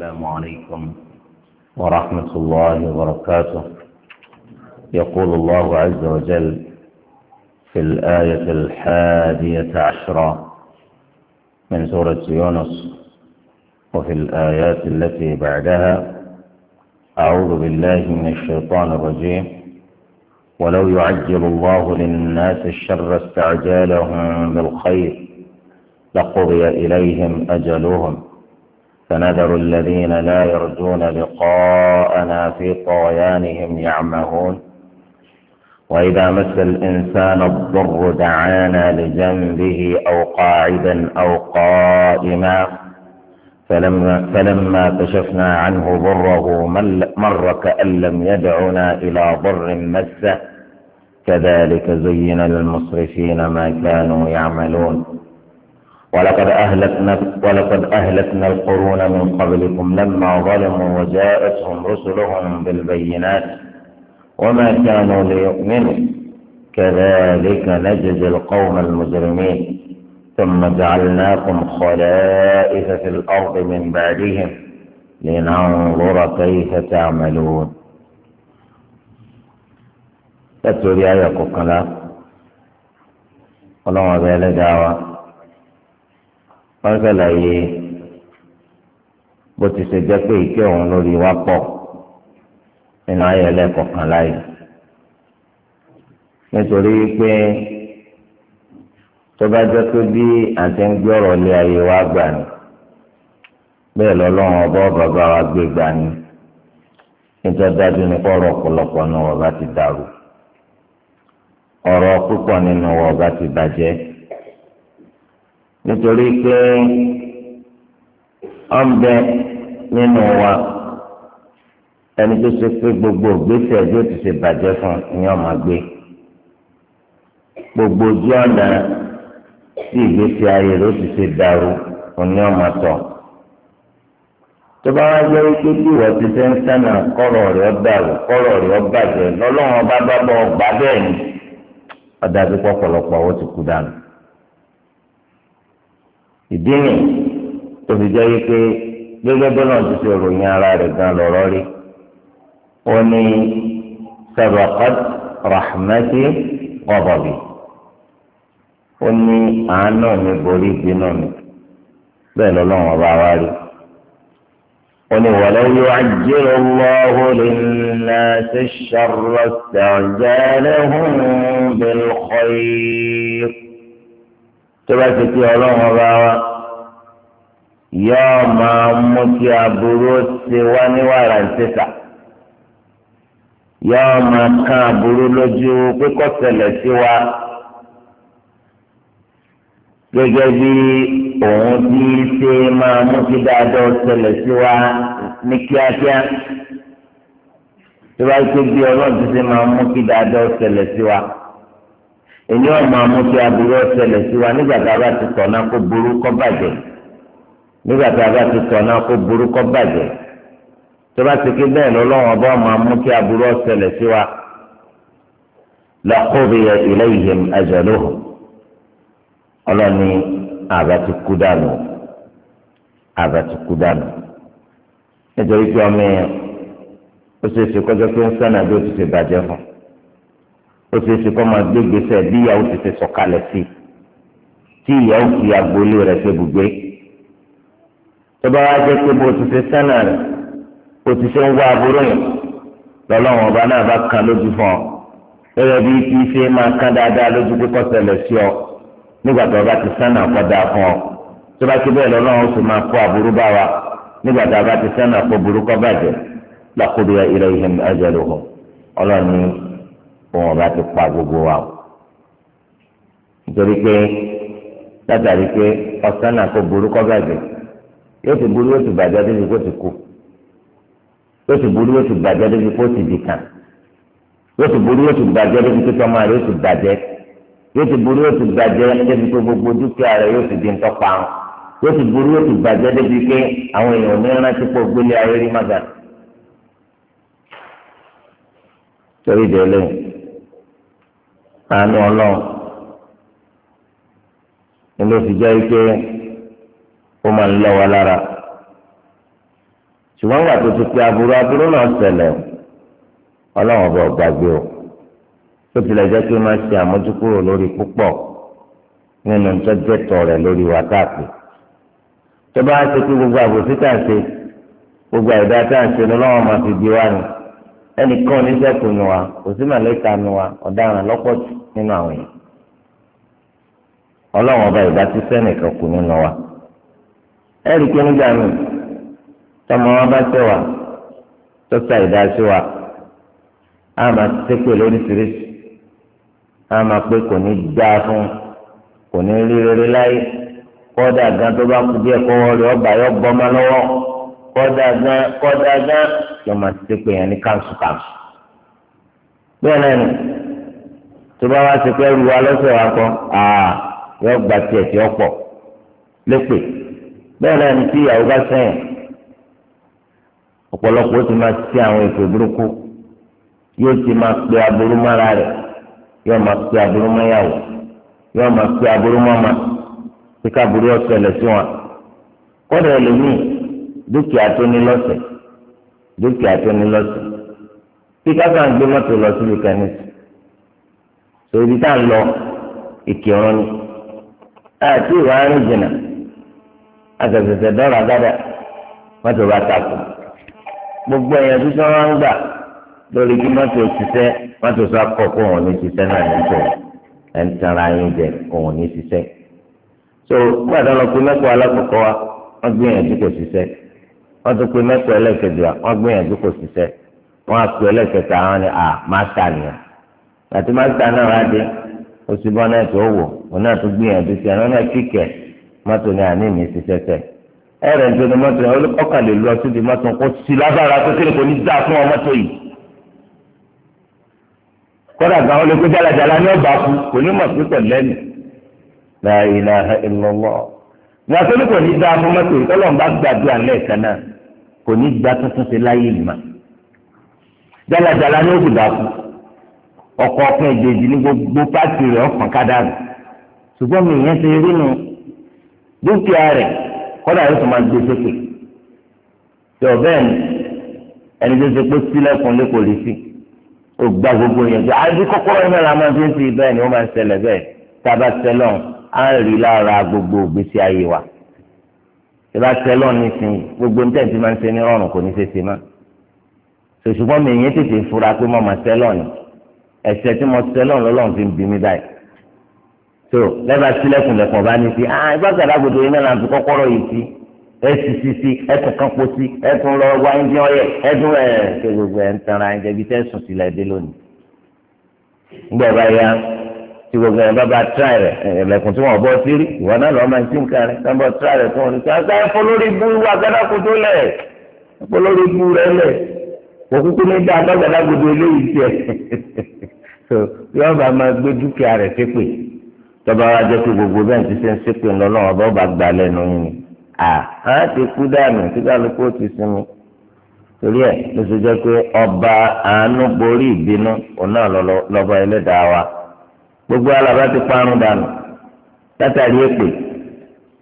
السلام عليكم ورحمة الله وبركاته يقول الله عز وجل في الآية الحادية عشرة من سورة يونس وفي الآيات التي بعدها أعوذ بالله من الشيطان الرجيم ولو يعجل الله للناس الشر استعجالهم بالخير لقضي إليهم أجلهم فنذر الذين لا يرجون لقاءنا في طغيانهم يعمهون وإذا مس الإنسان الضر دعانا لجنبه أو قاعدا أو قائما فلما, فلما كشفنا عنه ضره مر كأن لم يدعنا إلى ضر مسه كذلك زين للمصرفين ما كانوا يعملون ولقد أهلكنا ولقد أهلكنا القرون من قبلكم لما ظلموا وجاءتهم رسلهم بالبينات وما كانوا ليؤمنوا كذلك نجزي القوم المجرمين ثم جعلناكم خلائف في الأرض من بعدهم لننظر كيف تعملون تتولي آية كلا ولو بلا دعوة wọ́n ṣàlàyé bó ti ṣe jẹ́ pé ìké òun lórí wa pọ̀ nínú ayẹlẹ́ kọ̀ọ̀kan láyé nítorí pé tó bá jẹ́ pé bí àti ń gbé ọ̀rọ̀ lé ayé wa gbà ní bẹ́ẹ̀ lọ́lọ́run ọba bàbá wa gbé gbà ní nítorí dájú ní kọ́rọ̀ ọ̀pọ̀lọpọ̀ nínú ọba ti dàrú ọ̀rọ̀ púpọ̀ nínú ọba ti bàjẹ́ nítorí pé ọ̀nbẹ nínú wa ẹni tó ṣe pé gbogbo ògbésẹ̀ ẹjọ́ ti ṣe bàjẹ́ fún ìyẹn ọmọ gbé gbogbo ojú ọ̀nà tí ìgbésí ayé ló ti ṣe dàrú òní ọmọ tọ̀ tó bá wá jẹ́ wípé bí ìwọ ti ṣe ń sánà kọ́rọ̀ rẹ̀ ọ́ kọ́rọ̀ rẹ̀ ọ́ lọ́lọ́run ọba bá bọ̀ ọgbà bẹ́ẹ̀ ni ọ̀dà tó pọ̀ pọ̀lọpọ̀ ó ti kú dànù ìdí nì tó fi jẹ́ wípé gẹ́gẹ́ bọ́lá ti ṣe ròyìn ara rẹ̀ gan lọ́rọ́ rí ó ní sabaqat rahmati ghadabi ó ní àánú mi borí ìbínú mi bẹ́ẹ̀ lọ́lọ́run ọba wa rí ó ní walaw yu'ajjilu Allahu linnasi ash-sharra ista'jalahum bil khayr tó bá ti pé ọlọ́run ọba wa yóò máa mú kí aburú ṣe wá ní wàrà ìṣẹ̀ṣà yóò máa kán aburú lójú pé kó sí wa gẹ́gẹ́ bí òun ti ṣe máa mú kí dáadáa ṣẹlẹ̀ sí wa ní kíákíá tó ti pé ọlọ́run ti ṣe máa mú kí dáadáa ṣẹlẹ̀ sí wa èyí ọmọ amúti aburú ọ̀sẹ̀lẹ̀ sí wa nígbà tá a bá ti tọ̀ náà kó burú kó bàjẹ́ nígbà tá a bá ti tọ̀ náà kó burú kó bàjẹ́ tó bá ti ké bẹ́ẹ̀ lọ́lọ́wọ́n bá ọmọ amúti aburú ọ̀sẹ̀lẹ̀ sí wa lọ́kọ́bí ilayhim ajaluhum ọlọ́ni àbá kú dànù àbá kú dànù nítorí pé ọmọ yẹn ó ṣe é ṣe kọjá pé ń sànà bí ó ti ṣe bàjẹ́ fún un ó ṣe é ṣe kó máa gbé gbèsè bí ìyàwó ti ṣe sọ̀kalẹ̀ sí tí ìyàwó fi agboolé rẹ̀ ṣe bùgbé tó bá wá jẹ́ pé bó ti ṣe sánà rẹ̀ bó ti ṣe ń wá aburú yẹn lọ́lọ́run ọba náà bá kan lójú fún ọ gẹ́gẹ́ bí kí ṣe máa kan dáadáa lójú pé kó sí ọ nígbà tó bá ti sánà kọ́dà fún ọ tó ti bẹ́ẹ̀ lọ́lọ́run ó sì máa kó aburú bá wa nígbà tó bá ti sánà kó burú kó bàjẹ́ laqudi ilaihim ajaluhum ọlọ́run fún ọba ti pa gbogbo wa o nítorí pé látàrí pé ọ̀sán náà kò burú kọ́ bàjẹ́ yóò ti burú yóò ti bàjẹ́ débi kó ti kú yóò ti burú yóò ti bàjẹ́ débi kó ti dìkan yóò ti burú yóò ti bàjẹ́ débi kó tọ́mọ rẹ̀ yóò ti gbogbo dúkìá rẹ̀ yóò ti di ńtọ́pa yóò ti burú yóò ti bàjẹ́ débi pé àwọn èèyàn ní rántí pọ̀ gbélé àánú ọlọ́run ni ló fi jẹ́ pé ó máa ń lọ wa lára ṣùgbọ́n gbà tó ti pé aburú aburú náà ṣẹlẹ̀ ọlọ́run ọba ọ̀gbàgbé o tó tilẹ̀ jẹ́ pé máa ṣe àmójúkúrò lórí púpọ̀ nínú tọ́jẹ́tọ̀ rẹ̀ lórí wa káàkiri tó bá ṣe pé gbogbo àbòsí tà gbogbo àìdá tà ni ọlọ́run máa fi di wá ni. ẹnìkan oníṣẹ́kù nu wa òsì màlẹ́kà nu wa ọ̀daràn lọ́pọ̀ nínú àwọn yìí ọlọ́run ọba ìgbà tí sẹ́nìkan kù nínú wa ẹ̀rí nígbà míì tọmọ wa bá tẹ wa wa a máa ṣépè lóríṣiríṣi a máa pé kò ní dáa fún kò ní rí rere láyé kọ́dà gan tó bá kú díẹ̀ kọdụ aga kọdụ aga ti pè yẹn ní kanṣu kanṣu. bẹ́ẹ̀ náà nì tó bá wá sí pé ẹrù wa lọ́sẹ̀ wa kọ́ àà gba tiẹ̀ tí ó pọ̀ lépè bẹ́ẹ̀ náà tí ìyàwó bá sẹ́yìn ọ̀pọ̀lọpọ̀ ó ti máa ti àwọn ètò burúkú yóò ti máa pe aburú mára rẹ̀ dúkìá tó ní lọ́sẹ̀ dúkìá tó ní lọ́sẹ̀ bí káfíà gbé mọ́tò lọ tá à ń lọ ni àti ìwà arìn jìnnà àtẹ̀tẹ̀tẹ̀ dọ́là dáadáa mọ́tò bá takò gbogbo ẹ̀yàn tó sọ wọn ń gbà lórí kí mọ́tò ṣiṣẹ́ mọ́tò sọ akọ kó wọn ní ṣiṣẹ́ náà ní ẹ̀ ń yín jẹ ní ṣiṣẹ́ so gbàdánlọ́pọ̀ mẹ́kọ̀ọ́ alákọ̀ọ́kọ́ wa wọ́n kò ṣiṣẹ́ wọ́n tún pe mẹ́tọ́ ẹlẹ́kẹ̀dẹ̀ wọ́n gbìyànjú kò ṣiṣẹ́ wọ́n á pe ẹlẹ́kẹ̀kẹ̀ àwọn ni à máta nìyà àti máta náà wá dé bọ́ náà tó wò òun náà gbìyànjú sí ẹ̀rọ náà mọ́tò ṣiṣẹ́ tẹ̀ ń mọ́tò yẹn di mọ́tò sí lábára tó kò ní dá fún ọ mọ́tò yìí kódà gan ọ lè kó jalajala ní ọba kú kò ní kò ní gba tuntun ṣe láyé ìmọ̀ jálajàla ní oṣù dàkú ọkọ̀ ọ̀pẹ́ ìdèjì ní gbogbo pàtì rẹ̀ ọ̀pọ̀ kádàrú ṣùgbọ́n mi ìyẹn ti rí nu dúkìá rẹ̀ kọ́dà yóò tún máa gbé sókè yọ bẹ́ẹ̀ ni ẹni tó ṣe pé sílẹ̀kùn lé kò rí sí ó gba gbogbo yẹn tó àbí kọ́kọ́rọ́ yẹn la máa fi ń sí bẹ́ẹ̀ ni ó máa ń ṣẹlẹ̀ bẹ́ẹ̀ tá a bá ṣẹlọ̀ á rí lára gbogbo ògbésí ayé wa ìbá tẹlọ nísìnyí gbogbo ní tẹ̀sí máa ń ṣe ní rọrùn kò ní ṣèṣe má ṣùṣùgbọ́n mi ìyẹn tètè fura pé mo máa tẹlọ ni ẹ̀ṣẹ̀ tí mo tẹlọ lọ́lọ́run fi ń bí mi báyìí tó lẹ́bà sílẹ̀kùn lẹ́kùn ọba ní sí ah ìbá gàdàgbòdo yìí náà láti kọ́kọ́rọ́ yìí sí ẹ sì sí sí ẹ tún kan po sí ẹ tún lọ wá ẹni ọyẹ ẹ tún ẹ ṣe gbogbo ẹ ń tanra ẹ jẹbi tẹ sùn sílẹ̀ dé lónìí tí gbogbo yẹn bá bá tíráì rẹ ẹlẹkùn tí wọn bọ sí rí ìwọ náà lọ máa ń sìn kan rẹ tí wọn bọ tíráì rẹ fún oníṣẹ àti àwọn polórí bú wà gádàkúndó lẹ polórí bú rẹ lẹ òkúkú ní dáa bá gádàkúndó eléyìí tiẹ yọọ bá máa gbé dúkìá rẹ ṣépè tọba wa jẹ pé gbogbo bẹ́ẹ̀ ti ṣe ń ṣépè lọlọrun ọba ọba gbà lẹ́nu yín ni à á ti kú dànù tí kálukú ti sinmi torí ẹ ló pé ọba àánú borí ìbínú òun gbogbo alaba ti parun dànù látàrí èpè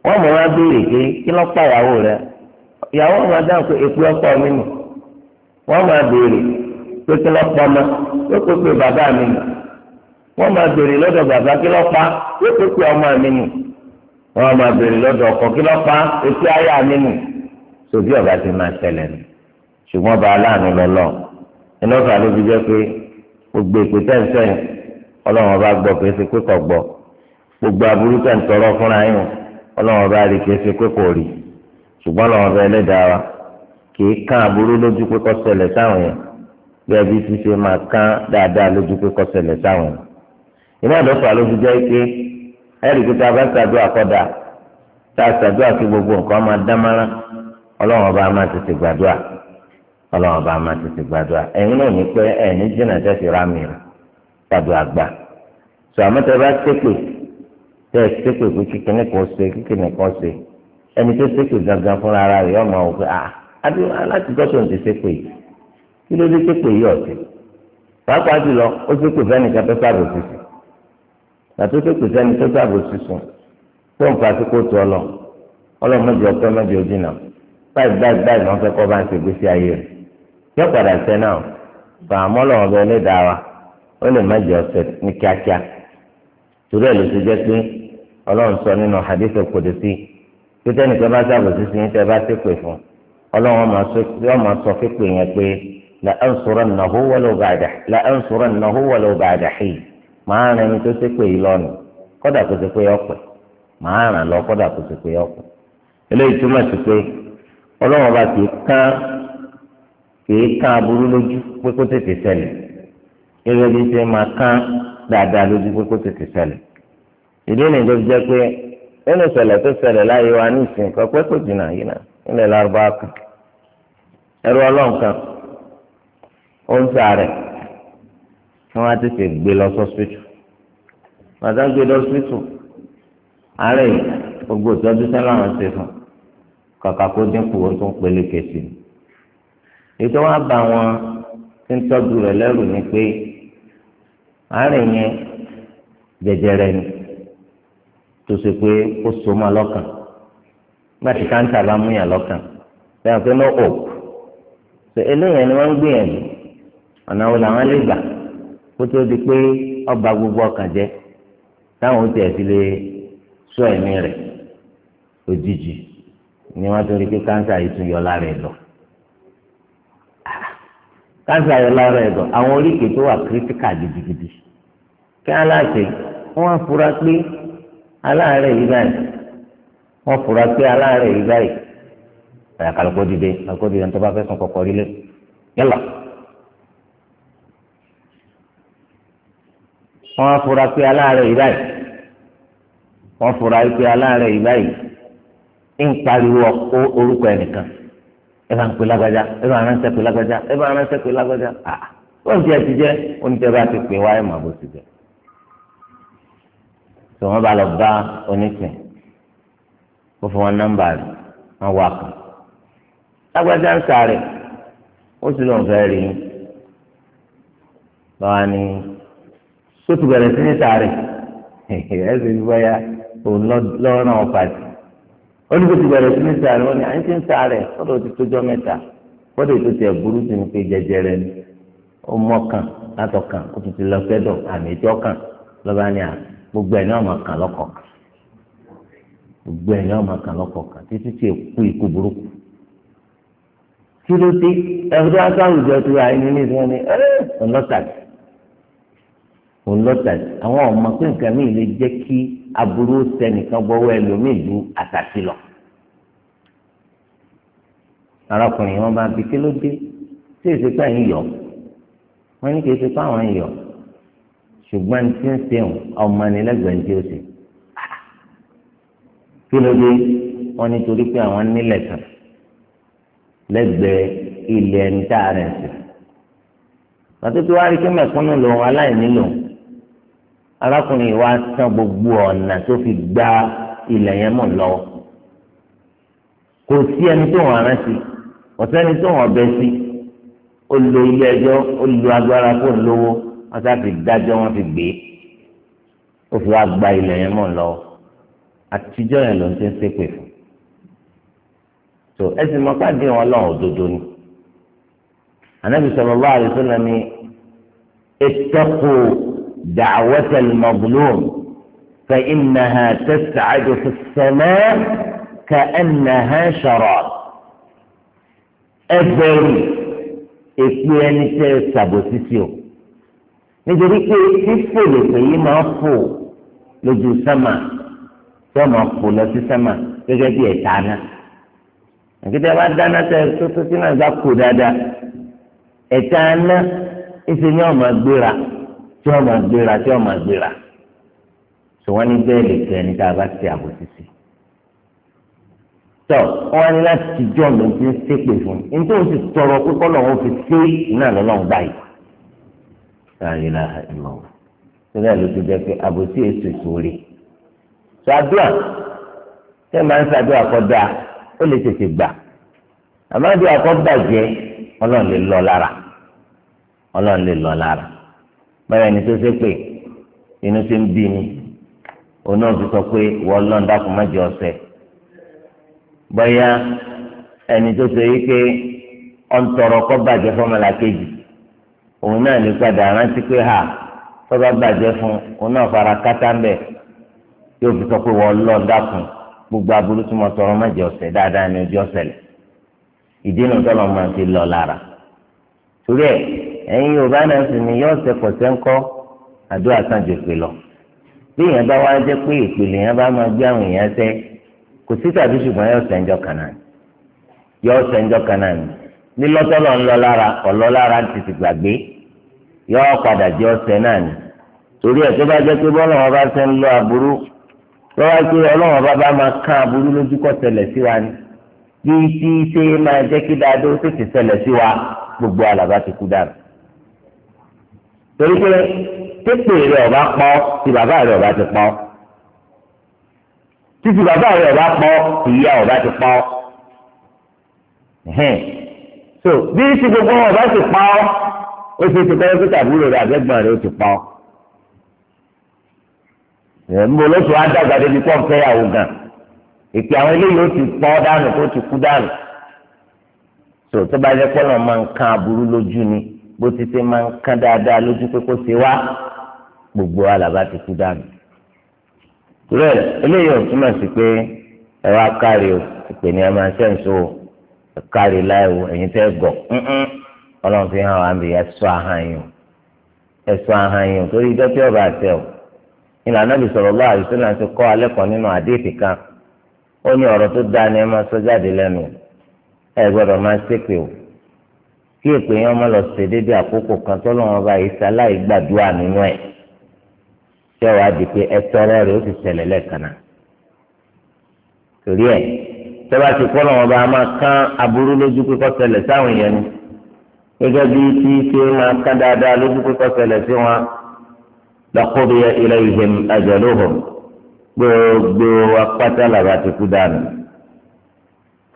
wọn mọ wọn béèrè pé kí ló pa ìyàwó rẹ ìyàwó wọn dáhùn pé èpè ọkọ mi nù wọn máa béèrè pé kí ló pa ọmọ yóò pé pé bàbá mi nù wọn máa béèrè lọ́dọ̀ bàbá kí ló pa yóò pé pé ọmọ mi nù wọn máa béèrè lọ́dọ̀ ọkọ kí ló pa èpè aya mi nù sòbí ọba ti máa tẹlẹ nù ṣùgbọ́n bàálà nù lọlọ ẹnlọfà ló fi jẹ pé gbogbo èpè tẹ̀sán yìí ọlọ́run ọba gbọ́ kìí ṣe pé kò gbọ́ gbogbo aburú tẹ̀ ń tọrọ fúnra yín ọlọ́run ọba rí kìí ṣe pé kò rí ṣùgbọ́n ọlọ́run ọba ẹlẹ́dàá wa kìí kán aburú lójú pé kó ṣẹlẹ̀ sáwọn yẹn bí ẹbí ti ṣe máa kán dáadáa lójú pé kó ṣẹlẹ̀ sáwọn yẹn. iná ìdọ́fà ló fi jẹ́ pé ẹ̀rí pé tá a bá ṣàdúrà kọ́dà tá a ṣàdúrà kí gbogbo nǹkan máa dámárá ọlọ́run ọba máa tètè gbàdúrà ọlọ́run ọba máa tètè gbàdúrà ẹ̀yin náà ní pẹ́ ẹ̀ ní jìnnà tẹ̀sí rámìíràn tàbí àgbà sọ àmọ́tẹ́ bá ṣépè tẹ́ ẹ ṣépè pé kíkìnì kan ṣe kíkìnì kan ṣe ẹni tó ṣépè gangan fúnra ara rẹ̀ ọmọ òkè à àbí alátìjọ́ tó ń ti ṣépè yìí kí ló dé ṣépè yìí ọ̀sẹ̀ pàápàá jùlọ ó ṣépè fẹ́nìkan tó sábò sísun tàtó ṣépè fẹ́ni tó sábò sísun tó ń fa síkó tó ọlọ ọlọ́mọdé ọpẹ́ mọ́dé ojú náà báyìí báyìí báyìí ni wọ́n fẹ́ kọ́ bá ń ṣègbésí ayé rẹ̀ yọ padà sẹ́ náà fàámọ́ lọ́wọ́ bẹ́ẹ̀ lé dáa wa. ó lè má jẹ ọ̀sẹ̀ ní kíákíá torí ẹ̀ ló ti jẹ́ pé ọlọ́run sọ nínú hadith kòdìsí pé tẹ́nìkan bá sábò sísè yín tẹ́ bá ti pè fún ọlọ́run ọmọ sọ yẹn pé la ba'da la ansurannahu walau ba'da hin màá rìn ẹni tó ti pè yìí lọ́nu kódà kó ti pé ọ̀pẹ̀ màá rìn lọ kódà kó ti eléyìí túmọ̀ sí pé ọlọ́run ọba kì í kán kì í kán aburú lójú pé kó tètè gẹ́gẹ́ bí ṣe máa kán dáadáa lójú pé kó tètè ṣẹlẹ̀ ìdí ni ìjọba jẹ́ pé nínú ìṣẹ̀lẹ̀ tó ṣẹlẹ̀ láyé wa ní ìsìn kọ́pẹ́ kò jìnnà yìí náà nílẹ̀ lárúbáwá kan ẹrú ọlọ́run kan ó ń sàárẹ̀ kí wọ́n á tètè gbé lọ sọ́sítù bàtà gbé lọ sọ́sítù àárẹ̀ gbogbo ìtọ́jú sẹ́lá wọn ṣe fún kàkà kó dínkù ó tún pelékè sí i ètò wọn bá wọn tí ń tọ́jú rẹ̀ lẹ́rù ni pé. àárẹ̀ yẹn jẹjẹrẹ ni tó ṣe pé ó so mọ́ lọ́kàn nígbà tí káńtà bá mú yàn lọ́kàn pé ṣe eléyìí ni wọ́n ń gbìyànjú ọ̀nà wo làwọn lè gbà kó tó di pé ọba gbogbo ọkàn jẹ táwọn ó tiẹ̀ fi lè sọ ẹ̀mí rẹ̀ òjijì ni wọ́n torí pé káńtà yìí tún yọ lára ẹ̀ lọ. káńsà yọ lára ẹ̀dọ̀ àwọn oríkèé tó wà kírítíkà gidigidi kí aláṣẹ wọn fura pé aláàárẹ̀ yìí báyìí wọn fura pé aláàárẹ̀ yìí báyìí kálukó dìde kálukó dìde ní tó bá fẹ́ rí lé yálà. wọn fura pé aláàárẹ̀ yìí báyìí wọn fura pé aláàárẹ̀ yìí báyìí ẹ bá ń pè lágbájá ẹ bá ránṣẹ́ pè lágbájá ẹ bá ránṣẹ́ pè lágbájá ah wọ́n ti ẹ ti jẹ́ oníṣẹ́ bá ti pè wá ẹ̀ máa bó ti jẹ́ tí wọ́n bá lọ bá oníṣẹ́ kó fún wọn nọ́mbà rẹ̀ wọ́n wà kàn lágbájá ń sàárẹ̀ ó sì lóun fẹ́ rí yín báwa ni tó bẹ̀rẹ̀ sí ní sàárẹ̀ ẹ̀ ẹ́ sì ń bọ́yá òun lọ́rùn ọ̀pá olùkọ́ ti bẹ̀rẹ̀ sí ní sàárẹ̀ wọn ni àyìn ti ń sàárẹ̀ fọ́dọ̀ ti tójọ́ mẹ́ta fọ́dọ̀ ètò tiẹ̀ burú sí ni pé jẹjẹrẹ ni ó mọ́kàn látọ̀kàn ó tún ti lọ fẹ́dọ̀ àmì gbogbo ẹ̀ ní ọmọ gbogbo ẹ̀ ní ọmọ kan lọ́kọ̀ọ̀kan títí ikú burúkú kí ló dé ẹ̀rọ ni ọlọ́tàdì ọlọ́tàdì àwọn ọmọ pé nǹkan aburú sẹnìkan gbọ́wọ́ ẹlòmíì ju àtàtì lọ. arákùnrin wọn bá bí kí ló dé tí èsì pé àyìn yọ wọn ní kí èsì pé àwọn yọ ṣùgbọ́n tí ń sẹ́wọ̀n ọmọ nílẹ̀gbẹ̀ẹ́ tí ó sì kí ló dé wọn nítorí pé àwọn nílẹ̀ kan lẹ́gbẹ̀ẹ́ ilẹ̀ ń tà rẹ̀ sí. pàtó tí wàá rí kí mẹ̀kúnnù lòun aláìní lòun arákùnrin wa san gbogbo ọ̀nà tó fi gba ilẹ̀ yẹn mọ̀ lọ́wọ́ kò sí ẹni tó wọn rántí ọ̀sẹ́ni tó wọn bẹ sí ó lo ilé ẹjọ́ ó lo agbára kó lówó wọn sá fi dájọ́ wọn fi gbé ó fi wá gba ilẹ̀ yẹn mọ̀ lọ́wọ́ àtijọ́ yẹn ló ń ti ń ṣépè fún ẹ sì mọ pàdé wọn lọ́wọ́ òdodo ni ànábì sallallahu alaihi wasallam ni ittaqu. دعوة المظلوم فإنها تسعد في السماء كأنها شراب أبري إكيان تسابوسيسيو nítorí pé fífò lòpè yìí máa fò lójú sẹ́mà tó máa fò lọ sí sẹ́mà gẹ́gẹ́ bí ẹ̀ta náà àkìtẹ́ bá dáná tẹ tó tó sí náà gbá kó dáadáa ẹ̀ta náà ìṣe ni ọ̀ máa gbéra tí wọn máa gbéra tí wọn máa gbéra tí wọn ní bẹ́ẹ̀lì tẹni tá a bá ti àbò sísè tọ wọn ní láti jọ ló ti ń ṣépè fún un nítorí wọn ti tọrọ pé kọlọ wọn fi ṣe náà lọ́lọ́run báyìí láàyè láàyè lọ sílẹ̀ ló ti jẹ́ pé àbòsí èso ìṣòro ṣàdúrà tẹ́ máa ń ṣàdúrà kọ́dà ó lè tètè gbà àmọ́ àdúrà kọ́dà jẹ́ ọlọ́run lè lọ lára ọlọ́run lè lọ lára. báyọ̀ ní sẹ́sẹ́ pé inú ti ń bí ni òun náà fi sọ pé ẹni tó tọrọ kọ́ bàjẹ́ kejì òun náà ní padà ha tọ́ba bàjẹ́ fún òun náà yóò fi sọ pé wọ́n lọ́n dákun gbogbo aburú tí mo tọrọ ọ̀sẹ̀ ẹ̀yin yorùbá náà sì ni yóò ṣe pọ̀ sẹ́ńkọ́ àdúrà kan jù pé lọ bí èèyàn bá wá jẹ́ pé ìpìlẹ̀ yẹn bá máa gbé àwọn èèyàn sẹ́ kò sí tàbí ṣùgbọ́n yóò sẹ́ńjọ́ kan náà yóò sẹ́ńjọ́ kan náà ni lílọ́tọ́lọ́ ńlọ lára ọ̀lọ́ lára ti ti gbàgbé yóò padà jẹ́ ọ̀sẹ̀ náà ni torí ẹ̀ tó bá jẹ́ pé bọ́lá wọn bá ṣe ń lọ aburú lọ́wọ́ pé ọlọ́wọ́n bá bá máa kán aburú lójú kọ́ ṣẹlẹ̀ sí wa ni bí tí ṣe máa gbogbo alàbá ti kú dára torí pé pépè rẹ ọba pọ̀ tí bàbá rẹ ọba ti pọ̀ títí bàbá rẹ ọba pọ̀ tí ìyá ọba ti pọ̀ so bí ti gbogbo ọba ti pọ̀ ó ṣe ti kọ́ pé àbúrò rẹ àgbẹ̀gbọ́n rẹ ó ti pọ̀ ẹ̀ ń bọ̀ lọ́sùn á dàgbà débi pọ́ǹpẹ́ yàwó gan èpè àwọn eléyìí ó ti pọ́ dànù tó ti kú dànù so tó bá yẹ kọ́ náà máa ń kan aburú lójú ni bó ti ṣe máa ń kán dáadáa lójú pé kó ṣe wá gbogbo alàbá ti kú dànù. rẹ eléyìí ò túmọ̀ sí pé ẹ wá kárí o ìpènìyàn máa ṣẹ̀ǹsó o kárí láì wo ẹ̀yin tẹ́ gọ̀ ọlọ́run fi hàn wá bí ẹ sọ ahọ́n yìí o ẹ sọ ahọ́n yìí o torí ijọ́ tí ọba àtẹ o ìlànà bí sọ̀rọ̀ lọ́wọ́ àdìsí náà ti kọ́ alẹ́ kan nínú àdéhìí kan ó ní ọ̀rọ̀ tó dáa ni ẹ máa sọ jáde lẹ́nu ẹ gbọ́dọ̀ máa ṣépè o kí èpè yẹn ọmọ lọ sí débi àkókò kan tọ́lọ́wọ́n bá yìí sáláì gbàdúrà nínú ẹ̀ tẹ́ wàá di pé ẹ tọrọ rẹ̀ ó ti ṣẹlẹ̀ lẹ́ẹ̀kan náà torí ẹ̀ tẹ́wá ti kọ́ lọ́wọ́n bá máa kán aburú lójú pípọ́ ṣẹlẹ̀ sáwọn èèyàn ni gẹ́gẹ́ bí tí ṣe máa kán dáadáa lójú pípọ́ ṣẹlẹ̀ sí wọn lọ́kọ́bí ilayhim ajaluhum gbogbo apátá làbàtìkú dànù.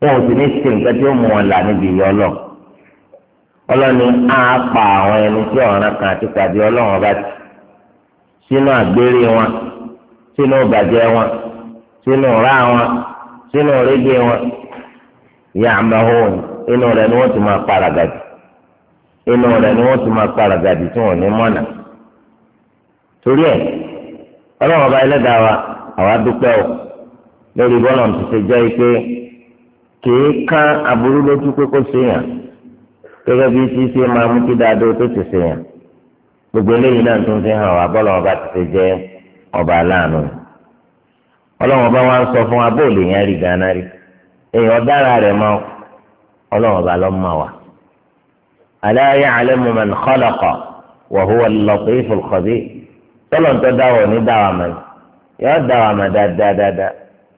wọn ò sì ní ṣe nǹkan tí ó mú wọn là níbi ìyọ lọ ọlọ́ni á pa àwọn ẹni tí ọ̀ràn kan àti pàdé ọlọ́run ọba tì sínú àgbèrè wọn sínú ìbàjẹ́ wọn sínú ra wọn sínú ìrégbè wọn ìyá àmàhóhùn inú rẹ ni wọ́n ti máa para gàdì inú rẹ ni ti máa para gàdì tí ní mọ́nà torí kìí kán aburú lójú pé kó ṣèyàn gẹ́gẹ́ bí tí ṣe máa mú kí dáadọ́ tó ti ṣèyàn gbogbo eléyìí náà tó ń fi hàn wá bọ́lá ọba ti ṣe jẹ́ ọba aláàánú ọlọ́run ọba wa ń sọ fún wa bóòlù yẹn rí gánà rí èèyàn dára rẹ̀ mọ́ ọlọ́run ọba ló mọ̀ wá. ala ya'lamu man khalaqa wa huwa al-latifu al tọ́lọ̀ ń tọ́ dáwọ̀ ní dáwà yọ dáwà dáadáa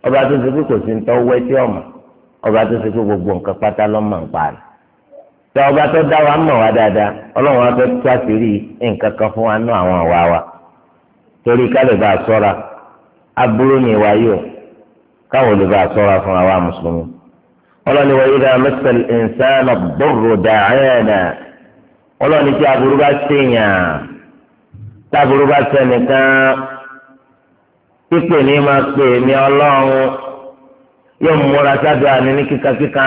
ọba tó ti kú kò sí ń tọ́ wẹ́ ọ̀mọ́ ọba tó gbogbo nǹkan pátá ló mọ̀ ń rẹ̀ ọba tó dá wa mọ̀ wá dáadáa ọlọ́run wa fẹ́ tú àṣírí fún wa àwọn àwa wa torí ká bá a sọ́ra aburú ni ìwà yìí káwọn lè bá a sọ́ra fún àwa mùsùlùmí ọlọ́ni wa idha masal insana ad ọlọ́ni tí aburú bá táburú bá pípè ní pè ní ọlọ́run. yóò múra sábẹ́ àní ní kíkakíka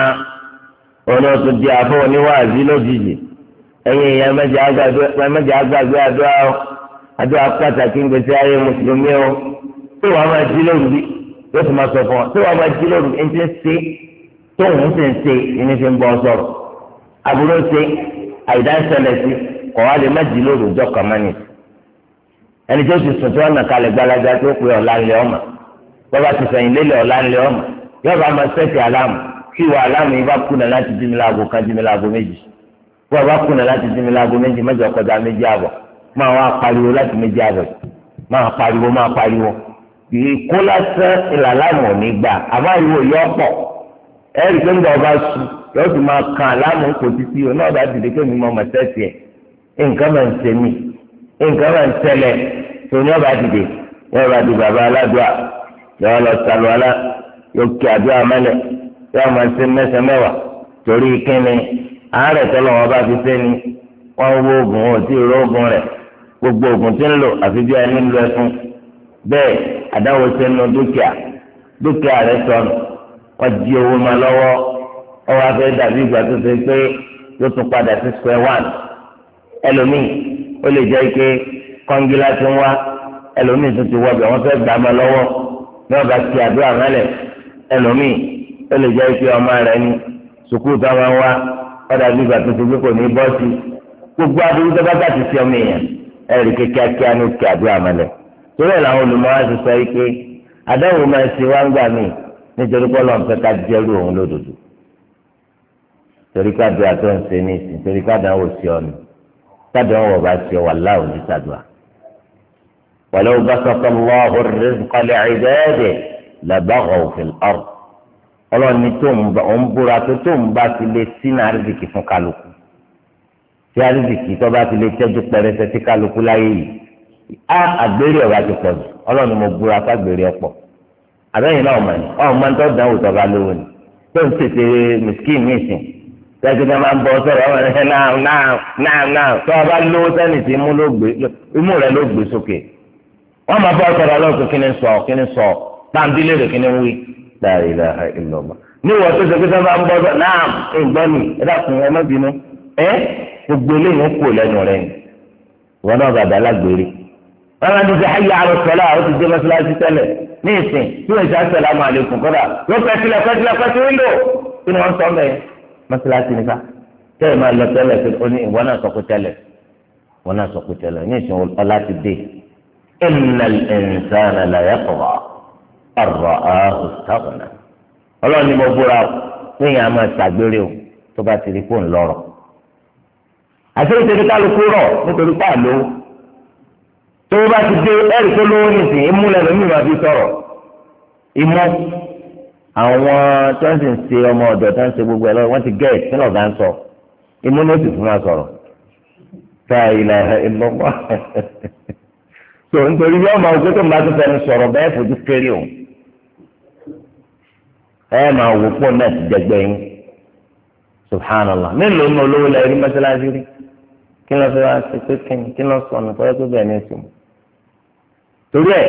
ọ̀nà tó di àbọ̀ oníwàásí lójijì ẹ̀yin ìyá mẹ́jẹ agbàgbé àdúrà àdúrà pàtàkì ń gbèsè ayé mùsùlùmí o tí wàá máa jí lóru bí yóò tún máa sọ fún ọ tí wàá máa jí lóru ẹni tí ń ṣe tó ń sì ń ṣe ẹni tí ń bọ́ sọ̀rọ̀ àbúrò ṣe àìdá ń ṣẹlẹ̀ sí kọ̀ wá lè má jí lóru jọ kàmánì ẹni tó ti sùn tí wọ́n nà kalẹ̀ gbalaja tó pé ọ̀la yọba máa sẹ́ẹ̀tì aláàmù kí ìwà aláàmù yìí bá kùnà láti jí mi láago kan jí mi láago méjì bí wọ́n bá kùnà láti jí mi láago méjì mẹ́jọ kọjá méjì àbọ̀ máa wá pariwo láti méjì àbọ̀ máa pariwo máa pariwo ìkó lásán ìlàlámù òní gbà àmọ́ ìwò yọ pọ̀ ẹ̀rí pé nígbà ọba sùn yóò sì máa kan àlámù kò títí o náà bá dìde pé mi mọ ọmọ sẹ́ẹ̀tì ẹ̀ nǹkan máa ń ṣe mí nǹkan máa ń ṣẹlẹ̀ tó ní ọba dìde ní ọba dìde bàbá aládùá lọ́wọ́ lọ sàlùwalá yóò kí àdúrà mẹ́lẹ̀ yóò máa ṣe mẹ́sẹ̀ mẹ́wàá torí kíni àárẹ̀ tọ́lọ̀ wọn bá fi sẹ́ni wọ́n wo oògùn wọn ò tí ì rógùn rẹ̀ gbogbo oògùn tí ń lò àfi bí ẹni ń lo ẹfun bẹ́ẹ̀ àdáwọ̀ ṣe ń lo dúkìá dúkìá rẹ̀ sọnù wọ́n jí owó máa lọ́wọ́ wọ́n wá fẹ́ dàbí ìgbà tó ṣe pé yóò tún padà sí square one ẹlòmíì ó lè jẹ́ pé kọ́ngílá ti ń wá ẹlòmíì tún ti wọ́ bẹ̀ wọ́n fẹ́ gbà máa lọ́wọ́ ní ọ̀gá ti àdúrà mẹ́lẹ̀ ẹlòmíì ó lè jẹ́ pé ọmọ rẹ̀ ní sùkúù tó máa ń wá ọ̀dà bí ìgbà tó ti gbé kò ní bọ́ sí gbogbo aburú tó bá bá ti fi ọmọ èèyàn ẹ̀rì kíákíá ní òkè àdúrà mọ́lẹ̀ torí ẹ̀ làwọn olùmọ̀ọ́ ti sọ yìí pé máa ṣe wá ń gbà míì nítorí pé ọlọ́run fẹ́ ká jẹ́rú òun lódodo torí ká dùn àtọ́ ń ṣe ní ìsìn torí ká dáwọ́ sí ọ ni ká dáwọ́ wọ̀ bá ṣe wà láwùjọ ṣàdùà labaghaw fil ard ọlọ́ni tó ń búra tó tó ń bá ti lè sínú àrídìkì fún kálukú tí àrídìkì tó bá ti lè tẹ́jú pẹrẹsẹ sí kálukú láyé yìí á àgbèrè ọ̀rọ̀ àti pọ̀ jù ọlọ́ni mo búra ságbèrè ọ̀pọ̀ àbẹ́yìn náà mọ̀ ní ọ̀hún máa ń tọ́ dánwò tó bá lówó ni tó ń tètè mìsíkì ní ìsìn tẹ́tí ká máa ń bọ sọ̀rọ̀ ọ̀hún ẹ̀ náà náà náà náà tó o bá lówó sẹ́ni tí imú rẹ̀ ló gbé sókè wọ́n máa bọ́ sọ̀rọ̀ báńbí lèrè kí ni ń wí la ilaha illallah níwọ̀ tó ṣe pé sábà ń bọ́ náà ìgbọ́ mi ẹ dákun ẹ má bínú ẹ gbogbo eléyìí ń kú lẹ́nu rẹ̀ ni wọn náà bàbá alágbèrè wọn máa ń ti ṣe ayé àrùn sọlá ó ti dé mọ́ṣáláṣí tẹ́lẹ̀ ní ìsìn tí wọ́n ṣe àṣàlámù àlékún kọ́dà ló pẹ́ sílẹ̀ pẹ́ sílẹ̀ pẹ́ sí wíńdò kí ni wọ́n sọ mẹ́ mọ́ṣáláṣí nípa tẹ́lẹ̀ máa lọ tẹ́lẹ̀ pé ó ní ìwọ náà sọ pé tẹ́lẹ̀ wọn náà sọ pé tẹ́lẹ̀ ní ìsìn ọlá ti dé innal insana la yatgha ọ̀rọ̀ ọ̀hún tọ́kùnà ọlọ́run ni mo búra o níyàn á máa ṣàgbére o tó bá ti rí kó ń lọ́rọ̀ àti ìṣèlú kálukú rọ̀ nítorí pààlú tó bá ti dé ẹ̀rí tó lówó nìsín ìmúlẹ̀ lómi ìwà fi sọ̀rọ̀ ìmú àwọn tó ń sì ń ṣe ọmọ ọ̀dọ̀ tó ń ṣe gbogbo ẹ̀ lọ́wọ́ wọ́n ti gẹ̀ kí lọ́ọ̀gá ń sọ ìmú ni ó sì fún wa sọ̀rọ̀ táà ilà ìlọ́gbọ́n tó nítorí yọ́ọ̀mọ̀ ògbé tó ń bá tó fẹnu sọ̀rọ̀ bẹ́ẹ̀ fojú kéré òun ẹ máa wò pọ̀ náà ti dẹgbẹ́ yín subhanallah mélòó ní olówó la rí mọ́sálásí rí kí lọ́ọ́ fẹ́ wá ṣe pé kíni kí lọ́ọ́ sọ̀nù kọ́ ẹ́ tó bẹ̀ ní ìsìn torí ẹ̀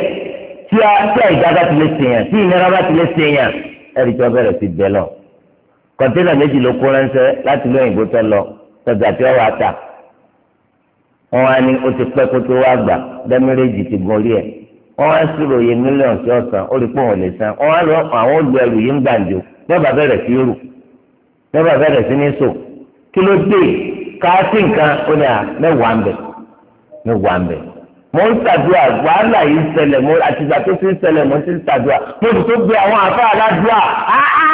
tí a tí àìjá bá ti lè sèyàn tí ìnira bá ti lè sèyàn ẹ̀rí tí wọ́n bẹ̀rẹ̀ sí bẹ́ẹ̀ lọ kọ̀ńténà méjì ló kó ránṣẹ́ láti lóyìn ìbò tó lọ tọ́jà tí wọ́n wá ta wọ́n wá ní o ti pẹ́ kó tó wá gbà dẹ́mẹ́rẹ́jì ti gun orí ẹ̀ wọn á sọ̀rọ̀ yẹ mílíọ̀nù tí ọ̀sán ó rí pé wọn lè san wọn á lọ àwọn olú ẹrù yìí ń gbàǹjo lọ́ba bẹ̀rẹ̀ sí rù lọ́ba bẹ̀rẹ̀ sí ní sò kí ló dé káàsì nǹkan ó ní à mẹ́wàá ń bẹ̀ mẹ́wàá ń bẹ̀ mo ń ṣàdúrà wàhálà yìí ń ṣẹlẹ̀ mo àtìgbà tó ti ń ṣẹlẹ̀ mo ti ń ṣàdúrà mo sì tó gbé àwọn àfa aládùúrà áá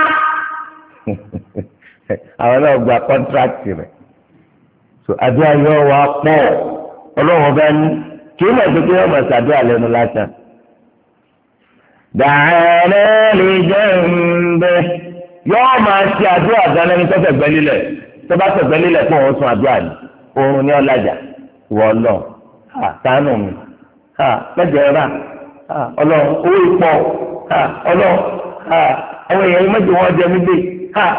àwọn náà gba kọ́ńtrákì rẹ̀ so àdúrà yóò wá pọ̀ ọlọ́run bá ní kí lè fi kí wọn máa ṣàdúrà lẹ́nu lásán. dàrẹ́ lè jẹ́ ǹbẹ́ yọ́ọ́ máa ṣe àdúrà gan lẹ́nu tó fẹ̀gbẹ́ lílẹ̀ tó bá fẹ̀gbẹ́ lílẹ̀ fún òun sun àdúrà ni oorun ní ọ̀làjà wọ lọ àtànù mi mẹjọ ra ọlọ́run owó ìpọ ọlọ́run àwọn èèyàn mẹjọ wọn jẹ níbí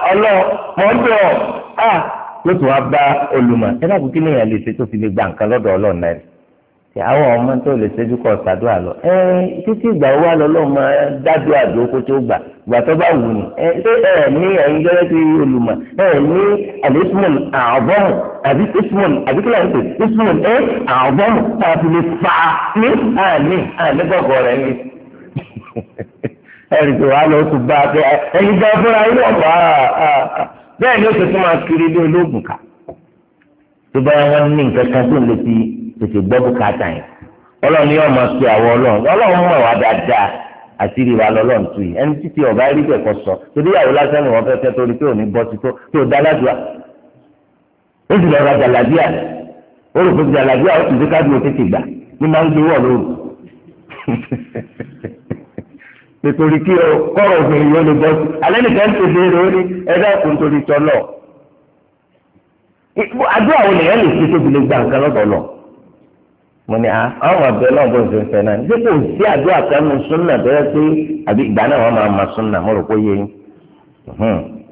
ọlọ́run mọ̀ ń bẹ̀ ọ́ bá olùmọ̀ ẹ náà kò kí ni èèyàn lè ṣe tó fi lè gba nǹkan lọ́dọ̀ ọlọ́run náà tí àwọn ọmọ tó lè ṣẹ́jú kọ́ ṣàdúrà lọ ẹ títí ìgbà wo wà lọ́lọ́ máa dájú àdó kó tó gbà gbà tó bá wù ní ẹ ẹ ní ẹ̀yin gẹ́gẹ́ bí olùmọ̀ ẹ ní àlẹ́sùmọ̀n àbọ̀mù àbí ìsùmọ̀n àbí kílà ń pè ìsùmọ̀n ẹ àbọ̀mù tàbí lè fà á ní àní ànígbàgbọ́ rẹ̀ ni ẹ̀rì tó wà lọ tó bá a pé ẹ̀yin gbà fúnra yín wọ̀ bá a bẹ́ẹ̀ ni ó ti tún máa kiri ilé olóògùn ká tó bá wọn ní nǹkan kan tó ń lè fi tètè gbọ́ bùkátà yẹn ọlọ́run ni ọmọ pe àwọn ọlọ́run ọlọ́run mọ̀ wá dáadáa àti ìrìbà lọ́lọ́run tu yìí ẹni títí ọ̀gá rí bẹ̀ kọ́ sọ torí ìyàwó lásán ni wọ́n fẹ́ fẹ́ torí pé òní bọ́ sí tó tó dá ládùá ó sì lọ ra jàlábíà ó rò pé jàlábíà ó sì dé káàdùn òtítì gbà ní máa ń gbé wọ̀ lóru nítorí kí o kọ́rọ̀ obìnrin yóò lè bọ́ sí alẹ́ nìkan tó béèrè ó ní ẹgbẹ́ ọkùnrin torí tọ́lọ̀ àdúrà wo lèyàn lè ṣe tóbi lè gba nǹkan lọ́dọ̀ mo ní ah, àwọn àbẹ náà bó ṣe ń fẹ́ náà dípò sí àdúrà kan súnà tó yẹ àbí ìgbà náà wọn máa ma súnà mo rò pé yé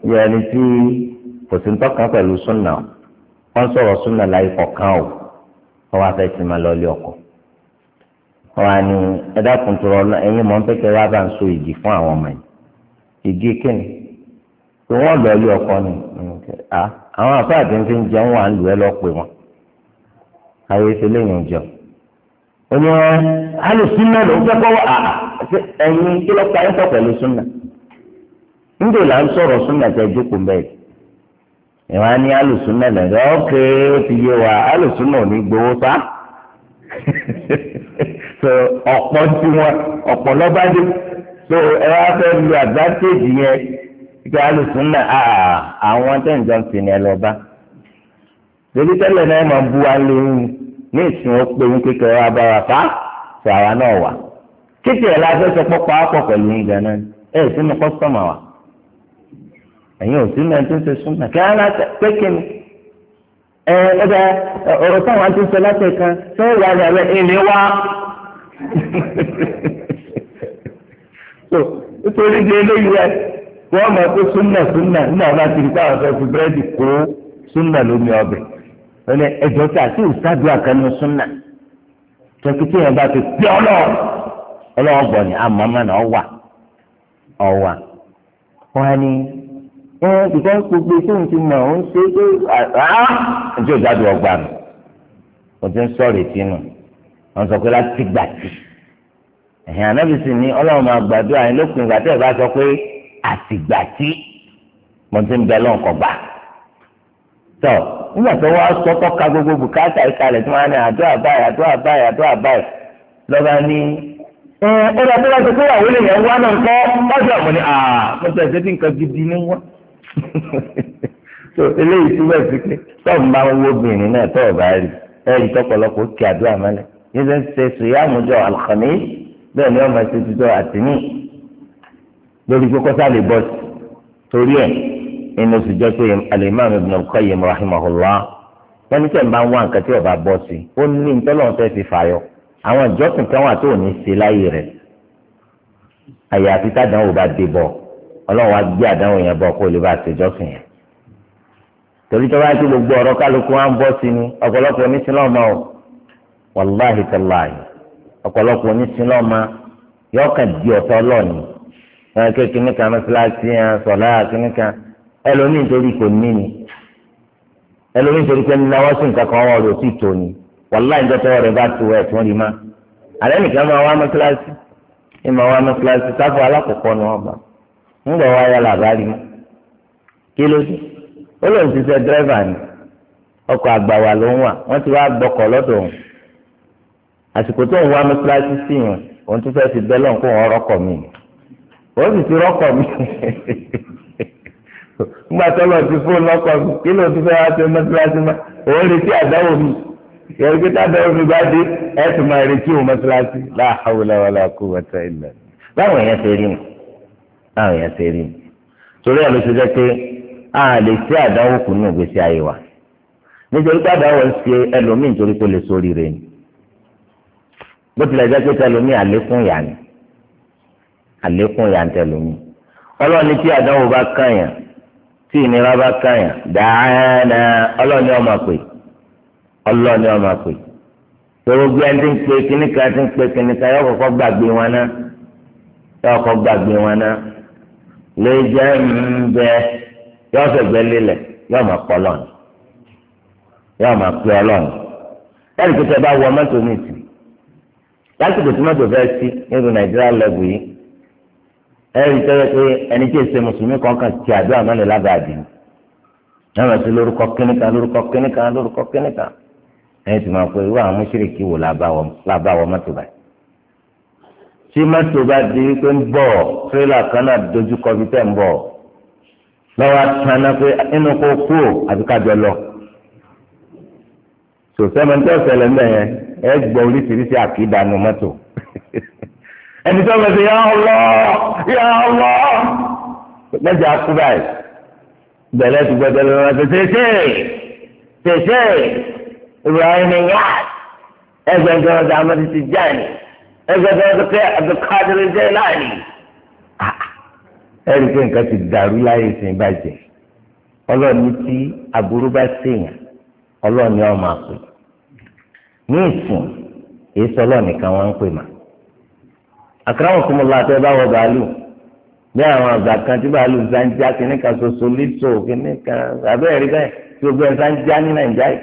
yẹ ẹni tí kò sí pẹ̀lú súnà sọ̀rọ̀ súnà láì kọ̀kan o wá fẹ́ ti lọ ọkọ wá ní ẹ̀dá ẹ̀yin mọ̀ ń wá bá ń so fún ọmọ yìí ìdí kíni ah, tí ni àwọn àfáàdé ń fi ń jẹun wà ń lù wọn ònìwọ̀n alùsùnà ló ń fẹ́ kọ́ wà ah, ẹ̀yin kí lọ́ọ́ parí sọ pẹ̀lú sùnà níjẹ́ là ń sọ̀rọ̀ sùnà tẹ̀ jókòó bẹ́ẹ̀ ìwọ̀n á ní alùsùnà lẹ́yìn ọ̀kẹ́ ó ti yé wa alùsùnà ò ní gbowó sá so ọ̀pọ̀ tí wọn ọ̀pọ̀ lọ́ba dé so ẹ wá fẹ́ lu advantage yẹn kí alùsùnà ah, àwọn tẹ̀ ń jọ ń fi ni ẹ lọ́ba torí tẹ́lẹ̀ náà máa bu alẹ́ yín ní ìsìn ó pé wípé kẹrẹ abára fa sàrà náà wà títí ẹ̀ láti ẹsẹ̀ pọ́pọ́ àpọ̀ pẹ̀lú yín gan-an sínú kọ́sítọ́mà wa ẹ̀yin ò sínú ẹni tó ń ṣe súnmọ́ kí á láti pé kí ni ẹ ọ̀dà ọ̀rọ̀ táwọn àti ń sọ láti kan tó wà ní alẹ́ ìní wá nítorí di eléyìí rẹ wọ́n mọ̀ pé súnmọ̀ súnmọ̀ nígbà wọn bá ti rí pé fi búrẹ́dì kó súnmọ̀ lómi ọbẹ̀ ẹni ẹjọ́ tí àti ìsádù àkànnì súnà tẹkítì yẹn bá ti pé ọlọ ọlọwọ bọ ni àmọmọ náà ọwà ọwà wọn ni ẹ ìgbà gbogbo ìṣòwò ti mọ òun ṣe é àá ẹjọ́ ìjádù ọgbà mi mo ti ń sọ̀rọ̀ ètí nù wọn sọ pé láti gbà tí ẹ̀hìn anábìsì ni Ọlọ́run máa gbàdúrà yín lópin ìgbà tí ẹ bá sọ pé àtìgbà tí mo ti ń bẹ lọ́nkọ̀ gbà tọ́ nígbà tó wá sọ tọ́ka gbogbo bùkátà ìkàlẹ̀ tí wọ́n á ní àdó àbáyé àdó àbáyé àdó àbáyé lọ́ba ní. ẹ ẹ dàbí wọ́n ti kúrò àwílẹ̀ yẹn wá náà kọ́ ọjọ́ àmọ́ ni àà mo sọ ẹ̀sẹ̀ bí nǹkan gidi ní wá. so eléyìí túbọ̀ sí pé tọ́ọ̀ bá ń wo obìnrin náà tọ́ọ̀ bá rí ẹ rí tọ́pọ̀lọpọ̀ kí àdó àmọ́lẹ̀ yín ṣe ń ṣe sùyàmùjọ àlùkànnì bẹ́ẹ̀ ni ọmọ ẹ̀ṣẹ̀ tuntun àtìní lórí kókó sálẹ̀ inú sì jẹ́ pé alimami ibn al-qayyim rahimahullah wọ́n ní tẹ̀ ń bá ń wá nǹkan tí ọba bọ́ sí ó ní ìtọ́lọ́run fẹ́ fi fàyọ àwọn ìjọsìn kan wà tó ò ní ṣe láyé rẹ̀ àyàfi tádàáwò bá dé bọ̀ ọlọ́run á gbé àdánwò yẹn bọ̀ kó lè bá ṣèjọsìn yẹn torí tí wọ́n bá ti gbogbo ọ̀rọ̀ kálukú wa bọ́ sí ni ọ̀pọ̀lọpọ̀ oníṣìlọ́mọ o wàláhì tàláhì ọ̀pọ̀lọpọ̀ oníṣìlọ́mọ yọ di ọ̀tọ̀ ọlọ́ọ̀ni ẹ̀ kékeré kan mẹ́sàlásì ẹlòmíì nítorí kò ní ni ẹlòmíì nítorí pé náwó sí nǹkan kan wọn rò sí tòní wàláì níjọ́ tọ́wọ́ rẹ̀ bá tu ẹ̀ tí wọ́n rí má àlẹ́ nìkan máa wá mọ́kíláàsì ní máa wá mọ́kíláàsì sáfù alákọ̀ọ́kọ́ ni wọ́n bá ń bọ̀ wáyà làbárí mọ́ kí ló dé ó lóun ti ṣe dírẹ́fà ni ọkọ̀ àgbàwà ló ń wà wọ́n ti wá gbọ́kọ̀ lọ́dọ̀ òun àsìkò tó ń wá mọ́kíláàsì sí yẹn òun tún fẹ́ fi bẹ́lọ̀ kó wọn rọ́kọ̀ mi òun sì ti rọ́kọ̀ mi nígbà tó lọ sí fóònù lọ́kọ̀ mi kí ló ti fẹ́ wá sí mọ́sálásí mọ́ òun retí àdáwò mi yẹn kí tádáwò mi bá dé ẹ sì máa retí òun mọ́sálásí la hawla wala quwwata illa báwọn èèyàn ṣe rí mi báwọn èèyàn ṣe rí mi torí ẹ̀ ló ṣe jẹ́ pé a lè ṣe àdáwò kù nínú ìgbésí ayé wa nítorí tádáwò ń ṣe ẹlòmíì nítorí kó lè sórí rẹ̀ ni bó tilẹ̀ jẹ́ pé tẹlomi àlékún yà ní tí ìnira bá kàyàn daa ọlọ́ọ̀ni ọmọ pè ọlọ́ọ̀ni ọmọ pè tòwó ọma ẹni tí ń pe kíní kan tí ń pe kíní kan yóò kọ́kọ́ gbàgbé wọn ná yóò kọ́kọ́ gbàgbé wọn ná lè jẹ́ ńbẹ yóò fẹ̀gbẹ́ lélẹ̀ yóò máa pọ̀ lọ́nà yóò máa pe ọlọ́ọ̀ni ẹ̀rí kí bá wọ mọ́tò mọ́tò fẹ́ sí ẹ̀rí tẹ́lẹ̀ pé ẹni tí èsè mùsùlùmí kan kàn ti àdúrà mẹ́lẹ̀ lágàdì náà sí lórúkọ kíníkan lórúkọ kíníkan lórúkọ kíníkan ẹ̀yìn tí máa pé irú àwọn mùsùlùmí wò lábáwọ mọ́tò báyìí. tí mọ́tò bá di wípé ń bọ̀ tírélà kan náà dojú kọ bí tẹ́ ń bọ̀ lọ́wọ́ tán pé inú kó kú ò àbí kájọ lọ. sòsẹ́mẹ́ntẹ́ ọ̀sẹ̀ lẹ́mẹ̀ yẹn ẹ gbọ́ oríṣiríṣi àkídànù ẹni tó ń sọ yà Allah yà Allah mẹjọ akú báyìí bẹ̀rẹ̀ ti gbọ́dọ̀ lọ rẹ tètè tètè Ibrahim yáà ẹgbẹgbẹ ọdọ amadu ti jáde ẹgbẹgbẹ ọdọ kẹ abdulkadir jẹ láàyè ẹrí pé nǹkan ti dàrú láyé sìn bàjẹ́ ọlọ́ọ̀ni tí aburú bá sèyàn ọlọ́ọ̀ni ọmọ àpè ní ìsìn èyí kan wọ́n ń pè máa. àkàràwọ̀kùnmọ̀lá àti ẹ̀bá wọ bàálù bí àwọn àgbà kan tí bàálù zanjá kìíní kan soso lítò kìíní kan àbẹ́ ẹ̀rí bẹ́ẹ̀ tí o gbé zanjá ní nàìjíríà yìí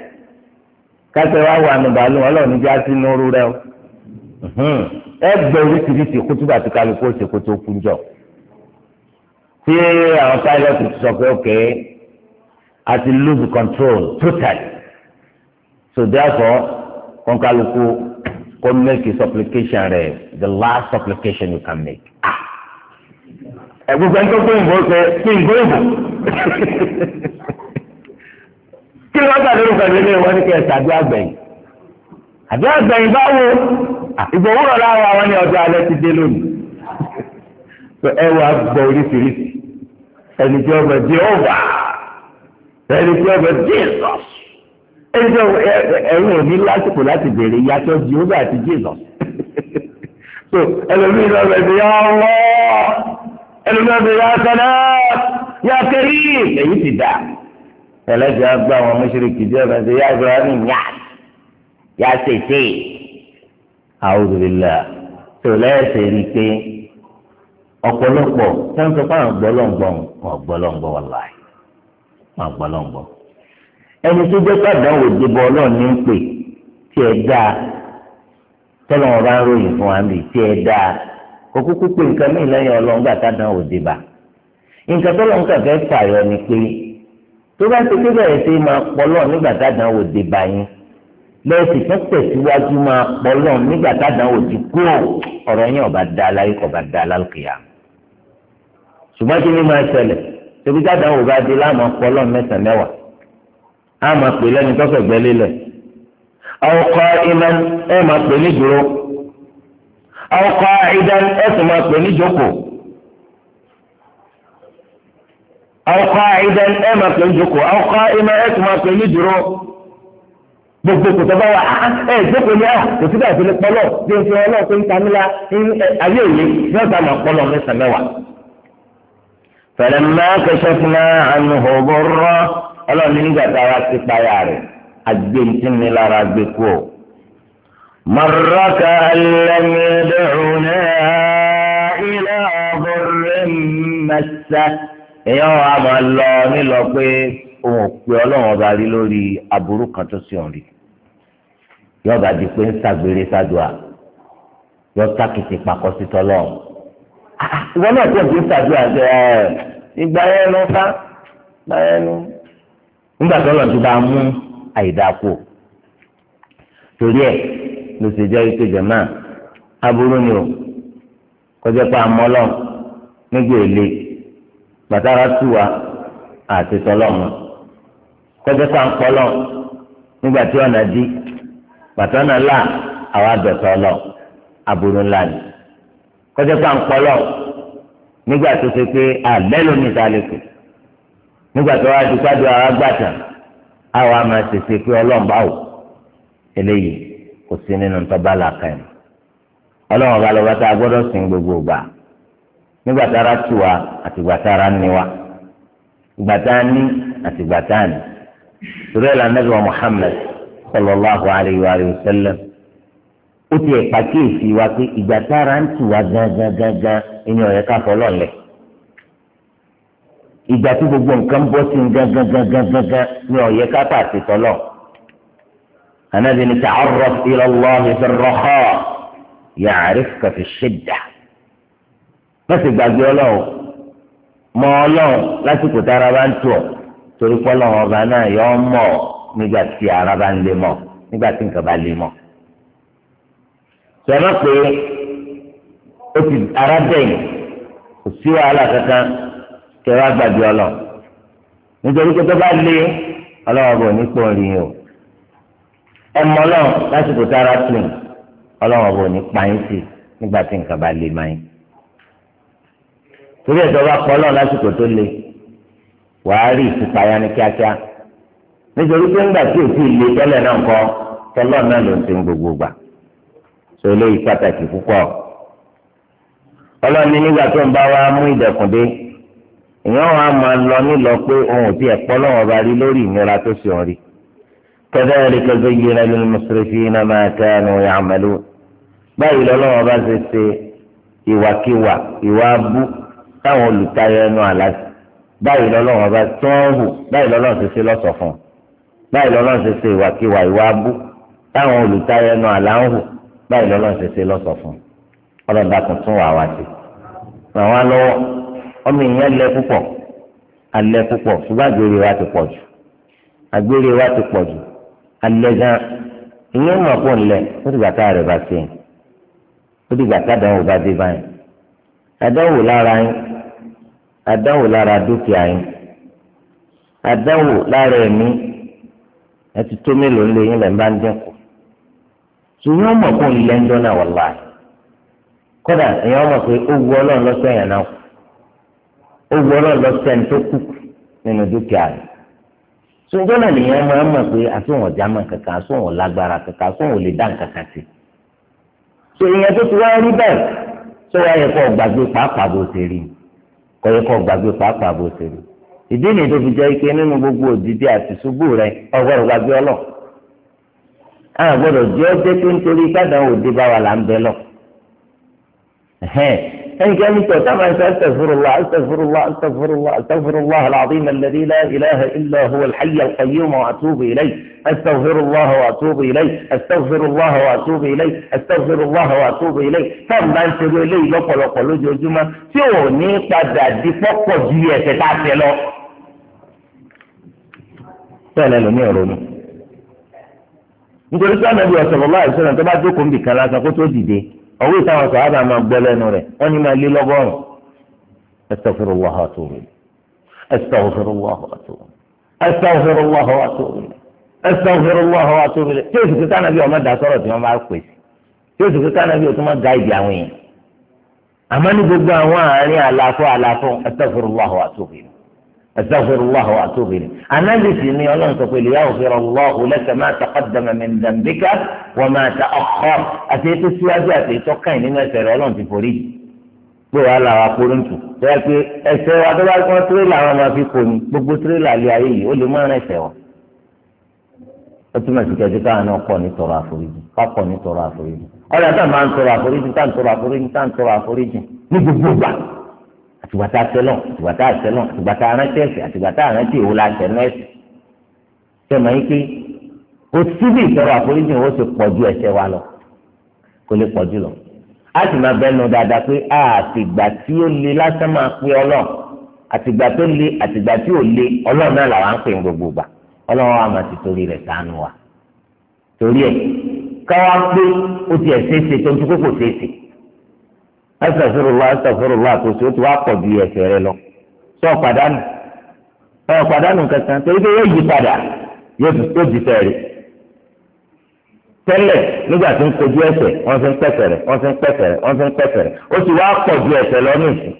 kásẹ̀ wá wà nù bàálù ọlọ́ọ̀ni já sí nórú rẹ o ẹ gbẹ oríṣiríṣi kútúbà tí kó tó kú jọ tí àwọn pilot sọ pé ok àti lose control totally so therefore kọ́ńkálukú kó make supplication rẹ the last supplication you can make. Ah! ẹ̀gbọ́n tó kó ìbò ṣe kí ìbò ìbò kí ló bá lórí pẹ̀lú ilé wọn ní kí ẹ ṣàdúrà gbẹ̀yìn àdúrà gbẹ̀yìn báwo ah, ìbò wúrọ̀ láwọn àwọn ní ọjọ́ alẹ́ ti dé lónìí ẹ wà gbọ́ oríṣiríṣi ẹni tí ọgbà Jehovah ẹni tí ọgbà Jesus ẹjọ́ ẹ̀rù òní lásìkò láti bèrè yàtọ̀ jehova àti jesus so ẹlòmíì náà bẹ̀rẹ̀ yà wọ́ ẹlòmíì náà bẹ̀rẹ̀ yà sọ́dá yà kẹ́rì èyí ti dà ẹlẹ́jọ́ agbá àwọn mọ́ṣẹ́rẹ́kì díẹ̀ bẹ̀rẹ̀ yà ibrahim yà yà tètè àwòrán tó lẹ́sẹ̀ rí i pé ọ̀pọ̀lọpọ̀ sẹ́ńtọ́ fáwọn gbọ́lọ́ngbọ̀n wọn gbọ́lọ́ngbọ̀n wọn láì wọn gbọ́lọ́ngbọ̀n ẹni tó jẹ́ pàdánwò dìbò ọlọ́run ní ń pè tí ẹ dáa tọ́lọ́wọ́n bá ń ròyìn fún wa ń bì tí ẹ dáa kò kúkú pé nǹkan mí lẹ́yìn ọlọ́run gbà tá dánwò dìbà nǹkan tọ́lọ́run kàn fẹ́ fààyọ ni pé tó bá ti pé bẹ̀rẹ̀ sí máa pọ́lọ́ nígbà tá dánwò dìbà yín lẹ́sì fún tẹ̀síwájú máa pọ́lọ́ nígbà tá dánwò ọ̀rọ̀ yẹn ọ̀bá da aláyé kọ̀ ṣùgbọ́n kí ni máa ṣẹlẹ̀ tóbi tá dánwò bá di láàmú ọpọlọ́ mẹ́sàn-án mẹ́wàá á máa pè lẹ́ni tó fẹ̀gbẹ́ lélẹ̀ ọkọ iman ẹ máa pè ní dúró ọkọ idan ẹ sì máa pè ní jókòó ọkọ idan ẹ máa pè ní jókòó ọkọ iman ẹ sì máa pè ní dúró gbogbo kò tọ́ba wa ah, ẹ jókòó ní à ah, kò síbẹ̀ àti pọlọ bí n fi ọlọ́ọ̀ pé ń ta ayé òye yóò ta mà pọlọ mẹ́sàn-án mẹ́wàá. فلما كشفنا عنه ضره ọlọ́run ní nígbà tá a wá sí payà rẹ̀ agbẹ́ntìmí lára gbé kú ọ. mọ̀rọ́kà lẹ́mí dùn náà ilé ọ̀bọ̀rẹ́ mẹ́sà èèyàn wa máa lọ nílọ pé òun ò pe ọlọ́run ọba rí lórí aburú kan tó sì ọ̀rì yọba di pé ń ṣàgbére ṣàdùà yọ tákìtì pakọ́ sí tọ́lọ́ ah, ìwọ náà tó ń ṣàdùà jẹ ẹ ìgbà ìgbà yẹn ló nígbà tó lọ́n ti bá mú àìdáko torí ẹ̀ ló ṣe jẹ́ ike jẹ̀má aburú ni o kọjá pé amọ́lọ́ nígbà èlé gbàtàrà tù wá àti tọ́lọ́mù kọjá pé àǹkọ́lọ́ nígbà tí ọ̀nà dí gbàtàrà là àwa dọ̀tọ̀ lọ aburú ńlá ni kọjá pé àǹkọ́lọ́ nígbà tó ṣe pé àlẹ́ lómi ìdálẹ́kọ̀ọ́ nígbà tó wá dùkú àdúrà wa gbàtà àwa máa tètè pé ọlọ́run bá wò eléyìí kò sí nínú tọ́ba làkà ẹ̀ ọlọ́run ọba lọ́ba tá a gbọ́dọ̀ sìn gbogbo gbà nígbà tára tù wá àtìgbà tára ní wa ìgbà tá a ní àtìgbà tá a ní torí ẹ̀ lànà wa Muhammad sallallahu alayhi wa sallam ó ti ẹ̀ pàkíyèsí wa pé ìgbà tára ń tù wá gángan gángan ẹni ọ̀yẹ́ká fọlọ́ọ̀lẹ̀ ìgbà tí gbogbo nǹkan bọ́ sí gangan gangan gangan ni ọ̀yẹ́ kápá àti tọ́lọ̀ anabi ni ta'arraf ila Allah fi ar-raha ya'rifka fi ash-shidda lọ́sì gbàgbé ọlọ́run mọ ọlọ́run lásìkò tí ara bá ń tù ọ́ torí pọ́lọ́run ọba náà yọ ọ́ mọ̀ ọ́ nígbà tí ara ń lé mọ́ nígbà tí nǹkan bá lé mọ́ sọ̀rọ̀ pé ó ti ara kò sí wàhálà kankan. kẹwàá dị ọlọ nítorí pé tó bá lé ọlọ́wọ́ bò ní pọ̀ rí o ẹmọ náà lásìkò tára tún ọlọ́wọ́ bò ní pa yín sí nígbà tí nǹkan bá lé máa torí ẹ̀dọ́ bá pọ̀ lásìkò tó lé wàá rí ìfipáyà ní kíákíá nítorí pé tí òfin ilé tẹ́lẹ̀ náà kọ́ tọ́lọ́ náà ló ń ti gbogbo gbà èèyàn wa máa lọ nílọ pé òun ò tiẹ̀ pọ́ lọ́wọ́ bá rí lórí ìnira tó sì ń rí kadhalika zayyana lil musrifina ma kanu ya'malun báyìí lọ́lọ́wọ́ bá ṣe ṣe ìwàkiwà ìwà abú táwọn olùtayọ ẹnu àlá báyìí lọ́lọ́wọ́ bá tó ń hù báyìí lọ́lọ́wọ́ ṣe ṣe lọ́sọ̀ fún un báyìí lọ́lọ́wọ́ ṣe ṣe ìwàkiwà ìwà abú táwọn olùtayọ ẹnu àlá ń hù báyìí ọmọ èèyàn lẹ púpọ̀ alẹ púpọ̀ ṣùgbọ́n àgbèrè wa ti pọ̀ jù àgbèrè wa ti pọ̀ jù alẹ gan ìyẹn mọ̀ pọ̀ ńlẹ̀ ó dìgbà tá a rẹ̀ bá sí i ó dìgbà tá a dánwò bá dé báyìí àdánwò lára yín àdánwò lára dúkìá yín àdánwò lára ẹ̀mí ẹ ti tó mélòó ńlẹ̀ yín lẹ́ẹ̀ bá ń dínkù ṣùgbọ́n mọ̀ pọ̀ ńlẹ̀ ń dọ́nà wàláì kódà èèyàn mọ̀ pé ó wu ọlọ́run lọ́sẹ̀ yẹn náà kù owó ọlọ́ọ̀lọ́ sẹ́ni tó kù nínú dúkìá rẹ̀ sọ́jọ́ náà nìyẹn máa ń mọ̀ pé àsùnwọ̀n ọ̀já mọ̀ kankan àsùnwọ̀n lágbára kankan àsùnwọ̀n lè dá nǹkan kan sí. sọ ìyẹn tó ti wá rí bẹ́ẹ̀ sọ wá yẹ kó gbàgbé pàápàá bó ṣe rí kó yẹ kó gbàgbé pàápàá bó ṣe rí ìdí nìyí tó fi jẹ́ ike nínú gbogbo òdìdí àti ṣubú rẹ ọgbọ́dọ̀ gbàgbé ọlọ́ àwọn gbọ́dọ̀ jẹ́ ọjọ́ tó ń torí kádàn òde bá wà là ń bẹ lọ إن كان تعتبر أستغفر الله أستغفر الله أستغفر الله أستغفر الله العظيم الذي لا إله إلا هو الحي القيوم وأتوب إليه أستغفر الله وأتوب إليه أستغفر الله وأتوب إليه أستغفر الله وأتوب إليه فم بان سيرو إليه لقل وقل جوجما سيوني قد دي فوق جيه تتعسلو سأل لني أروني nítorí sáà nàbí ọ̀sẹ̀ lọ́wọ́ àìsàn tó bá jókòó nbìkan lásán kó tó dìde ọwọ́ ìtàwọn sọ̀hábà máa gbọ́ lẹ́nu rẹ̀ wọ́n ní máa lé lọ́gọ́rùn-ún astaghfirullah wa atubu ilayh astaghfirullah wa atubu ilayh astaghfirullah wa atubu ilayh astaghfirullah wa atubu tí oṣù kíkà ọmọ dà tí bá pè sí tí oṣù kíkà máa ga ìdí àwọn èèyàn ní gbogbo àwọn àárín àlàfo àlàfo astaghfirullah astaghfirullah wa atubu ilayh anábìsì ni ọlọ́run sọ pé liyaghfirallahu laka ma taqaddama min dhanbika wa ma ta'akhkhar àti ètò síwájú àti ètò káyìn nínú ẹsẹ̀ rẹ̀ ọlọ́run ti forí pé wàá làwọn akóróntù tẹ́lá pé ẹsẹ̀ wa tó bá gbọ́n tírélà wọn máa fi kò ní gbogbo tírélà lé ayé yìí ó lè má rìn ẹsẹ̀ wọn ó túmọ̀ sí kẹ́sí káwọn náà kọ́ ní tọrọ àforíjì ká kọ́ ní tọrọ àforíjì ọ̀rẹ́ àtàwọn máa ń tọrọ àforíjì tá ń tọrọ àforíjì tá ń tọrọ àforíjì ní gbogbo gbà àtìgbà tá a sẹlọ àtìgbà tá a sẹlọ àtìgbà tá a rántí ẹsẹ àtìgbà tá a rántí ìwò la sẹlọ ẹsẹ sẹmọ yìí pé o síbi ìtọrọ àforíjì o sì pọ̀ ju ẹ̀ṣẹ̀ wa lọ kó lè pọ̀ jù lọ a sì máa bẹnu dáadáa pé àtìgbà tí ó le lásán máa pé ọlọ àtìgbà tó le àtìgbà tí ò le Ọlọ́run náà làwọn ń pè ń gbogbo gbà Ọlọ́run wa máa ti torí rẹ̀ ṣàánú wa torí ẹ̀ káwá pé ó ti ẹ̀ ṣeéṣe tó ń tún kókò ṣeéṣe ẹsẹfúrúlá ẹsẹfúrúlá àtòsí ó ti wá pọ̀ ju ẹsẹ̀ rẹ lọ sọ pàdánù ọ pàdánù kankan torí pé yóò yí padà yóò di sẹ́ẹ̀rì tẹ́lẹ̀ nígbà tí ń kojú ẹsẹ̀ wọ́n ti ń pẹ̀sẹ̀rẹ̀ wọ́n ti ń pẹ̀sẹ̀rẹ̀ wọ́n ti ń pẹ̀sẹ̀rẹ̀ ó ti wá pọ̀ ju ẹsẹ̀ lọ nìyí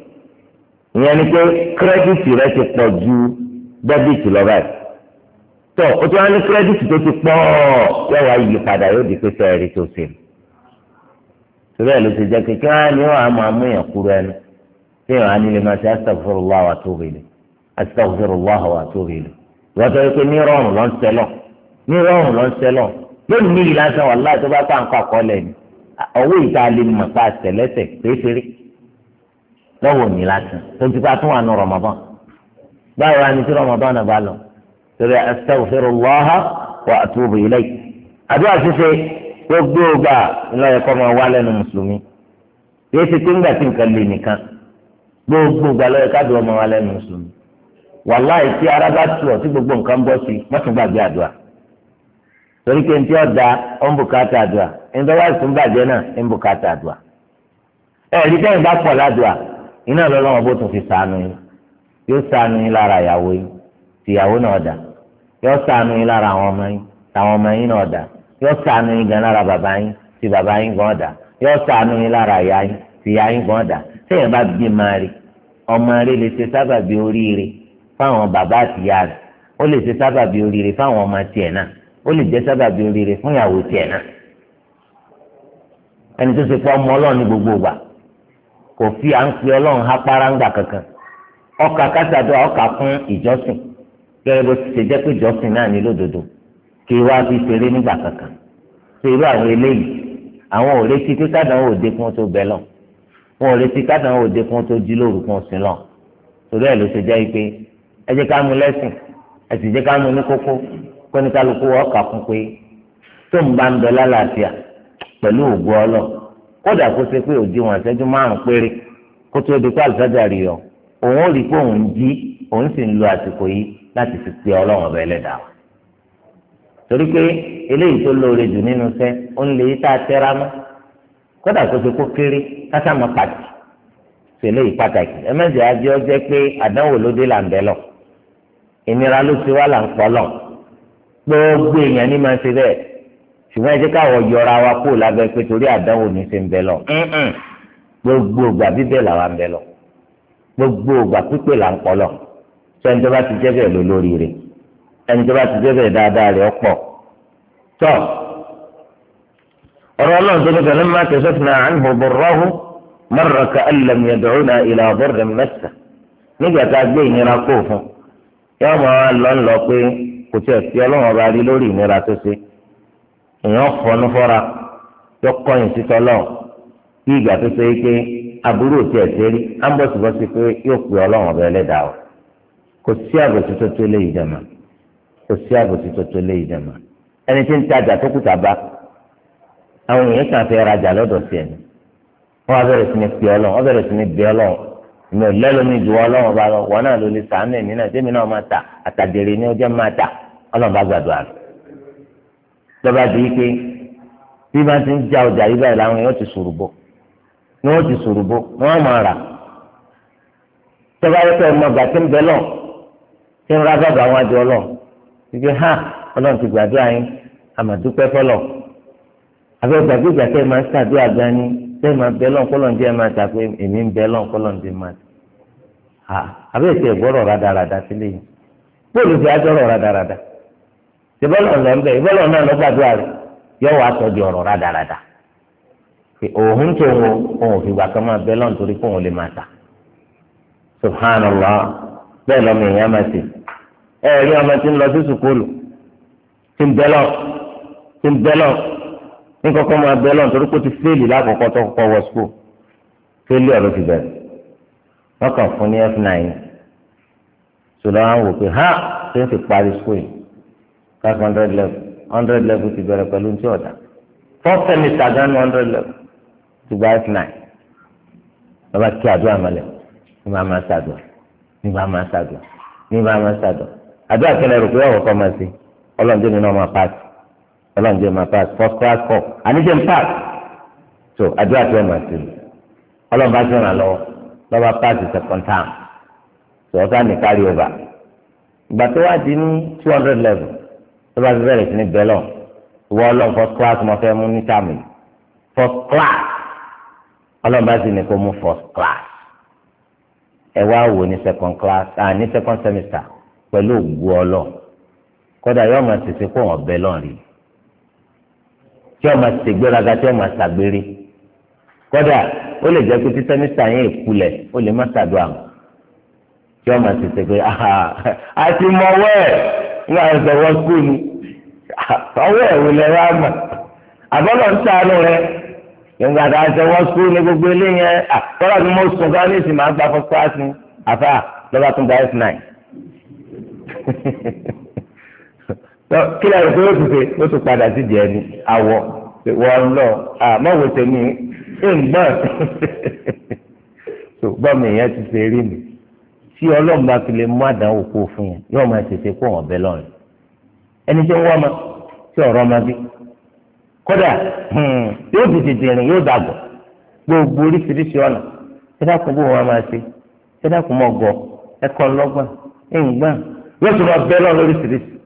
ìyẹn ni pé kírẹ́dìtì rẹ ti pọ̀ ju dẹ́bìtì lọ báyìí tọ́ o ti wá ní kírẹ́dìtì tó ti pọ̀ yóò wá yí padà yóò di pé sẹ́ẹ̀rì tó ṣe torí ẹ̀ ló ti jẹ́ kékeré á ní wàá máa mú yàn kúrò ẹnu tí yàn á nílé máa ṣe astaghfirullah wa atubu ilayh astaghfirullah wa atubu ilayh ìwọ́tọ̀ yìí pé ní rọrùn ló ń sẹ́lọ̀ ní rọrùn ló ń sẹ́lọ̀ lónìí yìí lásán wà láti bá pa nǹkan àkọọ́lẹ̀ ni ọwọ́ ìta lè mọ̀ pa àtẹ̀lẹ́sẹ̀ péré lọ́wọ́ mi lásán tó ti pa tún wà ní Ramadan báwo wá ní tí Ramadan náà bá lọ torí astaghfirullah wa atubu ilayh àdúrà ṣíṣe gbogbo ọgbà ńlọrọ kọ́ máa wá lẹ́nu mùsùlùmí yóò ti pé ńgbà tí nǹkan nìkan gbogbo ọgbà lọ́yẹ ọmọ wa lẹ́nu mùsùlùmí wàláì tí ara bá tù tí gbogbo nǹkan bọ́ sí mọ́tún gbàgbé àdúrà torí pé ntí ọ̀dà bùkátà bàjẹ́ náà ń bùkátà bá pọ̀ ládùá iná lọ́lọ́wọ́ bó tún fi sànù yín yóò sànù yín lára ìyàwó yín tìyàwó náà dà yóò sànù yọ sànù yín gan lára bàbá yín tí bàbá yín gan dà yọ sànù yín lára ìyá yín tí ìyá yín gan dà téèyàn bá bí máa rí ọmọ rí lè ṣe fáwọn bàbá àtìyá rẹ̀ ó lè ṣe sábàbí oríire fáwọn ọmọ tiẹ̀ náà ó lè jẹ́ sábàbí oríire fún ìyàwó náà ẹni tó ṣe pé gbogbo ìgbà kò fi à ń pe kankan ọkà kásádọ́ ọkà fún ìjọsìn gẹ́gẹ́ bó ti ṣe jẹ́ pé ìjọsìn kí wá bí ṣeré nígbà kankan ṣe irú àwọn eléyìí àwọn ò retí pé kádàn ò dé kí wọn tó bẹ lọ wọn ò retí kádàn ò dé kí wọn tó jí lóru kí wọn sí lọ torí ẹ ló ṣe jẹ́ pé ẹ jẹ́ ká mú lẹ́sìn ẹ sì jẹ́ ká mú ní kókó kó ní kálukú ọkà kún pé tó ń bá ń bẹ lálàáfíà pẹ̀lú ògùn ọlọ kódà kó ṣe pé òdi wọn àṣẹjú márùn péré kó tó di pé àlùfáàjà rí ọ òun ò rí pé òun jí òun sì ń lo àsìkò yìí láti fi pe ọlọ́run ọbẹ̀ ẹlẹ́dàá torí pé eléyìí tó lóore jù nínú sẹ́ ó ń lè yí tá a tẹ́ra mọ́ kódà kó ti kó kéré kásámọ́ pàtì sí eléyìí pàtàkì ẹ mẹ́jẹ̀ ajé ọ jẹ́ pé àdánwò ló dé là ń bẹ́ lọ ìnira ló ti wá là ń pọ̀ lọ gbogbo èèyàn ní máa ṣe bẹ́ẹ̀ ṣùgbọ́n ẹ jẹ́ yọra wa kó lábẹ́ pé torí àdánwò ní ṣe ń bẹ́ lọ gbogbo ògbà bíbẹ̀ làwa ń bẹ́ lọ gbogbo ògbà pípé là ń pọ̀ lọ sẹ́ni tó bá ti jẹ́ bẹ́ẹ̀ lólóríire ẹni tó bá ti jẹ́ bẹ́ẹ̀ dáadáa rẹ̀ ọ̀pọ̀ tọ ọ̀rọ̀ ọlọ́run tó dọ̀tà lẹ́nu máa tẹ̀sẹ̀ fún àwọn àbọ̀bọ̀rọ̀hù mọ̀rọ̀kà ẹlẹ́mi ẹ̀dọ̀rún náà ìlà ọ̀bọ̀rẹ̀ mẹ́ta nígbà tá a gbé ìnira kó fún yọ máa lọ ńlọ pé kò tí ẹ̀ fi ọlọ́run ọba rí lórí ìnira tó ṣe èèyàn fọnú fọ́ra yọ kọ́yìn sí tọ́lọ́run bí ìgbà tó ṣe pé aburú òtí ẹ̀ ṣe rí ámbọ̀sibọ́sí pé yóò pè ọlọ́run ọba ẹlẹ́dàá o kò sí àbòsí tó tó ẹni tí ń tajà tó kùtà bá àwọn èèyàn kan fẹ́ rajà lọ́dọ̀ sí ẹni wọ́n wá bẹ̀rẹ̀ sí ni pè ọlọ́run wọ́n bẹ̀rẹ̀ sí ni bẹ ọlọ́run mi ò lẹ́lómi ju ọlọ́run bá lọ wọn náà ló lè sàánú ẹ̀mí náà tẹ́mi náà máa tà àtàdèrè ni ọjọ́ máa tà ọlọ́run bá gbàdúrà rẹ̀ lọ́ba di ike bí wọ́n ti ń já ọjà yìí báyìí làwọn èèyàn ti sùrù bò ni wọ́n ti sùrù bò ni wọ́n máa rà tọ́ba yẹ kẹ́ ọmọ ọgbà tí ń bẹ lọ tí ń ra bàbá wọn adé ọlọ́run ọlọ́run ti gbàdúrà yín àmàdúpẹ́ fọlọ̀ abẹ́ gbàgbégbà tẹ́ ẹ máa ń ṣàdúrà gan ni tẹ́ ẹ máa bẹ́ lọ́n kọ́lọ́n díẹ̀ máa ta pé èmi ń bẹ́ lọ́n kọ́lọ́n díẹ̀ máa rádaràda yìí bóòlù rádaràda ń náà gbàdúrà rẹ̀ yọ sọ di ọ̀rọ̀ rádaràda òun tó òun kan máa lọ́n ta subhanallah bẹ́ẹ̀ lọ́mọ ti ń bẹ́lọ̀ ti ń bẹ́lọ̀ ní kọ́kọ́ máa bẹ́lọ̀ nítorí pé ó ti fẹ́ẹ̀lì lákòókò tó kọ́kọ́ wọ skul fẹ́ẹ̀lì ọ̀rọ̀ ti bẹ̀rẹ̀ wọ́n kàn fún ní f9 ṣùgbọ́n àwọn wò pé ha ṣé ń fi parí skul yìí five hundred level hundred level ti bẹ̀rẹ̀ pẹ̀lú ti ọ̀dà first semester gan hundred level ti gba f9 bàbá kí àdúrà mọ́lẹ̀ nígbà máa ṣàdùà nígbà máa ṣàdùà nígbà máa ṣàdùà àdúrà kẹlẹ̀ rò pé ọ̀wọ̀ kọ́ máa ṣe ọlọ́njẹ́ mi náà máa pass ọlọ́njẹ́ máa pass first class kọ́ àníjẹ́ ń pass so àdúrà tí wọ́n máa ṣe ọlọ́nba tí wọ́n máa lọ lọ́ba pass second term so ọ̀sán ní carry over ìgbà tó wá di ní two hundred level lọ́ba ti bẹ̀rẹ̀ sí ní bẹ́lọ̀ ìwọ ọlọ́n first class mo fẹ́ mú ní tàmì first class ọlọ́nba sì ní kó mú first class ẹ wá wò ní second class ah ní second semester pẹ̀lú ògbó ọlọ́ọ̀. kódà yóò máa tètè kó wọn bẹ lọ́rìn tí yóò máa tètè gbéraga tí yóò máa ṣàgbére kódà ó lè jẹ́ pé títẹ́ níta yẹn ìkulẹ̀ ó lè má ṣàdúrà mọ́ tí yóò máa tètè pé ni ọwọ́ wá àbọ̀lọ̀ ń rẹ kódà mo sùn ká ní ìsìn máa gbà fún kíláàsì f9 kí lè rò pé ó ti ṣe ó ti padà sí jẹ ni àwọ wọn lọ àmọwò tèmi ìgbọn tó gbọmọ èèyàn ti ṣe rí mi tí ọlọ́run bá fi lè mú àdánwò kó fún yẹn yóò máa tètè kó wọn bẹ lọ́rùn ẹni tí ń wọ́n ma tí ọ̀rọ̀ ma bí kódà hmm, yóò ti tètè rìn yóò dàgbọ̀ gbogbo oríṣiríṣi ọ̀nà tẹ́lákùn bó wọn máa ṣe tẹ́lákùn mọ̀ gọ̀ ẹ̀kọ́ lọ́gbọ̀n ìgbọ̀n yóò tún lọ bẹ́ lọ́rùn oríṣiríṣi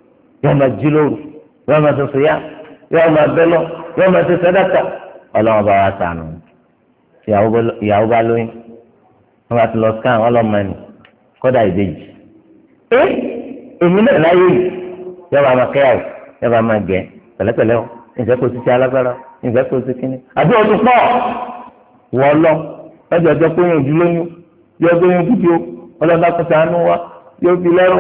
yóò máa jí lóru yóò máa sọ̀sọ̀ yá yóò máa bẹ́ lọ yóò máa ṣe sàdákà ọlọ́run bá wa sànù ìyàwó bá lóyún wọn bá ti lọ scan ọlọ́mọ ẹni kọ́dà ìbejì ẹ èmi náà láyé yìí yóò máa máa kẹ́yàwó yóò máa máa gẹ̀ pẹ̀lẹ́pẹ̀lẹ́ o ǹjẹ́ kò sí ti alágbára ǹjẹ́ kò sí kínní àbí ọdún pọ̀ wọ́ lọ lọ́jọ́ ọjọ́ pé yẹn ojú lóyún yóò gbé yẹn dúdú ọlọ́dà kọ́ta àánú wa yóò fi lẹ́rù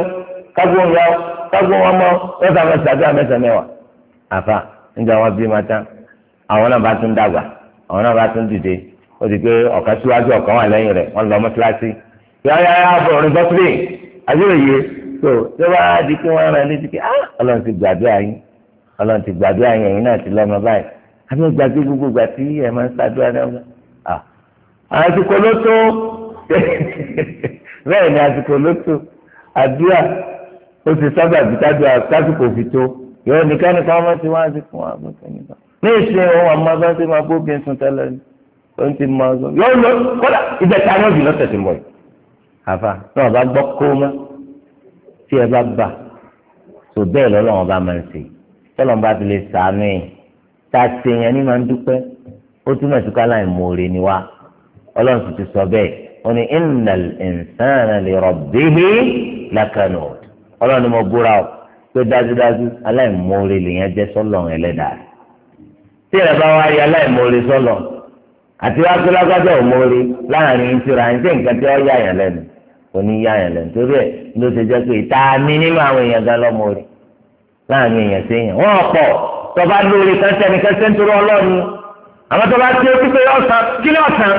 kágbóhùn yá tágbọ́n wọn mọ wọ́n sá fẹ́ sàdúrà mẹ́sàn-án mẹ́wàá àfa níjà wọn bí mata àwọn náà bá tún dàgbà àwọn náà bá tún dìde ó di pé ọ̀kan síwájú ọ̀kan wà lẹ́yìn rẹ̀ wọ́n lọ mọ́sálásí yáyáyá bọ̀ ọ̀rìn bọ́sílẹ̀ àdúróyè tó tó bá di pé wọ́n rán létí pé ah, ọlọ́run ti gbàdúrà yín ọlọ́run ti gbàdúrà yín ẹ̀yin náà ti lọ́mọ báyìí àbí gbàgbé gbogbo gbà tí ẹ̀ máa ń ṣàdúrà náà ah, àsìkò ló tó bẹ́ẹ̀ ni àsìkò ló tó àdúrà ó ti sábà bí tájú àtàkùkò fi tó yóò nìkan nìkan wọn ti wá sí fún wa nìkan nìkan ní ìsìn òun àmọ́ bá ti máa bóbi sun tẹ́lẹ̀ ni ó ti máa sọ yóò lọ kódà ìbẹ̀ta ni ó bì lọ́sẹ̀ tó ń bọ̀ yìí àfa náà bá gbọ́ kó mọ́ tí ẹ bá bà tó bẹ́ẹ̀ lọ́lọ́wọ́n bá máa ń ṣe tọ́lọ́n bá ti lè sàánú yìí tá a ṣe yẹn ní máa ń dúpẹ́ ó túmọ̀ sí ká láì ni wá ọlọ́run sì ti sọ bẹ́ẹ̀ ó ní innal insana li rabbihi lakanu ọlọ́run mo búra o pé dájúdájú aláìmoore lèyàn jẹ́ sọ́lọ̀ ẹlẹ́dàá tí ẹ bá wá rí aláìmoore sọ́lọ̀ àti wá pé lágbájá ò moore láàrin ìṣúra ẹ̀ ń tẹ́ nǹkan tí wọ́n yà yàn lẹ́nu òní yà yàn lẹ́nu torí ẹ̀ ló ṣe jẹ́ pé ìta ni nínú àwọn èèyàn gan lọ́moore láàrin èèyàn sí èèyàn wọ́n pọ̀ tọba lóore kẹsẹ́ni kẹsẹ́ ń torọ ọlọ́run àwọn tọba tí ó pípé ọ̀sán kí ni ọ̀sán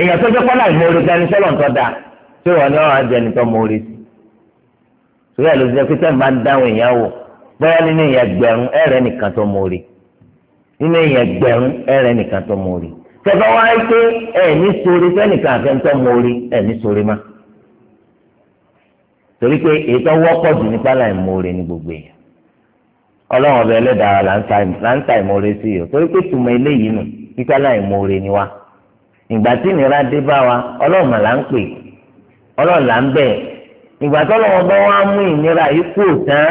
èèyàn tó jẹ́ pọ́nlá ìmoore ni sọ́lọ̀ ń torí àlọ́ ìṣẹ́ pé sẹ́yìn máa ń dáhùn èèyàn wò bóyá nínú èèyàn gbẹ̀rún ẹ̀rẹ́ nìkan tó mórí nínú èèyàn gbẹ̀rún ẹ̀rẹ́ nìkan tó mórí tẹ̀fẹ́ wá pé ẹ̀ ní sori fẹ́nìkan àfẹ́ntọ́ mórí ẹ̀ ní sori má torí pé ètò wọ́pọ̀ jù nípa láì mórí ní gbogbo èèyàn ọlọ́run ọbẹ̀ ẹlẹ́dàá là ń ta sí i torí pé tùmọ̀ eléyìí nù wa ọlọ́run mà là ń ìgbà tó lọ́wọ́ bá wá mú ìnira yìí kú tán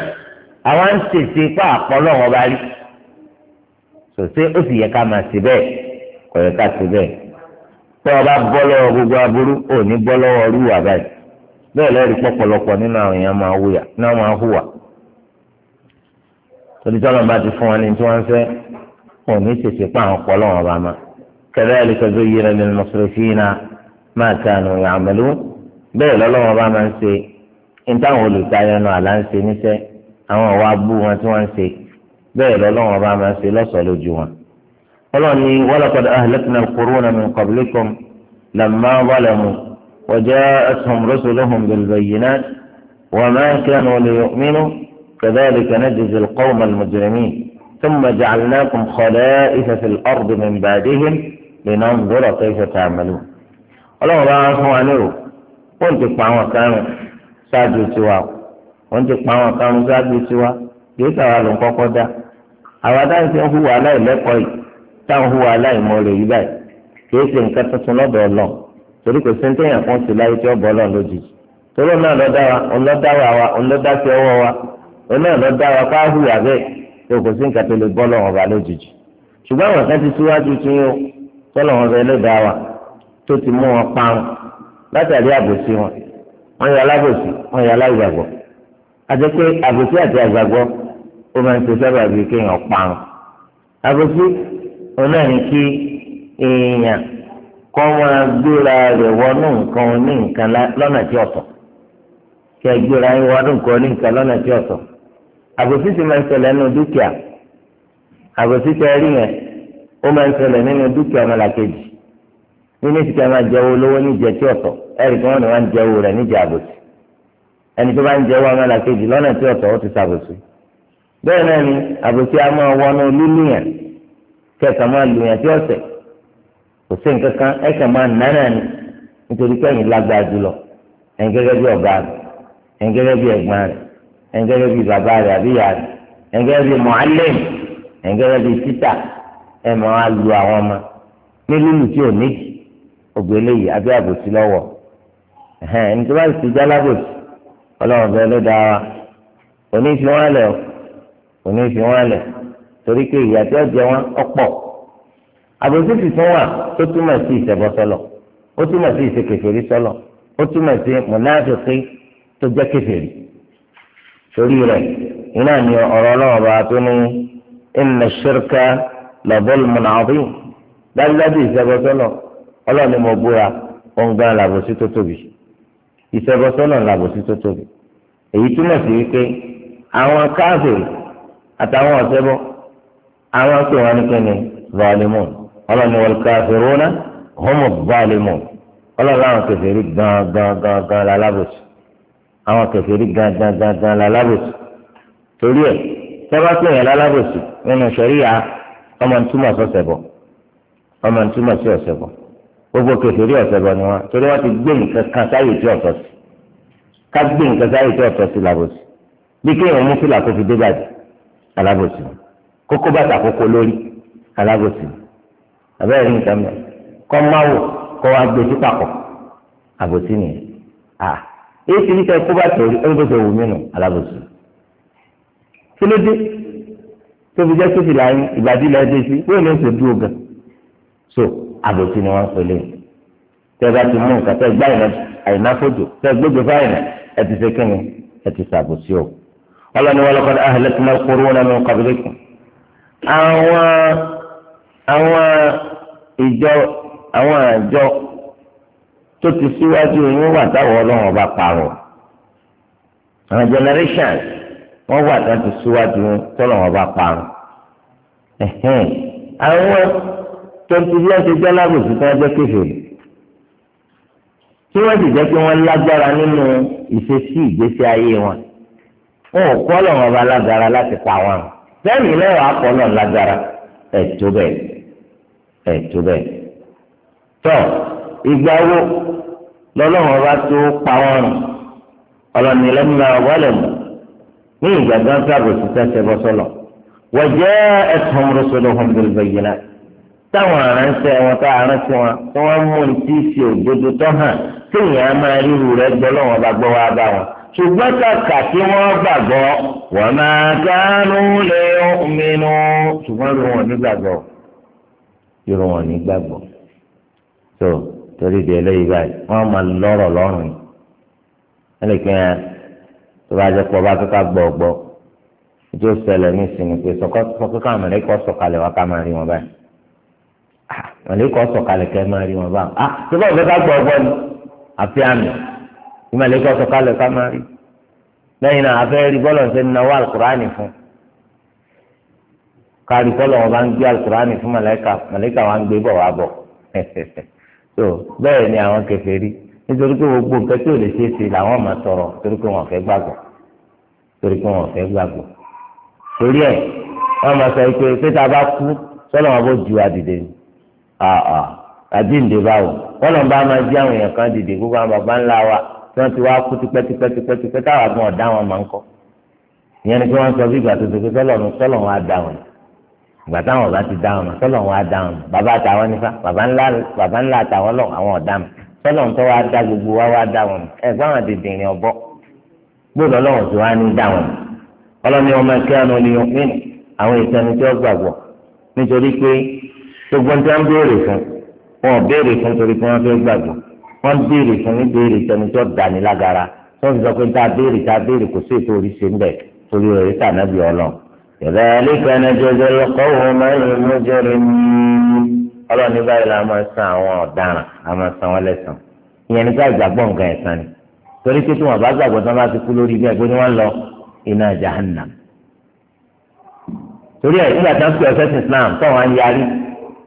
àwa ń tètè pa àpọ̀ lọ́wọ́ bá rí sòté ó sì yẹ ká máa ṣe bẹ́ẹ̀ kò yẹ ká ṣe bẹ́ẹ̀ tó o bá bọ́ lọ́wọ́ gbogbo aburú ò ní bọ́ lọ́wọ́ rúwà báyìí bẹ́ẹ̀ lẹ́rìí pọ̀pọ̀lọpọ̀ nínú àwọn èèyàn máa wúyà náà máa hùwà torí tí ọlọ́run bá ti fún wọn ní tí wọ́n ń fẹ́ ò ní tètè pa àwọn ọ̀pọ̀ bá ma kadhalika nítawọn olùtayọnu àlá ń ṣe níṣẹ́ àwọn ọ̀wá abú wọn tí wọ́n ń ṣe bẹ́ẹ̀ lọ́lọ́wọ́n ọba máa ń ṣe lọ́sọ̀ọ́ lójú wọn. ọlọ́ni walaqad ahlakna al-quruna min qablikum lamma zalamu wa ja'athum rusuluhum bil-bayyinat wa ma kanu liyu'minu كذلك نجزي القوم المجرمين ثم جعلناكم خلائف في الأرض من بعدهم لننظر كيف تعملون الله أعلم أنه قلت بعض كانوا ṣáájú tiwa wọ́n ti pa àwọn kan ṣáájú tiwa kìí sàrà ló ń kọ́kọ́ dá àwa dáhùn sí ń hùwà aláìlẹ́kọ̀ọ́ yìí táwọn hùwà aláìmọ̀ọ́rẹ́ yìí báyìí kìí ṣe nǹkan tuntun lọ́dọ̀ ọlọ́run torí kò sí ní téèyàn kan sí láyé tí ó bọ́ ọlọ́run lójijì torí ọ̀nà lọ́dá wa ọ̀nlọ́dá wa wa ọ̀nlọ́dá sí ọwọ́ wa ọ̀nà lọ́dá wa ká hùwà bẹ́ẹ̀ tó kò sí nǹkan tó lè bọ́ ọlọ́run ọba lójijì ṣùgbọ́n àwọn kan ti síwájú tí ó tọ́lọ́run ọba ẹlẹ́dàá wa tó ti mú wọn parun látàrí àbòsí wọn wọ́n yọ alábòsí wọ́n yọ aláìgbàgbọ́ àti pé àbòsí àti àgbàgbọ́ ó máa ń ṣe sábà bí kéèyàn parun àbòsí òun náà ní kí èèyàn kọ́ máa gbéra rẹ̀ wọnú nǹkan ní nǹkan lọ́nà tí ọ̀tọ̀ kí ẹ gbéra yín wọnú nǹkan ní nǹkan lọ́nà tí ọ̀tọ̀ àbòsí ti máa ń ṣẹlẹ̀ nínú dúkìá àbòsí tẹ yẹn ó máa ń ṣẹlẹ̀ nínú dúkìá ọmọlàkejì nínú ìsìkà máa jẹ owó lówó níjẹ tí ọ̀tọ̀ ẹ̀rì kan ní wọ́n ń jẹ owó rẹ̀ níjẹ àbòsí ẹni tó bá ń jẹ owó àwọn alákejì lọ́nà tí ọ̀tọ̀ ó ti ṣàbòsí bẹ́ẹ̀ náà ni àbòsí a máa wọnú lílùyàn kẹsàn-án máa lùyàn tí ọ̀sẹ̀ kò sí nǹkan kan ẹ̀kẹ́ máa nà náà ni nítorí pé ẹ̀yin lágbára jùlọ ẹ̀yin gẹ́gẹ́ bí ọ̀gá rẹ̀ ẹ̀yin gẹ́gẹ́ bí ẹ̀gbọ́n rẹ̀ ẹ̀yin gẹ́gẹ́ bí bàbá rẹ̀ àbí ìyá rẹ̀ ẹ̀yin gẹ́gẹ́ bí mọ̀álẹ́mù ẹ̀yin gẹ́gẹ́ bí títà ẹ̀ máa lu àwọn ọmọ ní tí ò níjì ògbé léyìí àbí àbòsí lọ́wọ́ ẹ̀hẹ́n ẹni tó bá ti já lábòsí ọlọ́run bẹ́ẹ̀ ló dáa wa òní fi wọ́n lẹ̀ òní fi wọ́n lẹ̀ torí pé ìyá tí ó jẹ wọn ọ̀pọ̀ àbòsí sì tún wà tó túmọ̀ sí ìṣẹ̀bọ sọlọ ó túmọ̀ sí ìṣekèfèrí sọlọ ó túmọ̀ sí mùnáfíkí tó jẹ́ kèfèrí torí rẹ̀ iná ni ọ̀rọ̀ ọlọ́run bá tó ní inna shirka la dájúdájú ìṣẹ̀bọ sọlọ ọlọ́run ni mo búra òun gan làbòsí tó tóbi ìṣẹ́bọsọ́nà làbòsí tó tóbi èyí túmọ̀ sí wípé àwọn káfíìn àtàwọn ọ̀sẹ́bọ àwọn pè wọn nìkẹ́ni zalimun ọlọ́run ni wal kafiruna humu zalimun ọlọ́run làwọn kèfèrí gan gan gan gan lálábòsí àwọn kèfèrí gan gan gan gan lálábòsí torí ẹ̀ tọ́ba pè yẹn lálábòsí nínú ṣẹ̀ríyà ọmọ ntúmọ̀ sọ̀sẹ̀ bọ̀ ọmọ ntúmọ̀ sí ọ̀sẹ̀ bọ̀ gbogbo kẹfìrí ọ̀sẹ̀ bọ̀ ni wọn torí wọn ti gbé nǹkan kan sáyè tí ọ̀tọ̀ sí ká gbé nǹkan sáyè tí ọ̀tọ̀ sí làbòsí bí kéèyàn mú fìlà kó fi dé bàjẹ́ alábòsí kókó bàtà kókó lórí alábòsí abẹ́rẹ́ nǹkan mẹ́ kọ́ máwò kọ́ wá gbé sí papọ̀ àbòsí nìyẹn à èyí ti ní ká kó bàtà orí ẹgbẹ́sẹ̀ wù mí nù alábòsí kí ló dé tóbi jẹ́ kí fìlà yín ìbàdí lọ́ọ́ dé sí bóyá ló ń ṣe àbòsí ni wọ́n ń pèlè tẹ́ bá ti mú nǹkan tẹ́ gbá ìrìn àìnáfojò tẹ́ gbójú fáìrìn ẹ ti ṣe kíni ẹ ti ṣàbòsí o ọlọ́ni wọn lọ́kọ́ ahlẹ́tìmọ́ kúrú wọn lọ́mọ kọ́bílẹ́kùn àwọn àwọn ìjọ àwọn àjọ tó ti síwájú yín wà táwọn ọlọ́run ọba parọ́ àwọn generations wọ́n wà láti síwájú tọ́lọ́run ọba parọ́ àwọn tọ́ntì bí wọ́n ṣe jẹ́ alábòsí tí wọ́n jẹ́ kéfèèrè tí wọ́n sì jẹ́ pé wọ́n lágbára nínú ìṣesí ìgbésí ayé wọn wọn ò kọ́ lọ́wọ́ ọba lágbára láti pa wọn sẹ́yìn lẹ́wọ̀ akọ́ náà lágbára ẹ̀ tó bẹ́ẹ̀ ẹ̀ tó bẹ́ẹ̀ tọ́ ìgbà wo lọ́lọ́wọ́ ọba tó pa wọn ọlọ́ni lẹ́mìnà wọlé mu ní ìgbà gánṣẹ́ tẹ́sẹ̀ bọ́sọ́lọ̀ wọ́n jẹ́ ẹ̀tọ́ mọ́rọ́sọ́lọ́ táwọn aránṣẹ́ wọn tá aránṣẹ́ wọn tí wọ́n mú ní tí ṣe òdodo tó hàn téèyàn á máa ríru rẹ̀ gbọ́ lọ́wọ́ bá gbọ́ wá bá wọn. ṣùgbọ́n kàkà tí wọ́n gbàgbọ́ wọ́n máa dánú lé mínú ṣùgbọ́n irun wọn ní gbàgbọ́ irun wọn ní gbàgbọ́ tó torí di eléyìí báyìí wọ́n máa lọ́rọ̀ lọ́rùn ẹnìkan tó bá jẹ́ pọ̀ bá tó gbọ̀ gbọ́ ìjọ ní ìsinmi pé sọ́kọ́ màlẹ́kọ̀ ah, sọ̀kalẹ̀ kẹ́ máa rí wọn bá a ah, tó bá òfin ká gbọ́ ọgbọ́n ni àfi àmì ní màlẹ́kọ̀ sọ̀kalẹ̀ ká máa rí lẹ́yìn náà afẹ́ rí bọ́lọ̀ ṣe ń nawọ́ alukurani fún kárí bọ́lọ̀ wọn bá ń gbé alukurani fún màlẹ́kà màlẹ́kà wọn gbé bọ̀ wá bọ̀ so bẹ́ẹ̀ ni àwọn kèfèrí nítorí pé gbogbo nǹkan tí ò lè ṣeé ṣe làwọn máa tọrọ torí pé wọn fẹ́ gbàgbọ́ torí pé wọn fẹ́ gbàgbọ́ torí ẹ̀ wọ́n àà ah, ah. àjíǹde báwo kọlọm bá máa jí àwọn èèyàn kan dìde gbogbo àwọn baba ńlá wa tí wọ́n ti wá kú tipẹ́tipẹ́tipẹ́tipẹ́ táwa gan ọdá wọn máa ń kọ ìyẹn ni kí wọ́n sọ bí ìgbà tó tóbi sọlọrun sọlọrun á dá wọn ìgbà táwọn ọba ti dá wọn sọlọrun á dá wọn bàbá àtàwọn nípa bàbá ńlá àtàwọn lọ àwọn ọdá mi sọlọrun tó wá dá gbogbo wa wá dá wọn ẹ gbọ́n àdìdìrín ọbọ gbọ́dọ̀ lọ́wọ́ tó wá ní dá wọn ọlọ́ni ọmọ ẹ̀kẹ́ àwọn ènìyàn pín àwọn ìtẹnudẹ́ ọgbàgbọ́ nítorí pé gbogbo ní wọn béèrè fún wọn ò béèrè fún torí pé wọn fẹẹ gbàgbọ́ wọn béèrè fún ní béèrè tẹni tó dání lágara tó ń sọ pé tá a béèrè tá a béèrè kò sí ètò oríṣi ńbẹ torí rẹ yìí tànàbí ọlọ. kadhalika najzi al-qawma al-mujrimin ọlọ́ọ̀ni báyìí la máa san àwọn ọ̀daràn a máa san wọn lẹ́sàn ìyẹn ní ká ìgbàgbọ́ nǹkan ẹ̀sán ni torí pé tí wọn bá gbàgbọ́ tán bá ti kú lórí bí ẹgbẹ́ ni wọ́n lọ iná jahannam torí ẹ̀ nígbà tí wọ́n fi ọ̀sẹ̀ islam tó wọn yarí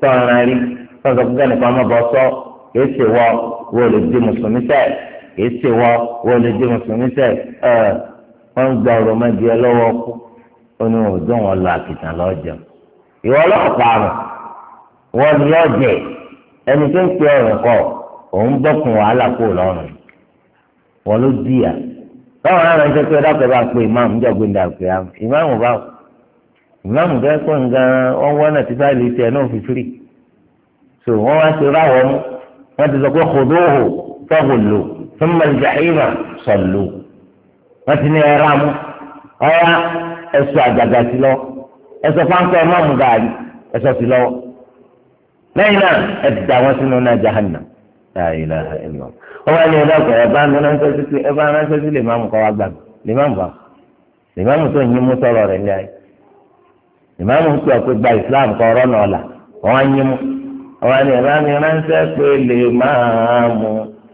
tọ́ran rí tọ́sọ̀ fún kẹ́nìkan ọmọ bọ́ sọ kìí ṣe wọ wo lè di mùsùlùmí sẹ́ kìí ṣe wọ wo lè di mùsùlùmí sẹ́ ẹ wọ́n ń gba ọ̀rọ̀ mẹ́jì ẹ lọ́wọ́ kú ó ní wọn ò dún wọn lọ àkìtàn lọ́jọ́ ìwọ ọlọ́pàá rẹ̀ wọ́n ní ọ̀jẹ̀ ẹni tó ń pe ọ̀rọ̀ kọ̀ òun bọ́kùn wàhálà kó lọ́rùn wọ́n ló dìyà báwọn ará ń sẹ́kẹ́ dákẹ́ bá ìmáàmù bẹ́ẹ̀ pọ̀ nǹkan wọ́n wọ́n náà ti fáìlì tiẹ̀ náà fi firi so wọ́n wá ti ráwọ̀ mú wọ́n ti sọ pé kòdóhò fọ́gùlù fúnmọ̀lìjàhìmà sọ̀lù wọ́n ti ní ẹ̀rá mú ọ̀rá ẹ̀sọ́ àgbàgbà sí lọ ẹ̀sọ́ fáńkọ́ ìmáàmù gàrí ẹ̀sọ́ sí lọ́wọ́ lẹ́yìn náà ẹ̀ ti dà wọ́n sínú náà jahannam láìlà ẹ̀lọ́ ọba ní ẹ̀dá ọkọ̀ ẹ̀bá ránṣẹ́ ní ayé ìmáàmù ń pè ọ́ pé gba islam kọ ọ̀rọ̀ náà là wọ́n á yín mú wọ́n á ní ìlànà ìránṣẹ́ pé lè máa mú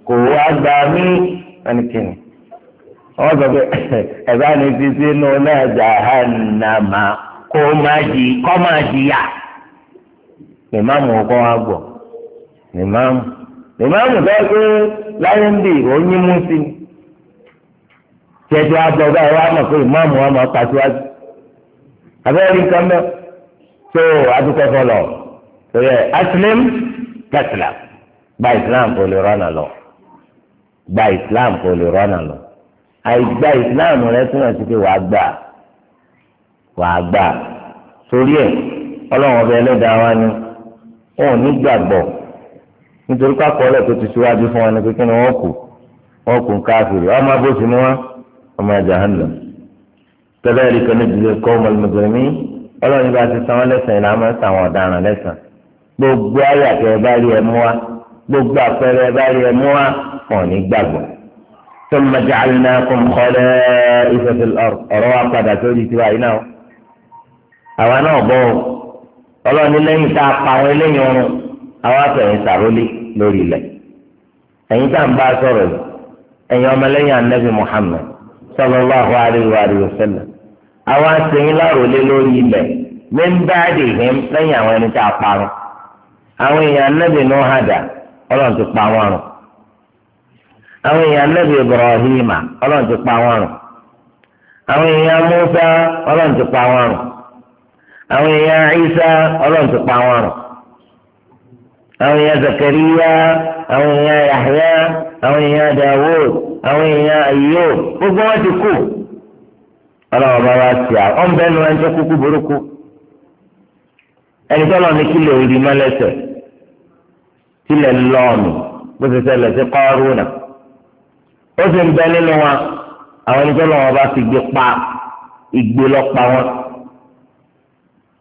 kò wá gbà mí ẹnikẹ́ni wọ́n sọ pé ẹ̀bá ni ti sínú náà jahannama kó máa jì kọ́ máa jìyà ìmáàmù ọkọ wa gbọ́ ìmáàmù ìmáàmù sọ pé láyé ń bì ó yín mú sí i jẹjọ abọ́ báyìí wọ́n á mọ̀ pé ìmáàmù wa máa pàṣẹ wájú. abẹ́rẹ́ nǹkan mẹ́ tó adúpẹ́ fọlọ́ torí ẹ asilim tẹsílà gba islam kò lè rọ́nà lọ gba islam kò lè rọ́nà lọ àìgbà islam rẹ túmọ̀ sí pé wàá gbà wàá gbà ọlọ́run ọbẹ̀ ẹlẹ́dàá wa ni wọn ò ní gbàgbọ́ nítorí kákọ́ọ́lẹ̀ tó ti síwájú fún ni pé kí ni wọ́n kù wọ́n kù káfíìrì ọmọ ni wọ́n ọmọ كذلك نجزي القوم المجرمين ọlọ́run bá ti san wọ́n lẹ́sàn-án ìlànà máa ń san àwọn ọ̀daràn lẹ́sàn gbogbo ayàtọ̀ ẹ bá rí ẹ mú wa gbogbo àpẹẹrẹ ẹ bá rí ẹ mú wa wọn ò ní gbàgbọ́. ثم جعلناكم خلائف في الأرض ọ̀rọ̀ wa padà sórí tiwa yìí náà àwa náà bọ̀ ọ́ ọlọ́run lẹ́yìn tá a pa àwọn eléyìí ọrùn àwa fẹ̀yìn sàrólé lórí ilẹ̀ ẹ̀yin tá à ń bá sọ̀rọ̀ yìí ẹ̀yin ọmọlẹ́yìn anabi Muhammad sallallahu alayhi wa sallam àwọn asèyìn láròlé lórí ilẹ̀ mẹ́ńbáàdì hìm lẹ́yìn àwọn ẹni tá a parun àwọn èèyàn anábì ní ọ̀hádà ọlọ́run ti pa wọn rùn àwọn èèyàn anábì ibrahima ọlọ́run ti pa wọn rùn àwọn èèyàn ọlọ́run ti pa wọn rùn àwọn èèyàn isa ọlọ́run ti pa wọn rùn àwọn èèyàn zakariya àwọn èèyàn yahya àwọn èèyàn dawud àwọn èèyàn ayo gbogbo wọn ti kú. ọlọ́wọ́ bá wá sí a ọ̀n bẹ́ẹ̀ ni wọ́n ń jẹ́ kúkú burúkú ẹni tọ́lọ̀ ní kílẹ̀ òrì mọ́lẹ́sẹ̀ kílẹ̀ lọ́ọ̀nù bó ti ṣẹlẹ̀ sí kọ́ọ̀rùnà ó sì ń bẹ nínú wa àwọn ẹni tọ́lọ̀ wọn bá fi gbé pa ìgbé lọ pa wọn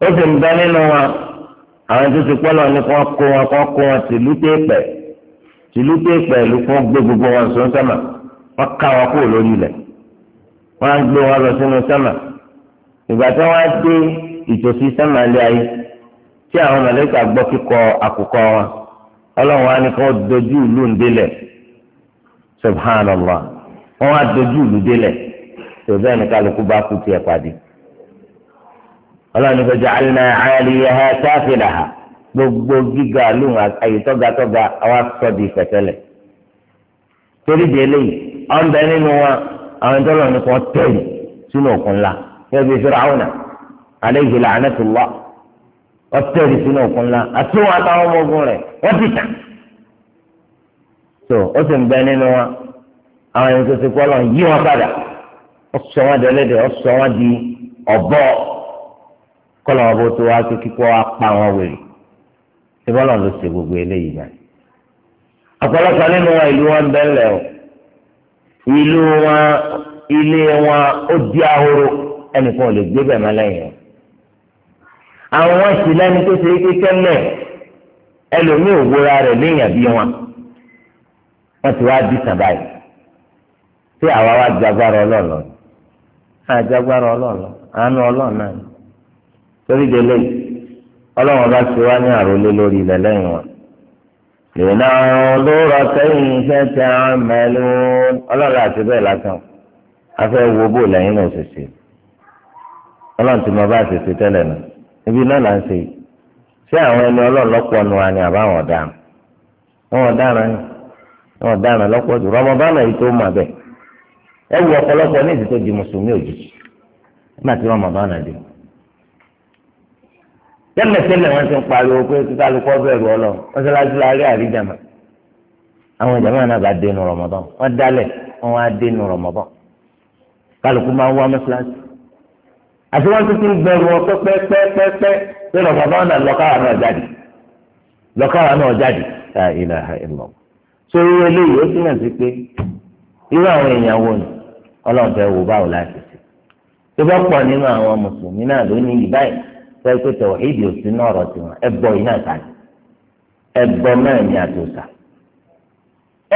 ó sì ń bẹ nínú wa àwọn tó ti pọ́lọ̀ ní kọ́ kó wọn kọ́ kó wọn tìlú téèpẹ̀ tìlú téèpẹ̀ ló kọ́ gbé gbogbo wọn sọ́sẹ́mà wọ́n ká wọn kúrò lórí ilẹ̀ á gbé wọn lọ sínú sánmà ìgbà tí wọ́n á dé ìtòsí sánmà lé ayé tí àwọn mọ̀lẹ́kà gbọ́ kíkọ àkùkọ wọn ọlọ́run wa ni kí wọ́n dojú ìlú ń délẹ̀ subhanallah wọ́n á dojú ìlú délẹ̀ tó bẹ́ẹ̀ ni kálukú bá kú tiẹ̀ pàdé ha gbogbo gíga lóhùn di torí ọ̀nbẹ nínú wọn àwọn ìjọba ní kan tẹ̀lé sínú òkun ńlá kẹ́bi Fir'auna alayhi la'natullah ọtẹ́lì sínú òkun ńlá àti wọn àtàwọn ọmọ ogun wọ́n ti tàn. tó ó sì ń bẹ nínú wọn àwọn ẹni tó ti kọ́ yí di ọ̀bọ kọ́lọ̀ wọn bó tó wá sí kíkọ́ pa wọn wèrè ṣé ló ṣe gbogbo eléyìí náà. nínú ìlú wọn bẹ́ẹ̀ ìlú wọn ilé wọn ó di ahoro ẹnìkan ò lè gbé bẹ̀rẹ̀ lẹ́yìn àwọn wọn sì lẹ́ni tó ṣe é tẹ́lẹ̀ ẹlòmíì òwúra rẹ̀ léèyàn bí wọn wọn ti wá di tí àwa wá jagbára ọlọ́ọ̀lọ́ ọlọ́ọ̀lọ́ àánú torí délé ọlọ́wọ́n ti wá ní àròlé lórí ilẹ̀ lẹ́yìn lìnàdúrà kẹ́yìn iṣẹ́ tí a mẹ́lú ọlọrọ àti bẹ́ẹ̀ lásán afẹ́ wo bò lẹ́yìn náà ṣèṣe ọlọ́run tí mo bá ṣèṣe ibi náà là ń ṣe ṣé àwọn ẹni ọlọ́run lọ́pọ̀ nu wa ni àbáwọn ọ̀daràn wọn ọ̀daràn wọn ọ̀daràn lọ́pọ̀ jù rọmọbánà yìí tó mà ẹ wù ní ìdí tó di mùsùlùmí òjijì nígbà tí rọmọbánà dé tẹ́lẹ̀tẹ́lẹ̀ wọ́n ti ń pariwo pé kíkálukọ́ bẹ̀rù ọ lọ mọ́sálásí la rí àríjàmà àwọn ìjàmà náà bá dénú rọmọdán wọ́n dálẹ̀ wọ́n á dénú rọmọdán kálukú máa ń wá àti wọ́n ti ọ pé náà lọ́kàrà náà jáde lọ́kàrà náà jáde ilà ìlọ. eléyìí ó túmọ̀ sí pé irú àwọn èèyàn wo ni ọlọ́run fẹ́ sẹ́yìn pé o ò sí náà ọ̀rọ̀ tiwọn ẹbọ iná ìta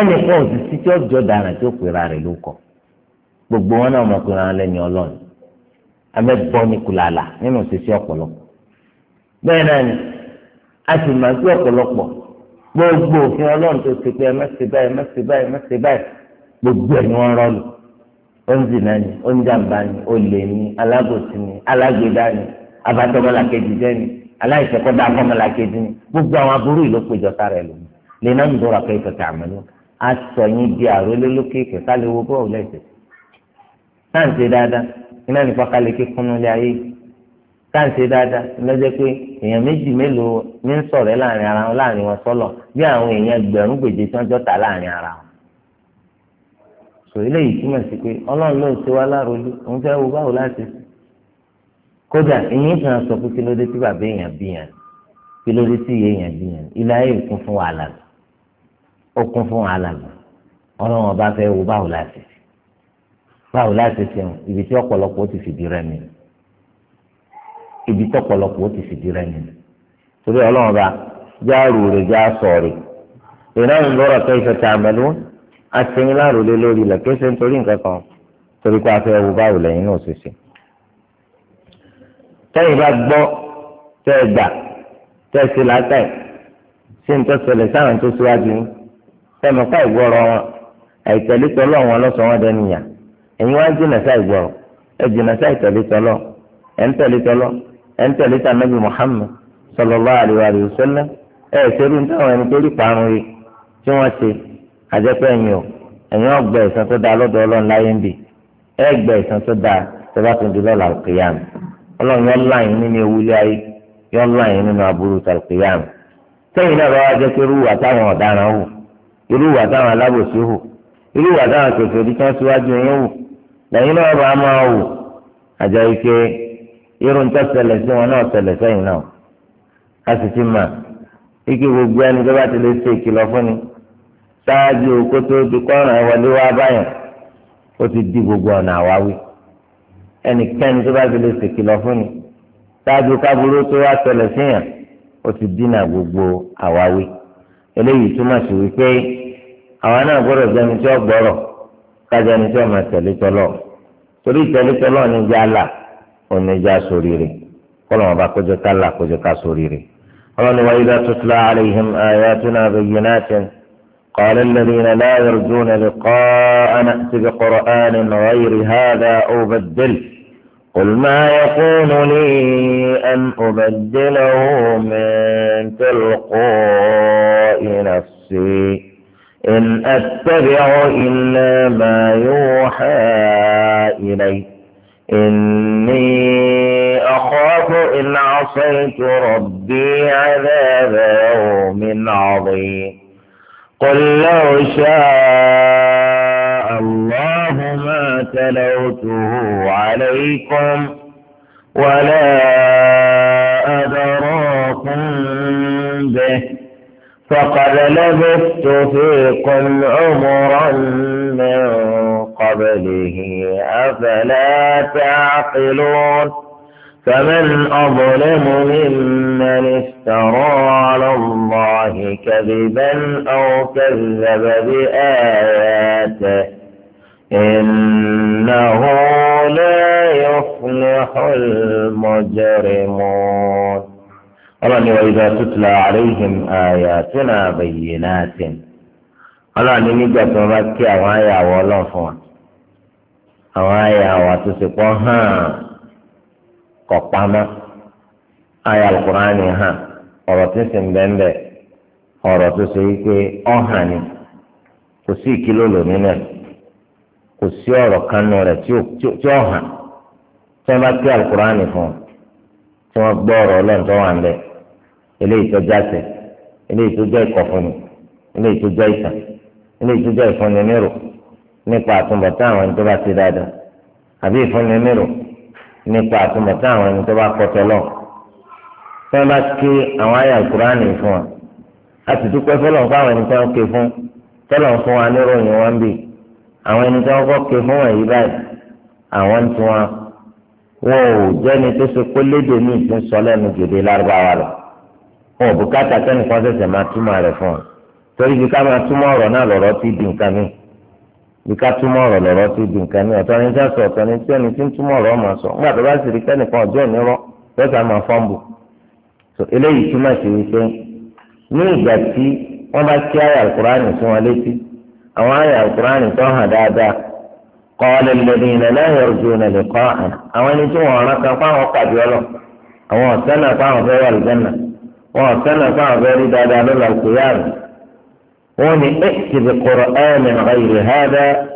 ni ò sì sí tí ọjọ́ dara pera rẹ̀ ló kọ gbogbo wọn náà ọmọkùnrin alẹ́ ọlọ́run ní kùlàlà nínú a sì máa gbé ọ̀pọ̀lọpọ̀ gbogbo òfin ọlọ́run tó ti pé ẹ mẹ́sì báyìí mẹ́sì báyìí mẹ́sì báyìí gbogbo ẹ̀ ni wọ́n rọ́ọ̀lù ó ń ni ó ń ni abatọ ọmọlàkejì jẹ́ ni aláìsẹ̀kọ́ dá ọmọlàkejì ni gbogbo àwọn aburú yìí ló péjọ sára ẹ̀ lónìí lè náà ń dọ̀rọ̀ akẹ́kọ̀ọ́ tà mọ́ lọ aṣọ yín di àrólé lókè kẹ̀kẹ́ lè wo bọ́ọ̀lù ẹ̀sẹ̀ náà ń ṣe dáadáa iná nípa kálíkì kúnnú lé ayé káǹtì dáadáa lọ́jọ́ pé èèyàn méjì mélòó ní ń sọ̀rọ̀ láàrin ara wọn láàrin wọn sọ́lọ̀ bí àwọn èèyàn gbẹ̀rún gbèjè tí wọ́n jọ tà láàrin ara wọn. sọ eléyìí túmọ̀ sí pé ọlọ́run ló ti wá láròlú òun fẹ́ wo báwo láti ṣe kódà èyí kan sọ pé kí ló dé tí bàbá èèyàn bí yàn kí ló dé tí ìyá èèyàn bí yàn ilé ayé kún fún wàhálà ó kún fún wàhálà ọlọ́run ọba fẹ́ wo báwo la ṣe báwo la ṣe ṣe ibi tí ọ̀pọ̀lọpọ̀ ti fìdí rẹmi ibi tí ọ̀pọ̀lọpọ̀ ti fìdí rẹmi torí ọlọ́run ọba já rúre já sọ̀rì ìrànlọ́rọ̀ lọ́rọ̀ kẹ́ ìfẹ́ tá a mẹ́lú àti ẹ̀yin láròlé lórí ilẹ̀ kí ó ṣe ń torí nǹkan kan torí pé a fẹ́ wo báwo lẹ́yìn náà ṣe ṣe sẹ́yìn bá gbọ́ tẹ́ ẹ gbà tẹ́ ẹ ṣe látàì ṣé ń tọ́sẹ̀lẹ̀ sáwọn tó síwájú yín sẹ́mi ká ìgbọ́rọ̀ wọn àìtẹ̀lé tọ́lọ́ wọn lọ́sọ̀ wọn dẹni yà ẹ̀yin wá jìnà sáà ìgbọ́rọ̀ ẹ jìnà sáà ìtẹ̀lé tọ́lọ́ ẹ̀ ń tẹ̀lé tọ́lọ́ ẹ̀ ń tẹ̀lé tà nàbì Muhammad sallallahu alaihi wa sallam ẹ̀ ṣerú táwọn ẹni tó rí parun rí tí wọ́n ṣe àjẹpẹ́ ẹ̀yìn o ẹ̀yin ọgbà ẹ̀sán tó dáa lọ́dọ̀ Ọlọ́run láyé ń ẹ̀ gbà ẹ̀sán ọlọ́run yọ ńlá yín nínú ewúlé ayé yọ ńlá yín nínú aburú tàlùkìyàmù sẹ́yìn náà bá wá jẹ́ pé irúwà táwọn ọ̀daràn hù irúwà táwọn alábòsí hù irúwà táwọn kẹfẹ́ orí tán síwájú yín hù lẹ́yìn náà bá máa hù àjọ ike irun tó ṣẹlẹ̀ sí wọn náà ṣẹlẹ̀ sẹ́yìn náà a sì ti mà ike gbogbo ẹni tó bá ti lè ṣe ìkìlọ̀ fún ni ṣáájú kótó ẹnikẹ́ni tó bá fi lè ṣèkìlọ̀ fún ni ṣáájú káburú tó wá ṣẹlẹ̀ síyàn ó ti dínà gbogbo àwáwí eléyìí túmọ̀ sí wípé àwa náà gbọ́dọ̀ jẹni tí ó gbọ́rọ̀ kájọ ẹni tí ó máa tẹ̀lé tọ́lọ̀ torí ìtẹ̀lé tọ́lọ̀ ní ìjà là òní ìjà sóríire kọ́lọ̀ wọn bá kójọ ká là kójọ ká sóríire. ọlọ́ni wa idha tutla alayhim ayatuna bayyinatin qala alladhina la yarjuna liqa'ana ائti biqur'anin ghayri hadha aw baddilhu قل ما يكون لي أن أبدله من تلقاء نفسي إن أتبع إلا ما يوحى إلي إني أخاف إن عصيت ربي عذاب يوم عظيم قل لو شاء تلوته عليكم ولا أدراكم به فقد لبثت فيكم عمرا من قبله أفلا تعقلون فمن أظلم ممن افترى على الله كذبا أو كذب بآياته إنه لا يفلح المجرمون ọlọ́ni wàyíká tutla àríhìm àyàtúnà bayyinatin ọlọ́ni nígbà tí wọ́n bá kí àwọn àyàwó ọlọ́run fún wa àwọn àyàwó àtúnṣepọ̀ hàn kọ̀ pamọ́ àyà alukur'ani hàn ọ̀rọ̀ tí ń sìn bẹ́ẹ̀ ọ̀rọ̀ tó ṣe wípé ọ̀hàn ni kò sí ìkìlọ̀ lónìí náà. kò sí ọ̀rọ̀ kanú rẹ̀ tí ó hàn tí wọ́n bá gbé fún tí wọ́n gbọ́ ọ̀rọ̀ ọlọ́run tó wà nílẹ̀ eléyìí tó jáde eléyìí tó jẹ́ ìkọ̀fúnni eléyìí tó jẹ́ ìtàn eléyìí tó jẹ́ ìfúnni nírò nípa àtúbọ̀tá àwọn ẹni tó bá ti dáadáa àbí ìfúnni nírò nípa àtúbọ̀tá àwọn ẹni tó bá kọ́tọ́ lọ tí wọ́n bá ké àwọn ayé a dúpẹ́ fọlọ́n fún àwọn ẹni tó ń àwọn ẹni tí wọ́n kọ́ pé fún wọ̀nyí báyìí àwọn tí wọ́n wọ́n ò jẹ́ni tó ṣe pé lédè ní ìpín sọ lẹ́nu gèdè lárúbáwá rẹ̀ wọn ò bùkátà kẹ́nìkan ṣẹ̀ṣẹ̀ máa túmọ̀ rẹ̀ fún ọ torí bí ká máa túmọ̀ ọ̀rọ̀ náà lọ́rọ́ ti di nǹkan mi bí ká túmọ̀ ọ̀rọ̀ lọ́rọ́ ti di nǹkan mi ọ̀tọ̀ ní sẹ́sọ̀ ọ̀tọ̀ ní tí ẹni tí ń túmọ̀ ọ̀rọ̀ máa sọ nígbà tó bá sì rí kẹ́nìkan ọjọ́ ìnirọ́ lọ́sàá máa fọ́ǹbù eléyìí túmọ̀ sí wípé ní ìgbà tí wọ́n bá kí àyà أو آية القرآن توها دابا قال الذين لا يرجون لقاءنا أو أن يجوا هناك فهو قد يلو أو سنة فهو في الجنة أو سنة فهو في دابا من القيامة وني ائت بقرآن غير هذا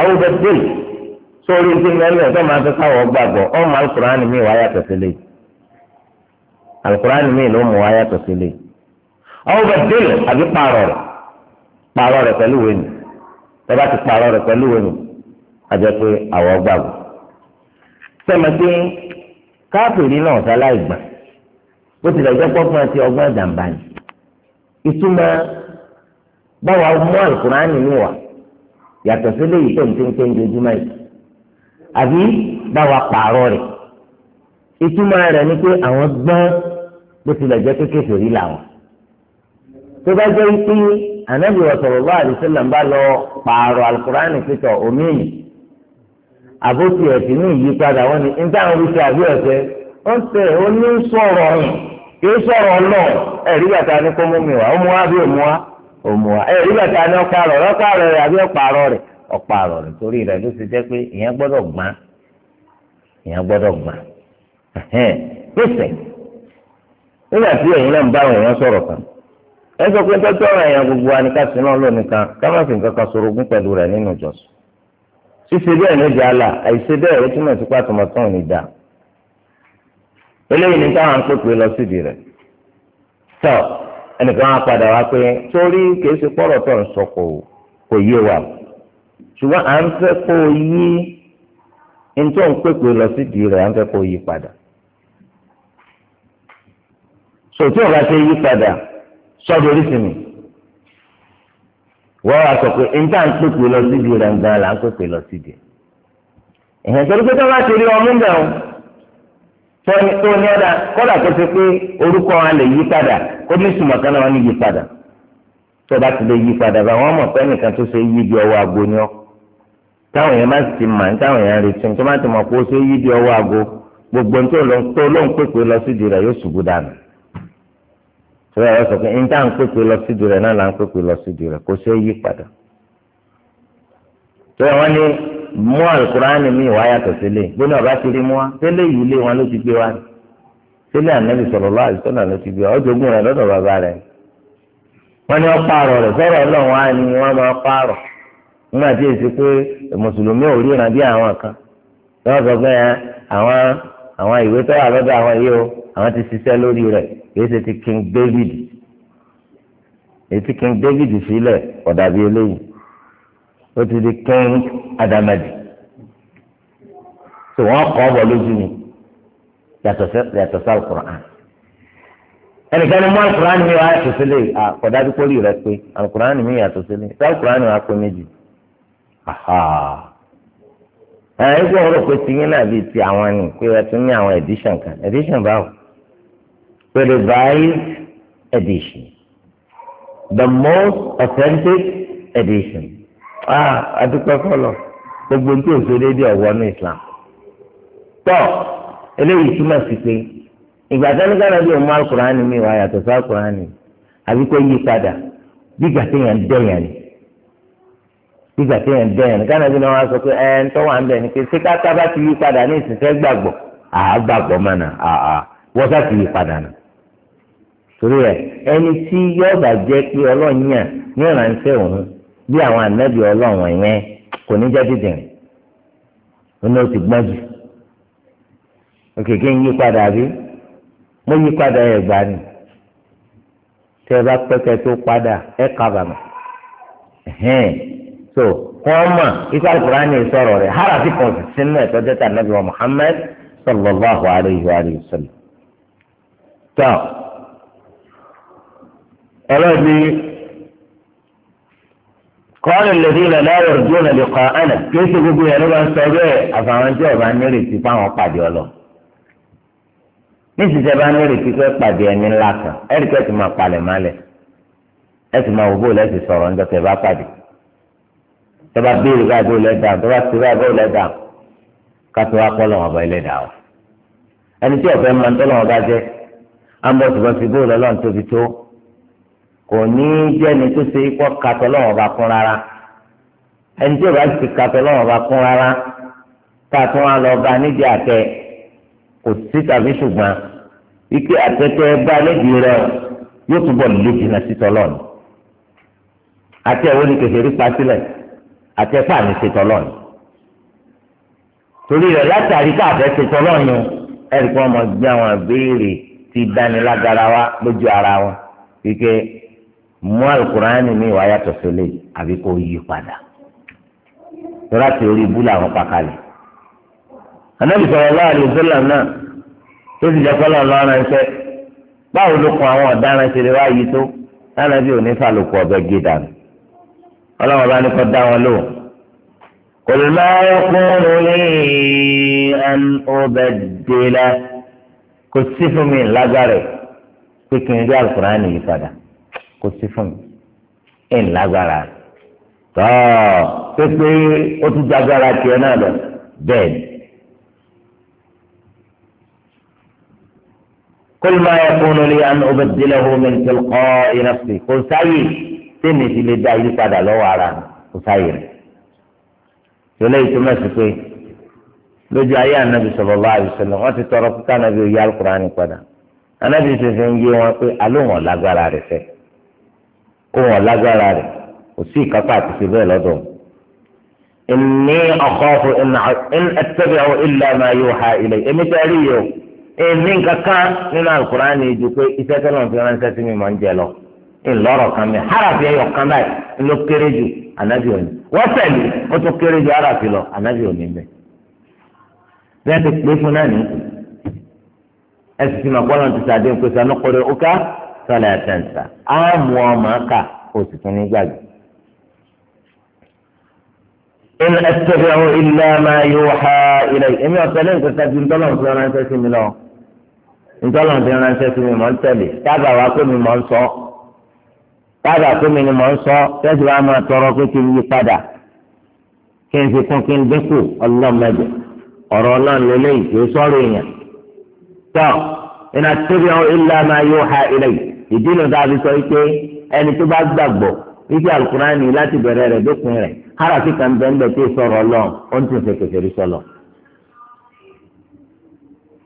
أو بدل سوري في المنزل ثم تسعوا بابه أم القرآن مي وآية تسلي القرآن مي لهم وآية تسلي أو بدل أبي قارئ pààrọ̀ rẹ̀ pẹ̀lú ìwé nù tó bá ti pààrọ̀ rẹ̀ pẹ̀lú ìwé nù a jẹ́ pé àwọ̀ gbàgbọ́. sẹ́mi pé káàpìrì náà sáláì gbà bó tilẹ̀ jẹ́ pọ́pọ́n àti ọgbọ́n ìdàmbà ni ìtumọ̀ báwa mú àlùkùránì ní wa yàtọ̀ sí léyìí tó ń tẹ́ ń tẹ́ ń dojúmọ́ yìí àbí báwa pààrọ̀ rẹ̀ ìtumọ̀ rẹ̀ ni pé àwọn gbọ́n bó tilẹ̀ jẹ́ kékeré làwọn tó bá jẹ́ ikú ànábì sallallahu alaihi wasallam ń bá lọ pààrọ̀ alukur'an pẹ̀tọ̀ omi ìní àbótí ẹ̀sìn ní ìyípadà wọn ni níta àwọn oríṣi àbí ọ̀sẹ̀ ó ń tẹ̀ ó ní sọ̀rọ̀ ọ̀hún kì í sọ̀rọ̀ ọ̀nà ẹ̀rí bàtà ni kó mú mi wá ó mú wá bí ó mú ẹ̀rí bàtà ni ọ̀pàrọ̀ ọ̀pàrọ̀ rẹ̀ àbí ọ̀pàrọ̀ rẹ̀ ọ̀pàrọ̀ rẹ̀ torí rẹ̀ ló ti jẹ́ pé ìyẹn gbọ́dọ̀ gbọ́n ìyẹn gbọ́dọ̀ gbọ́n pèsè nígbà tí ẹ̀yin náà ń bá àwọn èèyàn sọ̀rọ̀ kan ẹ sọ pé tọ́jú ọ̀rọ̀ èèyàn gbogbo wa ní ká sin náà lónìí kan ká má fi nǹkan kan sorogún pẹ̀lú rẹ̀ nínú ìjọsìn ṣíṣe bẹ́ẹ̀ ní ìdí àlà àìṣe bẹ́ẹ̀ ó túmọ̀ sí pàtàmọ́tàn ní ìdá eléyìí ní táwọn pèpè lọ síbi rẹ̀ tọ́ ẹnìkan á padà wá pé torí kìí ṣe pọ́rọ̀ tó ń sọ kò kò yé wa ṣùgbọ́n à ń fẹ́ kó yí nítorí òun pèpè lọ síbi rẹ̀ à ń fẹ́ kó yí padà sòtú ọ̀gá ṣe yí padà. So, sọ́dọ̀ orí sinmi wọ́n wá sọ pé níta ń pèpè lọ síbi rẹ̀ ń gan la ń pèpè lọ síbi ẹ̀hìn torí pé tọ́lá ti rí ọmú bẹ̀ ọ́ tọ́ni tó ní ọ̀dà kọ́dà tó ti pé orúkọ wa lè yí padà kó ní sùmọ̀ kan náà wọ́n ní yí padà tó bá ti lè yí padà bá wọ́n mọ̀ pé nìkan tó ṣe yí di ọwọ́ aago ni ọ́ táwọn èèyàn bá ti mọ̀ táwọn èèyàn retí tó bá ti mọ̀ pé ó ṣe yí di ọwọ́ aago gbogbo tó ló ń pèpè lọ síbi rẹ̀ yóò ìwé ẹ̀rọ sọ pé ní tá à ń pèpè lọ sídìí rẹ̀ náà là ń pèpè lọ sídìí rẹ̀ kò ṣeé yí padà. tó wọn ní mú alukurani mi wá yàtọ̀ sílẹ̀ gbóná ọba ti rí mú wa tẹ́lẹ̀ yìí lé wọn ló ti gbé wa tẹ́lẹ̀ sọ̀rọ̀ lọ́wọ́ ló ti gbé wa ọjọ́ rẹ̀ lọ́dọ̀ bàbá rẹ̀ ní pààrọ̀ rẹ̀ ọlọ́run kìí King David èyí King David sílẹ̀ ọ̀dàbí eléyìí ó ti di King Adamadi tí wọ́n kọ́ ọ̀bọ̀ lójú ni yàtọ̀ sí alukur'an ẹnìkan ní mú alukur'an mi wá yàtọ̀ sílẹ̀ àkọ́dájú pólì rẹ pé alukur'an mi yàtọ̀ sílẹ̀ sí alukur'an wà pé méjì ẹ̀ ẹ́ aha pé tiyín náà bíi ti àwọn ni pé ẹ tún ní àwọn edition kan edition báwo. the revised edition, the most authentic edition. Ah, adúpẹ́ fọlọ́ follow? tí o ṣe déédéé ọ̀wọ́ ní Islam. Tọ́ eléyìí túmọ̀ sí pé ìgbà tí wọ́n gánà bí òun alukurani mi wà yàtọ̀ sí alukurani àbí kò yí padà bí ìgbà tí yẹn ń dẹ̀yàn ni bí ìgbà tí yẹn ń dẹ̀yàn ni gánà bí wọ́n sọ pé ẹ̀ ń tọ́wọ́ à ń bẹ̀ ni pé ṣé káká bá ti yí padà ní ìsinsẹ́ gbàgbọ́ àá gbàgbọ́ mọ́nà àá wọ́n sá ti yí padà náà. torí ẹ ẹni tí yóò bá jẹ́ pé ọlọ́run yàn ní ìrànṣẹ́ òun bí àwọn ànábì ọlọ́run yẹn kò ní jẹ́ dídìrín ó ní ó ti gbọ́n jù òkèké ń yí padà bí mo yí padà ẹ̀ gbà ni tí ẹ bá pẹ́kẹ́ tó so wọ́n mọ̀ ikọ̀ alukurani sọ̀rọ̀ rẹ̀ harafi kan sínú ẹ̀tọ́ nàbí wa ọlọ́ọ̀ni kọ́ọ̀lù lẹ́dínlẹ̀ láyọ̀ ọdún ọ̀nà lè kọ́ ẹ̀nà kí ẹsẹ̀ gbogbo yẹn ló bá ń sọ bẹ́ẹ̀ àfàwọn tí ọba nírètí fáwọn pàdé ọlọ níṣìṣẹ́ bá nírètí pé pàdé ẹni ńlá kan ẹ̀ríkẹ́ ti máa palẹ̀ málẹ̀ ẹ ti máa wò bó lẹ́sìn sọ̀rọ̀ ńjọ́ tẹ̀ bá pàdé tẹ́ bá béèrè bá bó kò ní í jẹ́ ni tó ṣe kọ́ katọ́ lọ́wọ́ bá kún rárá ẹni tí o bá ti katọ́ lọ́wọ́ bá kún rárá tá a tún wá lọ bá nídìí àtẹ kò sí tàbí ṣùgbọ́n ike àtẹ̀tẹ̀ bá lédi rẹ yóò túbọ̀ lè jìnnà sí tọ́lọ́ọ̀nù àti ẹ̀wọ́n ni kẹfẹ́rí pa sílẹ̀ àti ẹ̀fà ní ṣe tọ́lọ́ọ̀nù torí rẹ̀ látàrí káàfẹ́ ṣe tọ́lọ́ọ̀nù ẹ̀rí kí wọ́n mọ gbé àwọn àbẹ́rẹ́ ti dánilágara wa lójú ara wọn kíkẹ́ mú alukurani ní ìwà yàtọ̀ sílẹ̀ àbí kò yí padà tọ́lá ti orí ibú làwọn pàkàlẹ̀ anabi sọ̀rọ̀ lọ́wọ́ àdìsọ́là náà tó ti jẹ́ kọ́lọ́ lọ́wọ́ ránṣẹ́ báwo ló kọ àwọn ọ̀daràn ṣe lè wá yí tó lánàbí òní fàlùkù ọ̀bẹ gé dànù ọlọ́wọ́ bá ní kọ́ dá wọn lóhùn kò lè má kúrò ní ẹn ọbẹ̀ dé la kò sí fún mi lágbára pé kí n rí alukurani yí padà kò sí fún mi ẹ̀ ń lágbára tọ́ pépé ó tún dágbára tiẹ̀ náà lọ bẹ́ẹ̀ ni. kó lè máa yẹ fún un lè yàn ó bẹ délẹ̀ hó mi tó kọ́ ìrẹsì kò sáyè tèmi ti lè dá ilé padà lọ́wọ́ ara kò sáyè rẹ̀. tòlẹ́ ìtumọ̀ sí pé lójú ayé anabi sallallahu alaihi wasallam wọ́n ti tọrọ fún kánabi òye alukurani padà anabi sèse ń yé wọn pé alóhùn ọ̀lágbára rẹ̀ fẹ́ẹ́ kó wọn lágbára rẹ̀ kò sí ìkápá àti ṣe bẹ́ẹ̀ lọ́dọ̀ inni akhafu in attabi'u illa ma yuha ilay èmi tẹ́ rí yìí o èmi kankan nínú alukur'an yìí ju pé iṣẹ́ tẹ́lọ̀ fi ránṣẹ́ sí mi máa ń jẹ lọ ńlọrọ̀ kan mi harafi ẹyọ kan báyìí ló kéré jù anabi òní wọ́n tẹ̀lé ó tún kéré ju harafi lọ anabi òní bẹ́ẹ̀ bẹ́ẹ̀ ti pé fún náà nìyí ẹsì ti ma gbọ́dọ̀ ti sàdé pé sanukọ̀rẹ́ ọ̀ká sọlá àtẹnsà àmú ọmọ ká o sì tún ní gbàgbé. إن أتبع إلا ما يوحى إلي إمي أتلين كتابين طلعوا في أنا أنت سمي لهم إن طلعوا في أنا أنت سمي ما أتلي تابع وأقوم من منصو تابع أقوم من منصو تجب أما تركك لي قدع kí n fi kún kí n dínkù ọlọ́mọdé ọ̀rọ̀ ọlọ́run lélẹ́yìí kì í sọ̀rọ̀ èèyàn. tọ́ iná tóbi àwọn ilé àmà yóò ha ilé yìí ìdí nu dábì sọ pé ẹni tó bá gbàgbọ́ wípé alukurani láti bẹ̀rẹ̀ rẹ̀ dókun rẹ̀ harafi kan bẹ́ẹ̀ bẹ́ẹ̀ tó sọ̀rọ̀ lọ ó ń tún ṣe kẹfẹ́rí sọlọ.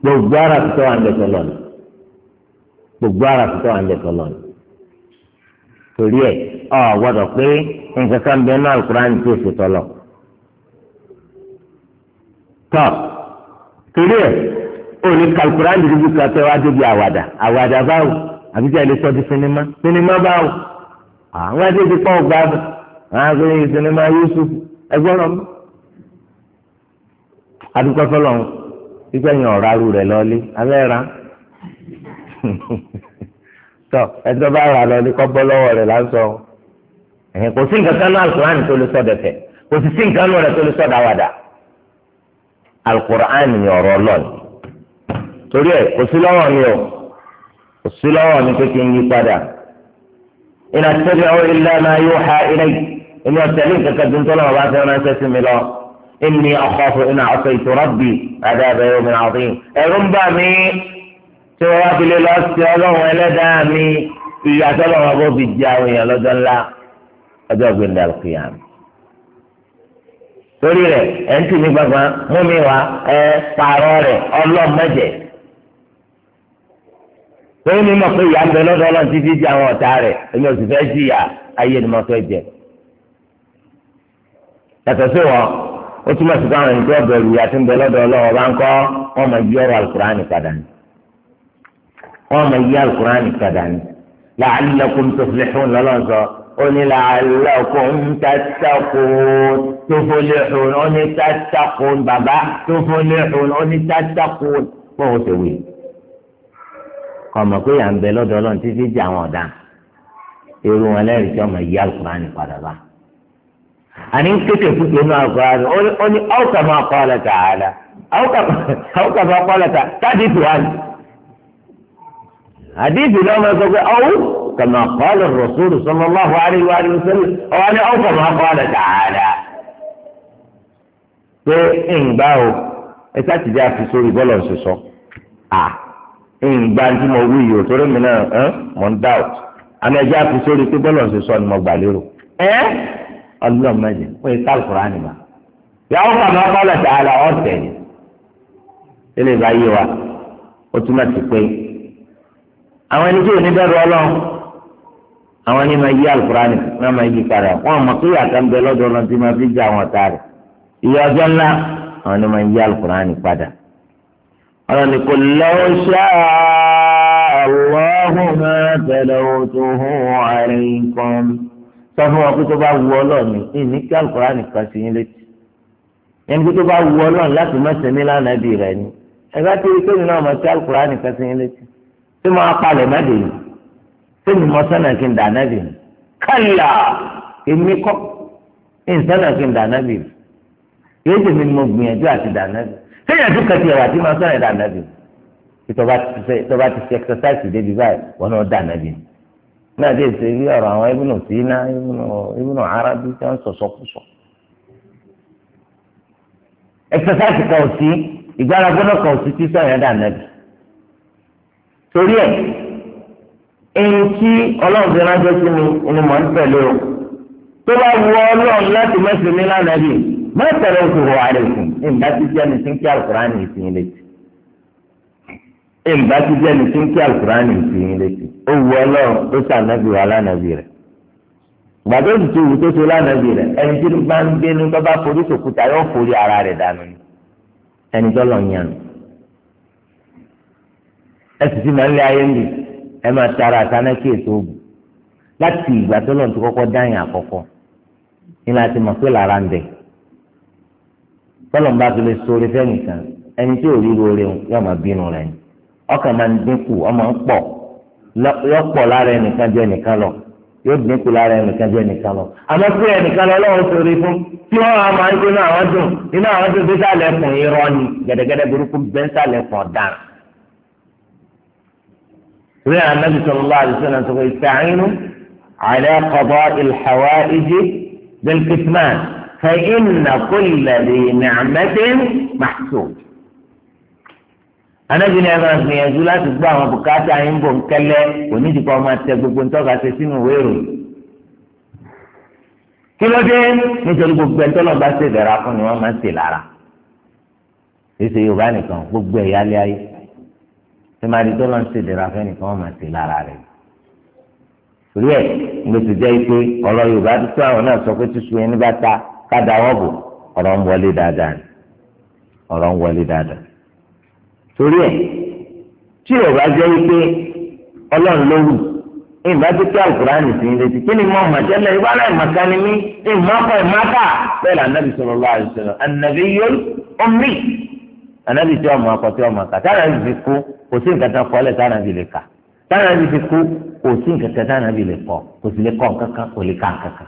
gbogbo harafi tó wà ń bẹ̀ sọlọ ni gbogbo harafi tó wà ń bẹ̀ sọlọ ni. torí ẹ ọ gbọ́dọ̀ pé nǹkan kan bẹ́ẹ̀ náà alukurani tó sọlọ. tọ́ torí ẹ òní kalukurani dúdú kan tẹ́ wá débi àwàdà àwàdà báwo. àbíjà ilé sọ di sinimá sinimá báwo àwọn ẹgbẹ́ ti pọ̀ gbádùn àwọn agbẹ́yìn sinimá Yusuf ẹgbẹ́ rẹ̀ mọ́ adúgbò fọlọ́ ìgbẹ́ yẹn ọ̀rọ̀ arú rẹ̀ lọ́lé ra tọ ẹjọ bá rà lásọ kò sí nǹkan tó lè kò sì sí nǹkan tó lè ni torí òsì lọ́wọ́ mi pé kí n yí padà ìnà tẹ́lẹ̀ ọ́ ilé máa yóò ha ilé èmi ọ̀tẹ̀ ní kankan tó ń tọ́lọ́ ọba fẹ́ ránṣẹ́ sí mi lọ ìní ọkọ̀ fún ìnà ọ̀sẹ̀ ìtòrọ́bì àdá àbẹ̀wò mi náà fún yìí ẹ̀rú ń bà mí tí wọ́n wá fi lé lọ sí ọlọ́run ẹlẹ́dàá mi ìyá tọ́lọ́ wọn bó fi jẹ àwọn èèyàn lọ́jọ́ ńlá ọjọ́ gbẹ̀ndà pé mi mọ̀ pé ìyá ń bẹ lọ́dọ̀ ọlọ́run títí di àwọn ọ̀tá rẹ̀ èmi ò sì fẹ́ jí ìyá ayé ni mo fẹ́ jẹ. yàtọ̀ sí wọn ó túmọ̀ sí káwọn ènìyàn tó bẹ̀rù ìyá tí ń bẹ lọ́dọ̀ ọlọ́run ọba ń kọ́ wọn mọ̀ yí ọ̀rọ̀ alukurani padà ni wọn mọ̀ yí alukurani padà ni la'allakum tuflihun lọ́lọ́run sọ ó ní la'allakum tattaqun tuflihun ó ní tattaqun bàbá tuflihun ó ní kọmọ pé à ń bẹ lọ́dọ̀ Ọlọ́run títí di àwọn ọ̀daràn irú wọn lẹ́rìí tí ọmọ yìí alukurani padà bá àní kété fúkú inú alukurani ó ní ọ̀kà máa kọ́ ọ̀lẹ̀ tà á la ọ̀kà máa kọ́ ọ̀lẹ̀ tà táàdì tù wá ní. àdìbì náà máa sọ pé ọ̀hún kàmá kọ́ ọ̀lẹ̀ rọ̀súlù sallallahu alaihi wa sallam ọ̀wá ní ọ̀kà máa kọ́ ọ̀lẹ̀ tà pé ń o ẹ sátidé àfi sórí bọ́ọ̀lù ọ̀sùn sọ ìgbà tí mo wí yìí òtórí mi náà mo ń doubt àmì ẹ̀jẹ̀ àfi sórí pé bọ́lọ̀ ṣe sọ ni mo gbà lérò ẹ́ ọlọ́run mẹ́jẹ̀ wọ́n yẹ ká lùkùrọ̀ ànìmá yàwó kàmá kọ́lẹ̀ tà àlà ọ̀tẹ̀ ni ilé ìbá yé wa ó túmọ̀ sí pé àwọn ẹni tí ò ní bẹ̀rù ọlọ́run àwọn ẹni máa yí àlùkùrọ̀ ànìmá wọ́n máa yí padà wọ́n mọ̀ pé yàtọ̀ ń bẹ lọ́dọ̀ tí máa fi jẹ àwọn ọ̀tá rẹ̀ ìyá ọjọ́ ńlá àwọn ẹni máa yí àlùkùrọ̀ ànìmá padà ọ̀rọ̀ ni kò lọ́wọ́ ṣá àwòrán máa tẹ̀lé oṣù hùn àárín kan sọ fún wọn pé tó bá wù ọ lọ́ọ̀ni ìní kí àlùkòrá nìkan sí yín létí ẹni pé tó bá wù ọ lọ́ọ̀ni láti mẹ́sẹ̀ ní lánàá bì rẹ̀ ni ẹ bá ti rí kéwìn náà mọ̀ sí àlùkòrá nìkan sí yín létí tí mo apalẹ̀ má dè yìí tí mi mọ kí n dà náà bì yìí kálá èmi kọ́ ní sọ́nà kí n dà náà bì yìí yéé dèmi mo gbìyànjú àti dà náà bì kéèyàn tún kẹsì ẹwà tí máa sọ̀rọ̀ ẹ̀dá nàbì tí tọba ti ṣe tọba ti ṣe ẹkẹsáìsì débi báyìí wọn náà dà nàbì náà dé ṣe bí ọ̀rọ̀ àwọn ibùnú sínú ibùnú arábí tí wọ́n sọ̀sọ̀ kú sọ. ẹkẹsáìsì kan ò sí ìgbára gbọ́dọ̀ kan ò sí tí sọ̀rọ̀ ẹ̀dá nàbì. torí ẹ̀ èyí tí ọlọ́run ti ránṣẹ́ sí mi ni mò ń tẹ̀lé o tó bá wọ ọlọ́run láti mẹ́sìn mi lánàá mọ́tàrà oṣù wọ àlẹ́kùn ìgbà tí jẹ́ni tí ń kí alukurani ìsìn létí ìgbà tí jẹ́ni tí ń kí alukurani ìsìn létí ó wu ọlọ́run ó sànàbí wa lánàbí rẹ̀ gbàdó tutù wù tó so lánàbí rẹ̀ ẹni tí bá ń gbénu bá bá forí sòkúta yóò forí ara rẹ̀ dànù ni ẹni tó lọ yàn ẹ sì ti máa ń lé ayé mi ẹ máa tara àtànákì ètò òògùn láti ìgbà tó lọ́n ti kọ́kọ́ dáyìn àkọ́kọ́ ní láti mọ̀ pé lára ń bẹ̀ẹ́ tọ́lọ̀mbá tó lè sóore fẹ́nìkan ẹni tí ò rí lóore yóò máa bínú rẹ̀ ni ọkàn máa ń dínkù ọmọ ń pọ̀ yóò pọ̀ lára ẹnìkan jẹ́ ẹnìkan lọ yóò dínkù lára ẹnìkan jẹ́ ẹnìkan lọ àmọ́ sí ẹnìkan lọ lọ́wọ́ sóore fún tí wọ́n á máa ń gbé náà wọ́n dùn iná àwọn tó fi sálẹ̀ fún irọ́ ni gẹ́dẹ́gẹ́dẹ́ burúkú bẹ́ ń sálẹ̀ fún ọ̀daràn. rí ànábì sallallahu alaihi فإن كل ذي نعمة محسوب anabi ni ẹnu àgbìyànjú láti gbọ́ àwọn bùkátà yín bò ń kẹ́lẹ́ onídìpọ ọmọ àtẹ gbogbo ntọ́ka ṣe sínú ìwé ìròyìn kí ló dé nítorí gbogbo ẹ̀ tọ́lọ̀ bá ṣe ìdára fún ni wọ́n máa ń ṣe lára èsì yorùbá nìkan gbogbo ẹ̀yà alẹ́ ayé tí máa di tọ́lọ̀ ń ṣe ìdára fún ẹnìkan wọ́n máa ṣe lára rẹ̀ torí ẹ̀ ń gbèsè jẹ́ pé ọ̀rọ̀ yorùbá tó àwọn náà sọ pé tíṣu ẹni bá ta kádà wọ́n bò ọ̀rọ̀ ń wọlé dáadáa ni ọ̀rọ̀ ń wọlé dáadáa. torí ẹ̀ tí ò bá jẹ́ wípé ọlọ́run ló wù ìgbà tó kí alukurani sí ní létí kí ni mo mà jẹ́lẹ̀ ìwà náà màkà ni mí ìmọ̀kọ̀ ìmọ̀kà bẹ́ẹ̀ la anabi sallallahu alaihi wasallam anabi yóò omi anabi tí ọmọ akọ tí ọmọ akà tára ibi kú kò sí nǹkan kan kọ́lẹ̀ tára ibi lè kà tára ibi kú kò sí nǹkan kan tára ibi lè kọ́ kò sí lè kọ́ nǹkan kan kò lè kà nǹkan kan.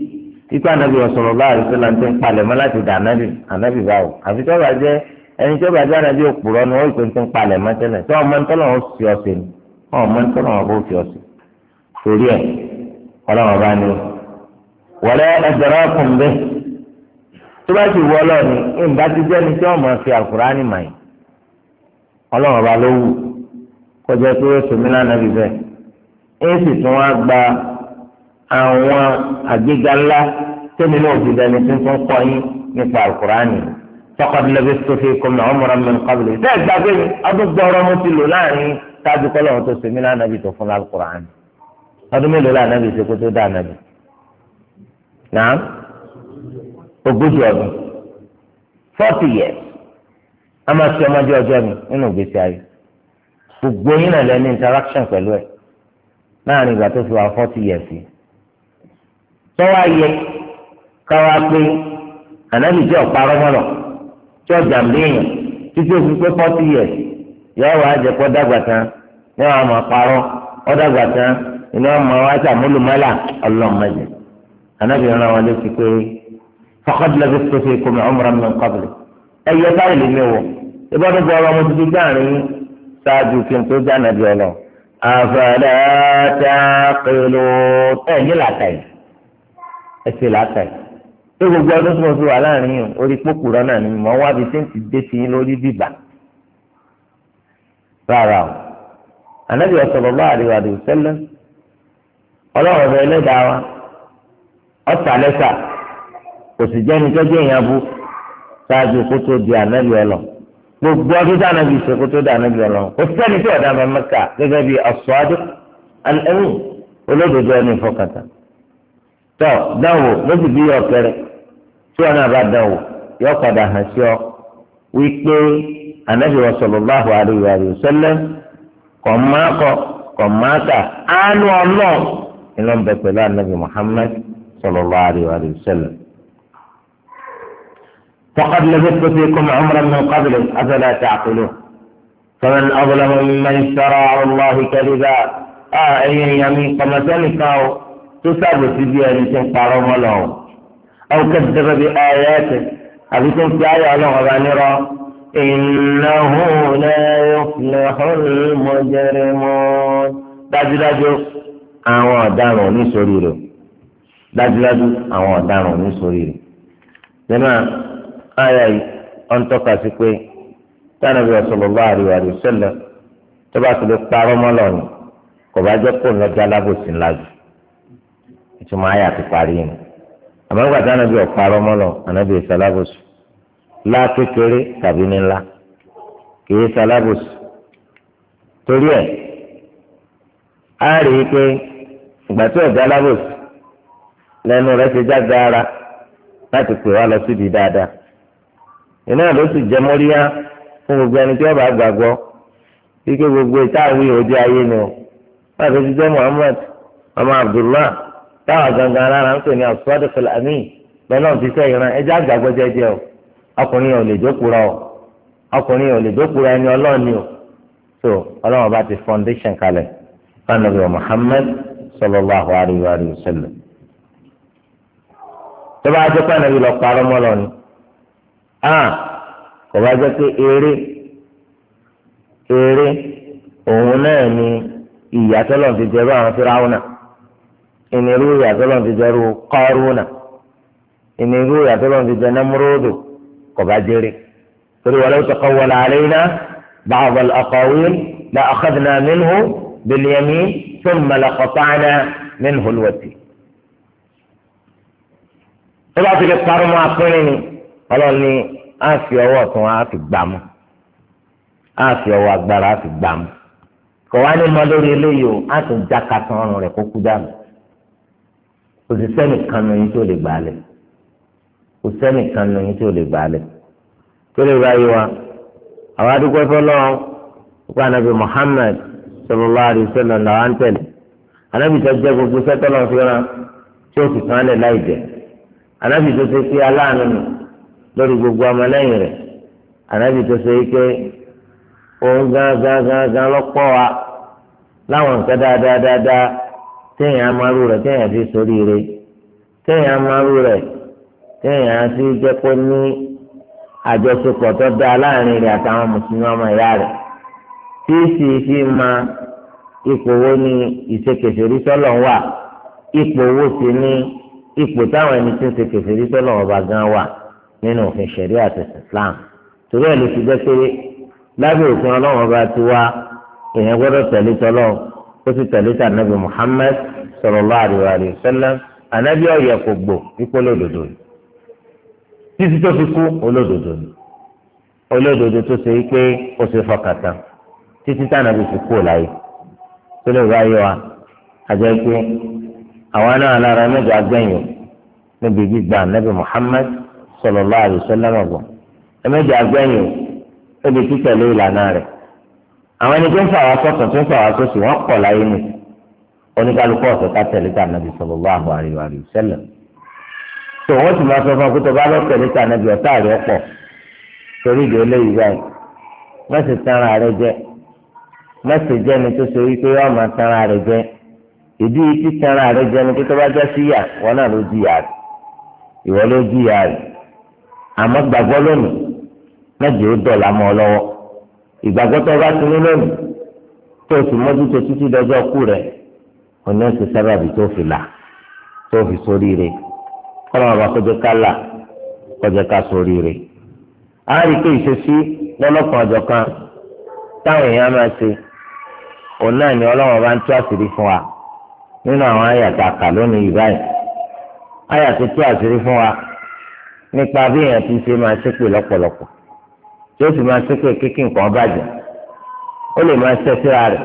ikú anabi ọ̀sọ̀rọ̀ bá àrùsọ là ń tẹ́ ń palẹ̀ mọ́ láti dà anabi anabi báwo àfi tọ́ba jẹ́ ẹni tọ́ba jẹ́ anabi òpùrọ̀ ni wọ́n ìpè ń tẹ́ ń palẹ̀ mọ́ tẹ́lẹ̀ tí ọmọ ń tọ́lọ̀ wọn fi ọ̀sẹ̀ ni ọmọ ń tọ́lọ̀ wọn kò fi ọ̀sẹ̀ torí ẹ̀ ọlọ́wọ́n bá ní wọlé ẹgbẹ̀rún ọkùn bẹ́ tó bá ti wọ ọlọ́ọ̀ni ìgbà ti jẹ́ ni tí ọmọ fi àkùránì àwọn àgbéga ńlá tẹ́mi náà fi dání tó ń tún kọ́ yín nípa alukur'ani faqad labistu fikum umran min qabli bẹ́ẹ̀ gbàgbé mi ọdún gbọ́rọ́ mo ti lò láàrin tájú kọ́lọ́ tó sèmi lánàbì tó fún alukur'ani ọdún mélòó lánàbì ṣe kó tó dá ànàbì náà ogójì ọdún forty years a máa fi ọmọdé ọjọ́ mi nínú ìgbésí ayé gbogbo yín náà lẹ́nu interaction pẹ̀lú ẹ̀ láàrin ìgbà tó fi wá forty years yìí tọ́wá yẹ káwá pé ànábì tí ọ̀parọ́ mọ́nà tí ọ̀jà léèyàn títí òfin pé forty years yọ̀ọ́ wàá jẹ́ kó dàgbà tán ní àwọn àmọ̀ parọ́ ó dàgbà tán iná ọmọ wa sàmúlùmọ́là ọlọ́mọdé ànábì rán wọn létí pé faqad labistu fikum umran min qabli ẹ̀yẹ báyìí lè mi wọ̀ ìbọ̀dún bọ̀ ọmọ tuntun gbàrin ṣáájú kí n tó jáde ànábì ọlọ́ àfàlẹ́ tààkìlù ẹ̀ nílàkàyè ẹsẹ̀ làákàyè pé gbogbo ọdún tí mo fi wà láàrin yìí orí pópùrọ̀ náà ni mo wá bí sẹ́ǹtì dé sí yín lórí bìbà rárá o ànábì sallallahu alaihi wa sallam ọlọ́run ọ̀rọ̀ ẹlẹ́dàá wa ọ̀sà lẹ́sà kò sì jẹ́ni tọ́jú èèyàn bú ṣáájú kó tó di ànábì ọlọ gbogbo ọdún tí ànábì ṣe kó tó di ànábì ọlọ kò sẹ́ni tí ọ̀dà mẹ́mẹ́ka gẹ́gẹ́ bí as-sadiq al olódodo ẹni ìfọkàntán. tọ́ dánwò ló sì bí ọ̀kẹ́rẹ́ tí wọn náà bá dánwò yọ padà hàn sí ọ wípé anabi wa sallallahu alayhi wa sẹlẹ kọ̀ máa kọ̀ kọ̀ máa kà ánú ọlọ́ọ̀ ìlọ ń bẹ pẹ̀lú anabi muhammad sallallahu alayhi wa sallam. فقد لبثت فيكم عمرا من قبل افلا تعقلون فمن اظلم ممن افترى على الله كذبا اه اي يمين قمتني كاو tó sábòsí bí ẹni tó ń parọ́ mọ́ lọ o àwọn kẹ́sìtẹ́fẹ́ bí ayé ẹ̀sẹ̀ àbí tó ń fi ayé ọlọ́run ọba nírọ́ ìnáwó lẹ́yìn mọ́jẹ́rẹ́ mọ́ dájúdájú àwọn ọ̀daràn nísorí rẹ̀ dájúdájú àwọn ọ̀daràn nísorí rẹ̀ nínú ayé yìí wọ́n tọ́ka sí pé tánàbí sallallahu alaihi wa tó bá ti lè parọ́ mọ́ lọ ìtumọ̀ ayé àti parí ni àmọ́ nígbà tí anabi ọ̀parọ́ mọ́lọ anabi ìsalábòsù lá kékeré tàbí nílá kìí salábòsù torí ẹ̀ á rí i pé ìgbà tí ọ̀gá alábòsù lẹ́nu rẹ̀ ṣe jáde ara láti pè wá lọ síbi dáadáa iná ló sì jẹ mọ́ríyá fún gbogbo ẹni tí ọba gbàgbọ́ kíkẹ́ gbogbo ìtàwé òde ayé ni ó láti fi jẹ́ Muhammad ọmọ Abdullah táwọn gangan alára ń pè ní asọ́dọ̀fẹ̀lì àmì lọ́nà òfìsẹ́ ìran ẹja àgbàgbọ́jẹ́ jẹ́ o ọkùnrin ò lè jókòó o ọkùnrin ò lè jókòó ẹni ọlọ́ọ̀ni o so ọlọ́wọ́n bá ti foundation kalẹ̀ fanabi Muhammad sallallahu alayhi wa sallam tó bá jẹ́ pé ànábi lọ parọ́ mọ́ lọ ni ah kò bá jẹ́ pé eré eré òun náà ni ìyàtọ̀ lọ́n ti jẹ́ bá àwọn fíráwọn náà ìnirú ìyàtọ̀lọ́ ti jẹ́ ru kọ́rùnà ìnirú ìyàtọ̀lọ́ ti jẹ́ námúródù kọ̀bá jẹ́rẹ́ torí wọlé tó kọ́ wọlé àlẹ́yìn بعض الأقاويل لأخذنا منه باليمين ثم لقطعنا منه الوتين tó bá ti lè parọ́ mọ́ apẹ́rẹ́ ni ọlọ́run ni á fi ọwọ́ ọ̀tún á fi gbà mú á fi ọwọ́ agbára á fi gbà mú kò wá ní mọ́ lórí eléyìí o á tún já kàtàn ọrùn rẹ̀ kó kú dànù kò sí sẹ́nìkan nu yín tí ó lè gbà lẹ̀ kò sẹ́nìkan nu yín tí ó lè gbà lẹ̀ tó lè báyìí wa àwọn adúgbò fọlọ́ ọgbà nàbì Muhammad sallallahu alaihi wasallam làwọn ń tẹ̀lé anábì tó jẹ́ gbogbo sẹ́tọ́lọ́ fúnra tí ó sì kàn lẹ̀ láì jẹ́ anábì tó ṣe pé aláàánú nù lórí gbogbo ọmọlẹ́yìn rẹ̀ anábì tó ṣe pé òun gán gán lọ́pọ̀ wa láwọn nǹkan dáadáa dáadáa téèyàn amárú rẹ̀ téèyàn fi sórí rẹ̀ téèyàn amárú rẹ̀ téèyàn fi jẹ́ kó ní àjọṣepọ̀ tó dáa láàrin rẹ̀ àtàwọn mùsùlùmí ọmọ ìyá rẹ̀ tí sì fi máa ipò wo ni ìṣekèsèrí sọ́lọ̀ wà ipò wo sì ni ipò táwọn ẹni tí ń ṣe kèsèrí sọ́lọ̀ ọba gan wà nínú òfin ṣẹ̀rí àti Islam torí ẹ̀ ló ti jẹ́ pé lábẹ́ òfin ọlọ́run ọba ti wá èèyàn gbọ́dọ̀ tẹ̀lé tọ́lọ́ ó sì tẹ̀lé tànàbí Muhammad sallallahu alaihi wasallam ànábì ọ̀yẹ̀ kò gbò ikú olódodo ni títí tó fi kú olódodo ni olódodo tó ṣe pé ó ṣe fọkàn tán títí fi kú láyé tó lè wáyé wa pé àwọn náà lára Muhammad ọgbọ. níbi ìlànà àwọn ẹni tó ń fà wá tó ń fà wá oníkálukú ọ̀sẹ̀ ká tẹ̀lé ká nàbì sallallahu alaihi wa sallam tó wọ́n ti máa sọ fún akótó bá lọ́ọ́ tẹ̀lé ká nàbì ọ̀tá rẹ̀ pọ̀ torí ìdí eléyìí báyìí má ṣe tanra rẹ jẹ má ṣe jẹ́ ni tó ṣe wípé yóò máa tanra rẹ jẹ ìdí tí tanra rẹ jẹ ni tó bá já sí yà wọn náà ló jìyà rẹ ìwọ ló jìyà rẹ àmọ́ gbàgbọ́ lónìí mẹ́jọ ó dọ̀la mọ́ ọ lọ́wọ́ ìgbàgbọ́ tó bá ti ní lónìí tó o sì mọ́jú oní oṣù sábàbí tó fi là tó fi sóríire kọ́lọ́mọ bá kọjá ká là kọjá ká sóríire. a rí i pé ìṣesí lọ́lọ́kan ọjọ́ kan táwọn èèyàn máa ṣe òun náà ni ọlọ́wọ́n bá ń tú àṣírí fún wa nínú àwọn àyàtà kà lónìí yìí àyàtà tú àṣírí fún wa nípa bí èèyàn ti ṣe máa ṣépè lọ́pọ̀lọpọ̀ tí ó sì máa ṣépè kíkì nǹkan bàjẹ́ ó lè máa ṣẹ́ síra rẹ̀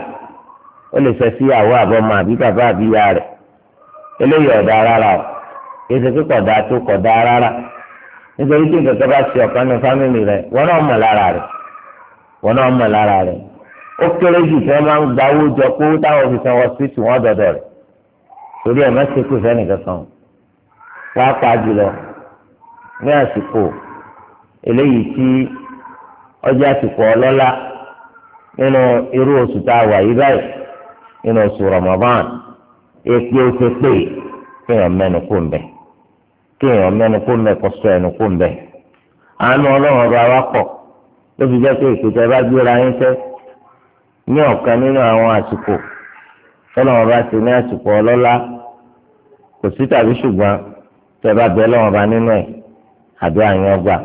ó lè fẹ́ síyàwó àbọ̀mọ àbí bàbá àbíyá rẹ̀ eléyìí ọ̀dà rárá o kìí ṣe pé kọ̀dà tó kọ̀dà rárá nítorí tí nǹkan kan bá ṣe ọ̀kan ní fámìlì rẹ̀ wọn náà mọ̀ lára rẹ̀ wọn náà mọ̀ lára rẹ̀ ó kéré jù tí wọ́n máa ń gba owó jọ pé owó táwọn fi san wọ síìtì wọn dọ̀dọ̀ rẹ̀ torí ẹ̀ mẹ́sì kù fẹ́ nìkan kan wàá jùlọ ní àsìkò eléyìí tí ọjà àsìkò ọlọ́lá nínú irú oṣù tá a wà yí báyìí nínú oṣù Ramadan èpè oṣù pé kéèyàn mẹ́nu kó ń bẹ̀ kéèyàn mẹ́nu kó ń bẹ̀ kó sọ ẹnu kó ń bẹ̀ àánú ọlọ́run ọba wa pọ̀ ló fi jẹ́ pé ìpèsè bá gbéra yín fẹ́ ní ọ̀kan nínú àwọn àsìkò tọ́lọ́wọ́n bá ti ní àsìkò ọlọ́lá kò sí tàbí ṣùgbọ́n tẹ́ bá bẹ lọ́wọ́n bá nínú ẹ̀ àbí àyàn ọgbà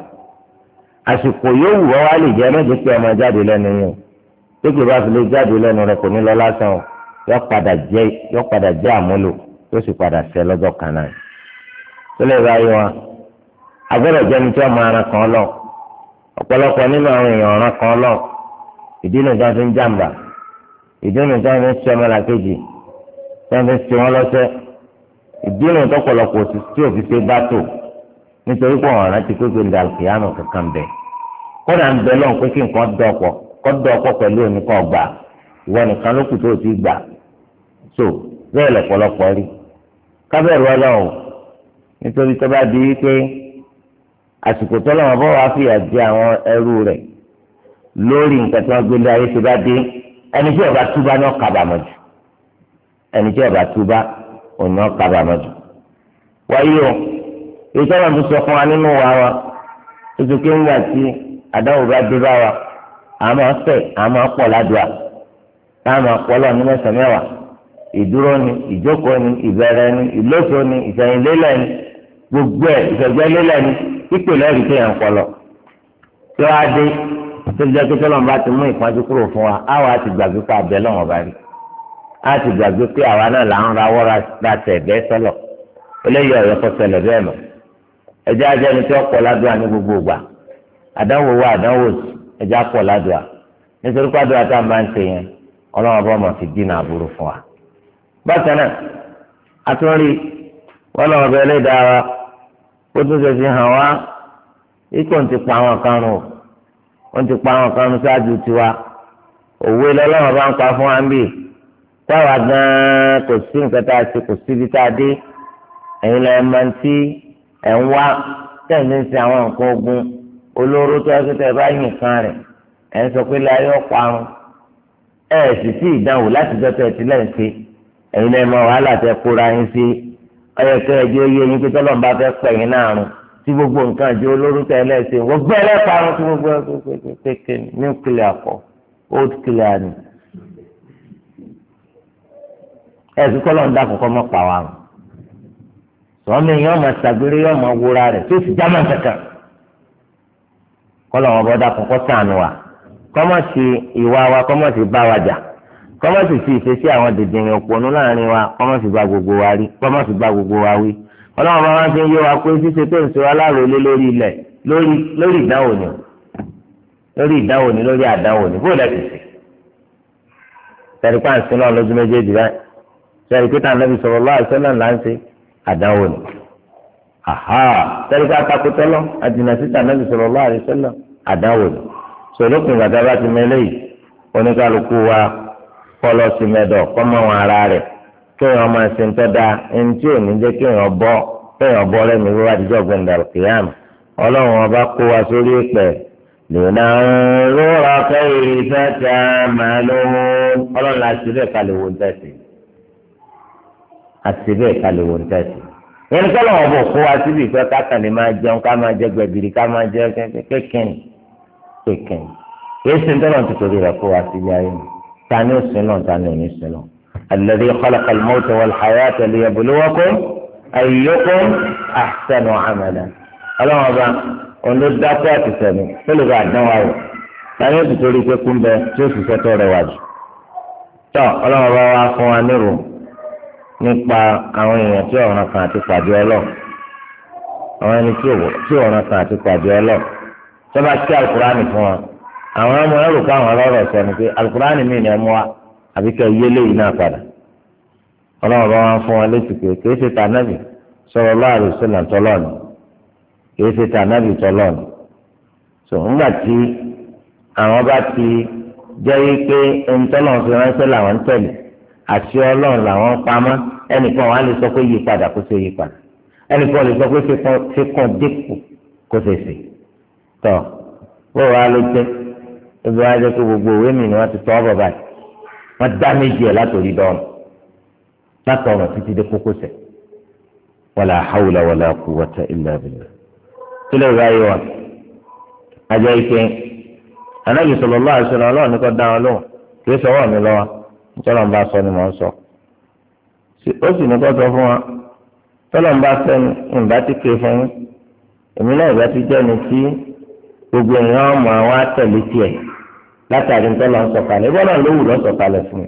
àsìkò yóò wù ọ́ wá lè jẹ́ mẹ́jọ pé ọmọ jáde lẹ́nu yìí pé kí bá fi lè jáde lẹ́nu rẹ̀ kò ní lọ lásán o. yọ padà jẹ yọ padà àmúlò sì padà sẹ lọ́jọ́ kan náà tó lè bá yí wọn agbọ́dọ̀ jẹ́ni tí wọ́n kan lọ ọ̀pọ̀lọpọ̀ nínú àwọn èèyàn ran kan lọ ìdínà tí wọ́n fi ń jàǹbá ìdínà tí wọ́n fi ń sọ tí wọ́n fi ń lọ́sẹ̀ ìdínà tí òfin ṣe bá tò nítorí pé ọ̀ràn ti kankan bẹ̀ ń bẹ lọ́n so bẹ́ẹ̀ lọ́pọ̀lọpọ̀ rí kábẹ́ẹ̀rù ọlọ́run nítorí tó bá di wípé àsìkò tọ́lọ́wọ́n bọ́ wá fìyà jẹ àwọn ẹrú rẹ̀ lórí nǹkan tí wọ́n gbélé ayé tó bá dé ẹni tí ọba túbá ní ọ̀kàbàmọ̀ jù ẹni tí ọba túbá òní ọ̀kàbàmọ̀ jù. wáyé o ìtọ́nà tó sọ fún wa nínú wa wa tuntun kí ń gbà tí àdáwò bá dé bá wa àmọ́ ọ̀sẹ̀ àmọ́ ọ̀pọ̀ ládùá táwọn ọ̀pọ̀ lọ́ọ̀ ní mẹ́sàn ìdúró ni ìjókòó ni ìbẹ̀rẹ̀ ni ìlóso ni ìsẹ̀yìnlélẹ̀ ni gbogbo ẹ̀ ìsẹ̀gbẹ́lélẹ̀ ni pípè lẹ́rìí tó yàn tí wọ́n á dé ti mú ìpọ́njú fún wa á wàá ti gbàgbé pé abẹ́ lọ́wọ́ bá rí á ti gbàgbé pé àwa náà là ń ra tẹ̀ sọ́lọ̀ eléyìí ọ̀yọ́ kọ́ bẹ́ẹ̀ ẹjẹ́ tí ládùá ní gbogbo ìgbà àdánwò àdánwò a bákan náà àtúnrí wọn lọ ọbẹ ẹlẹ́dàá wa ó tún ṣe fi hàn wá ikú ń ti pa àwọn kan rùn ó ń ti pa àwọn kan rùn ṣáájú tiwa òwe lọ́lọ́run bá ń pa fún wa ń bì táwa gan-an kò sí nǹkan tá a ṣe kò síbi tá a dé ẹ̀yin lẹ́yìn máa ń tí ẹ̀ ń wá tẹ̀lé ń sin àwọn nǹkan ogun olóró tó ẹ́ tẹ́ bá yìn kan rẹ̀ ẹ̀ ń sọ pé láyé ọ̀parun ẹ̀ sì sí ìdánwò láti jọ́ tẹ̀ sílẹ̀ ń ṣe ẹ̀yin náà mọ wàhálà tẹ kóra yín sí ọyọ kẹrẹjì ó yé yín pé tọ́lọ̀ bá fẹ́ pẹ̀ yín náà rùn tí gbogbo nǹkan àjọ olórú tẹ́lẹ̀ ṣe wọ́n gbẹ́ ẹlẹ́parun tí gbogbo kékeré nuclear kọ old clear ni ẹ̀sùn kọ́lọ̀ ń dákun kọ́ mọ́ pa wa rùn sọ́mi yóò máa ṣàgbére yóò máa wúra rẹ̀ tó sì jámà kankan kọ́lọ̀ wọn bọ́ dákun kọ́ sànù wa kọ́mọ̀ sí ìwà wa kọ́mọ̀ sí bá wa jà kọ́mọ̀sì fi ìṣesí àwọn dèdèrè òpònú láàrin wa kọ́mọ̀sì bá gbogbo wa rí kọ́mọ̀sì bá gbogbo wa wí ọlọ́run bá wá fi ń yé wa pé ṣíṣe tó ń ṣe wa láròlé lórí ilẹ̀ lórí ìdánwò ni lórí ìdánwò ni lórí àdánwò ni bóòlù ẹ̀sìn sí sẹ́ni pa àǹsí náà lójú méjèèjì báyìí sẹ́ni pé tàn lẹ́bi sọ̀rọ̀ lọ́wọ́ àìsàn náà là ń ni sẹ́ni pé atakùtọ́lọ́ àdìnà sí tàn lẹ́bi sọ̀rọ̀ kọlọ sí mẹdọ kọmọ wọn ara rẹ kéèyàn máa ṣe ń tọ́da ẹni ní jẹ́ bọ́ kéèyàn bọ́ dídọ́ ọba kó wa sórí ìpẹ́ lòdà lóra kẹ́rì màá ló ń ọlọ́run la ṣe bẹ́ẹ̀ kalẹ̀ wò ń àti bẹ́ẹ̀ yẹn lọ́wọ́ kó wa síbi ìfẹ́ máa jẹun tani ó sin náà tani ò ní sin náà alladhi khalaqa al-mawta wal-hayata liyabluwakum ayyukum ahsanu amala ọlọ́run ọba òun ló dákú àti sẹ̀mí ó lè ba àdánwò ayọ̀ tani ó sì torí pé kú ń bẹ tí ó sì fẹ́ tọ́ rẹ̀ tọ́ ọlọ́run ọba wa fún wa nírò nípa àwọn èèyàn tí ọ̀ràn kan àti pàdé ọlọ́run àwọn ẹni tí ọ̀ràn kan àti pàdé ọlọ́run tọ́ba kí àlùkùránì fún àwọn ọmọ ẹrù káwọn ọlọ́rọ̀ sọ ni pé alukurani mi ni ẹ mú wa àbí kẹ yé léyìí náà padà ọlọ́run bá wọn fún wọn létí pé kìí ṣe ta nábì sọ̀rọ̀ láàrin sílẹ tọlọni kìí ṣe ta nábì tọlọni tó ńgbà tí àwọn bá ti jẹ́ yí pé ohun tọ́lọ́run fi ránṣẹ́ làwọn ń tẹ̀lé àti ọlọ́run làwọn pamọ́ ẹnìkan wà lè sọ pé yí padà kó ṣe yí padà ẹnìkan lè sọ pé ṣe kàn dínkù kó ṣe ṣe tọ́ bó wàá ló jẹ́ ebi wá jẹ́ pé gbogbo òwe mi ni wọ́n ti tọ́ ọ̀bọ̀ báyìí wọ́n dá méjì ẹ̀ látòrí dọ́ọ̀nù látọ̀rọ̀ títí dé kókósẹ̀ wala hawla wala quwwata illa billah tí lè ra yọ àjọ ike anábì sallallahu alaihi wasallam ọlọ́run ní kò dá wọn lóhùn kì í sọ wọ́n mi lọ́wọ́ nítorí bá sọ ni mò ń sọ ó sì ní kó sọ fún wa tọ́lọ̀ ń bá sẹ́ni ìgbà tí ké fún yín èmi náà ìgbà tí jẹ́ ni tí gbogbo èèyàn ọmọ àwọn àtẹ̀lé tiẹ̀ látàrí ntọ́lọ́ ń sọ̀kalẹ̀ ẹgbẹ́ náà ló wù lọ́ sọ̀kalẹ̀ fún mi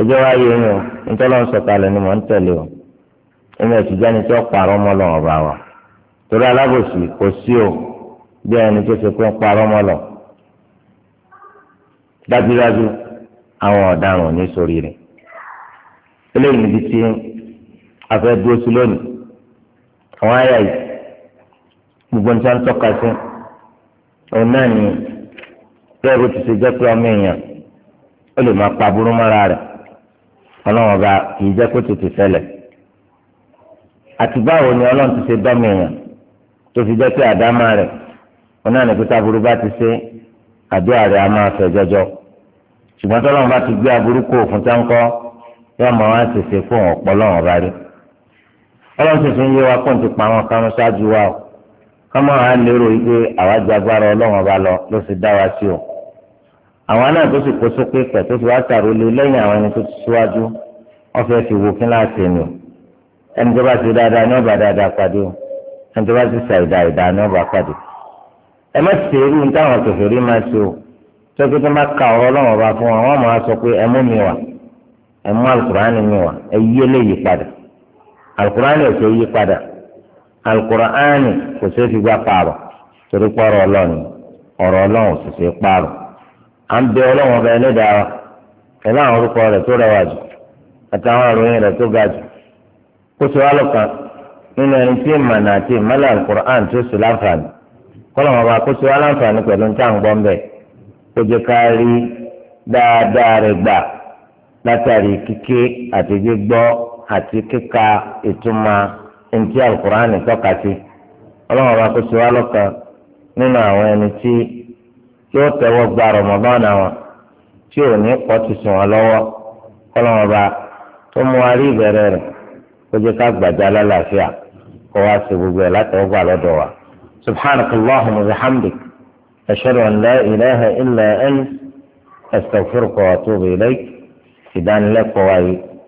ẹjọ́ wa yé mi o ntọ́lọ́ ń sọ̀kalẹ̀ ni mò ń tẹ̀lé o ẹni ẹ̀sùn jẹ́ni tí wọ́n parọ́ mọ́ lọ ọ̀bà wa torí alábòsí kò sí o bí ẹni tó ṣe pé ń parọ́ mọ́ lọ dájúdájú àwọn ọ̀daràn ní sórí rẹ̀ eléyìí níbi tí a dúró sí lónìí àwọn àyà yìí gbogbo nǹkan tọ́ka sí òun náà ni bẹ́ẹ̀ bó ti ṣe jẹ́ pé ọmọ èèyàn ó lè máa pa burú mọ́ra rẹ̀ ọlọ́run ọba kì í jẹ́ kó tètè ṣẹlẹ̀ àti báwo ni ọlọ́run ti ṣe dọ́mọ èèyàn tó fi jẹ́ pé àdámà rẹ̀ ọ̀nà àníkútà burú bá ti ṣe àdúrà rẹ̀ a máa fẹ̀ jọjọ ṣùgbọ́n tọ́lọ́run bá ti gbé aburú kó òfin táǹkọ́ yóò máa wá ṣèṣe fún ọ̀pọ̀lọ́run ọba rí ọlọ́run tuntun yé wa kóun ti pa àwọn kan ṣáájú wa o ká máa lérò wípé àwa jagbára ọlọ́run ọba lọ ló ti dá wa sí o àwọn náà tó sì kó sókè pẹ̀ tó ti wá tàrólé lẹ́yìn àwọn ẹni tó ti síwájú wọ́n fẹ́ fi wo kí náà ṣe nù ẹni tó bá ti dáadáa ní ọba dáadáa pàdé o ẹni tó bá ti ṣàìdá ìdá ní ọba pàdé ẹ má ṣe irú ní táwọn kẹfẹ́rí máa ṣe o tó kí tó má ka ọ̀rọ̀ ọlọ́wọ́n bá fún wọn wọ́n máa sọ pé ẹ mú mi wá ẹ mú alukur'ani mi wá ẹ yí eléyìí padà alukur'ani ò ṣe yí padà alukur'ani kò ṣe fi gbá pààrọ̀ torí pọ̀rọ̀ ọlọ́run ọ̀rọ̀ ọlọ́run ò sì ṣe pààrọ̀ à ń bẹ ọlọ́wọ́n ọba ẹlẹ́dàá wa pẹ̀lú àwọn orúkọ rẹ̀ tó rẹwà jù àtàwọn àròyìn rẹ̀ tó ga jù kó sọ alọ́kan nínú ẹni tí ìmọ̀nà àti alukur'an tó sì láǹfààní kó aláǹfààní pẹ̀lú ní táwọn gbọ́n bẹ̀ kó jẹ́ ká rí dáadáa rẹ̀ gbà látàrí kíké àti gbígbọ́ àti kíka ìtumọ̀ ntí alukur'an tọ́ka tí ó tẹ́wọ́ gba rọmọbọ́nà wọn tí ò ní pọ̀ tuntun wọn lọ́wọ́ kọ́lọ́mọba tó mú wa rí ìbẹ̀rẹ̀ rẹ̀ kó jẹ́ ká gbàdá lálàáfíà kó wá sí gbogbo ẹ̀ látẹ̀wọ́ gbà lọ́dọ̀ wa subhanaka allahumma wa bihamdik ashhadu an la ilaha illa ant astaghfiruka wa atubu ilayk ìdánilẹ́kọ̀ọ́ wa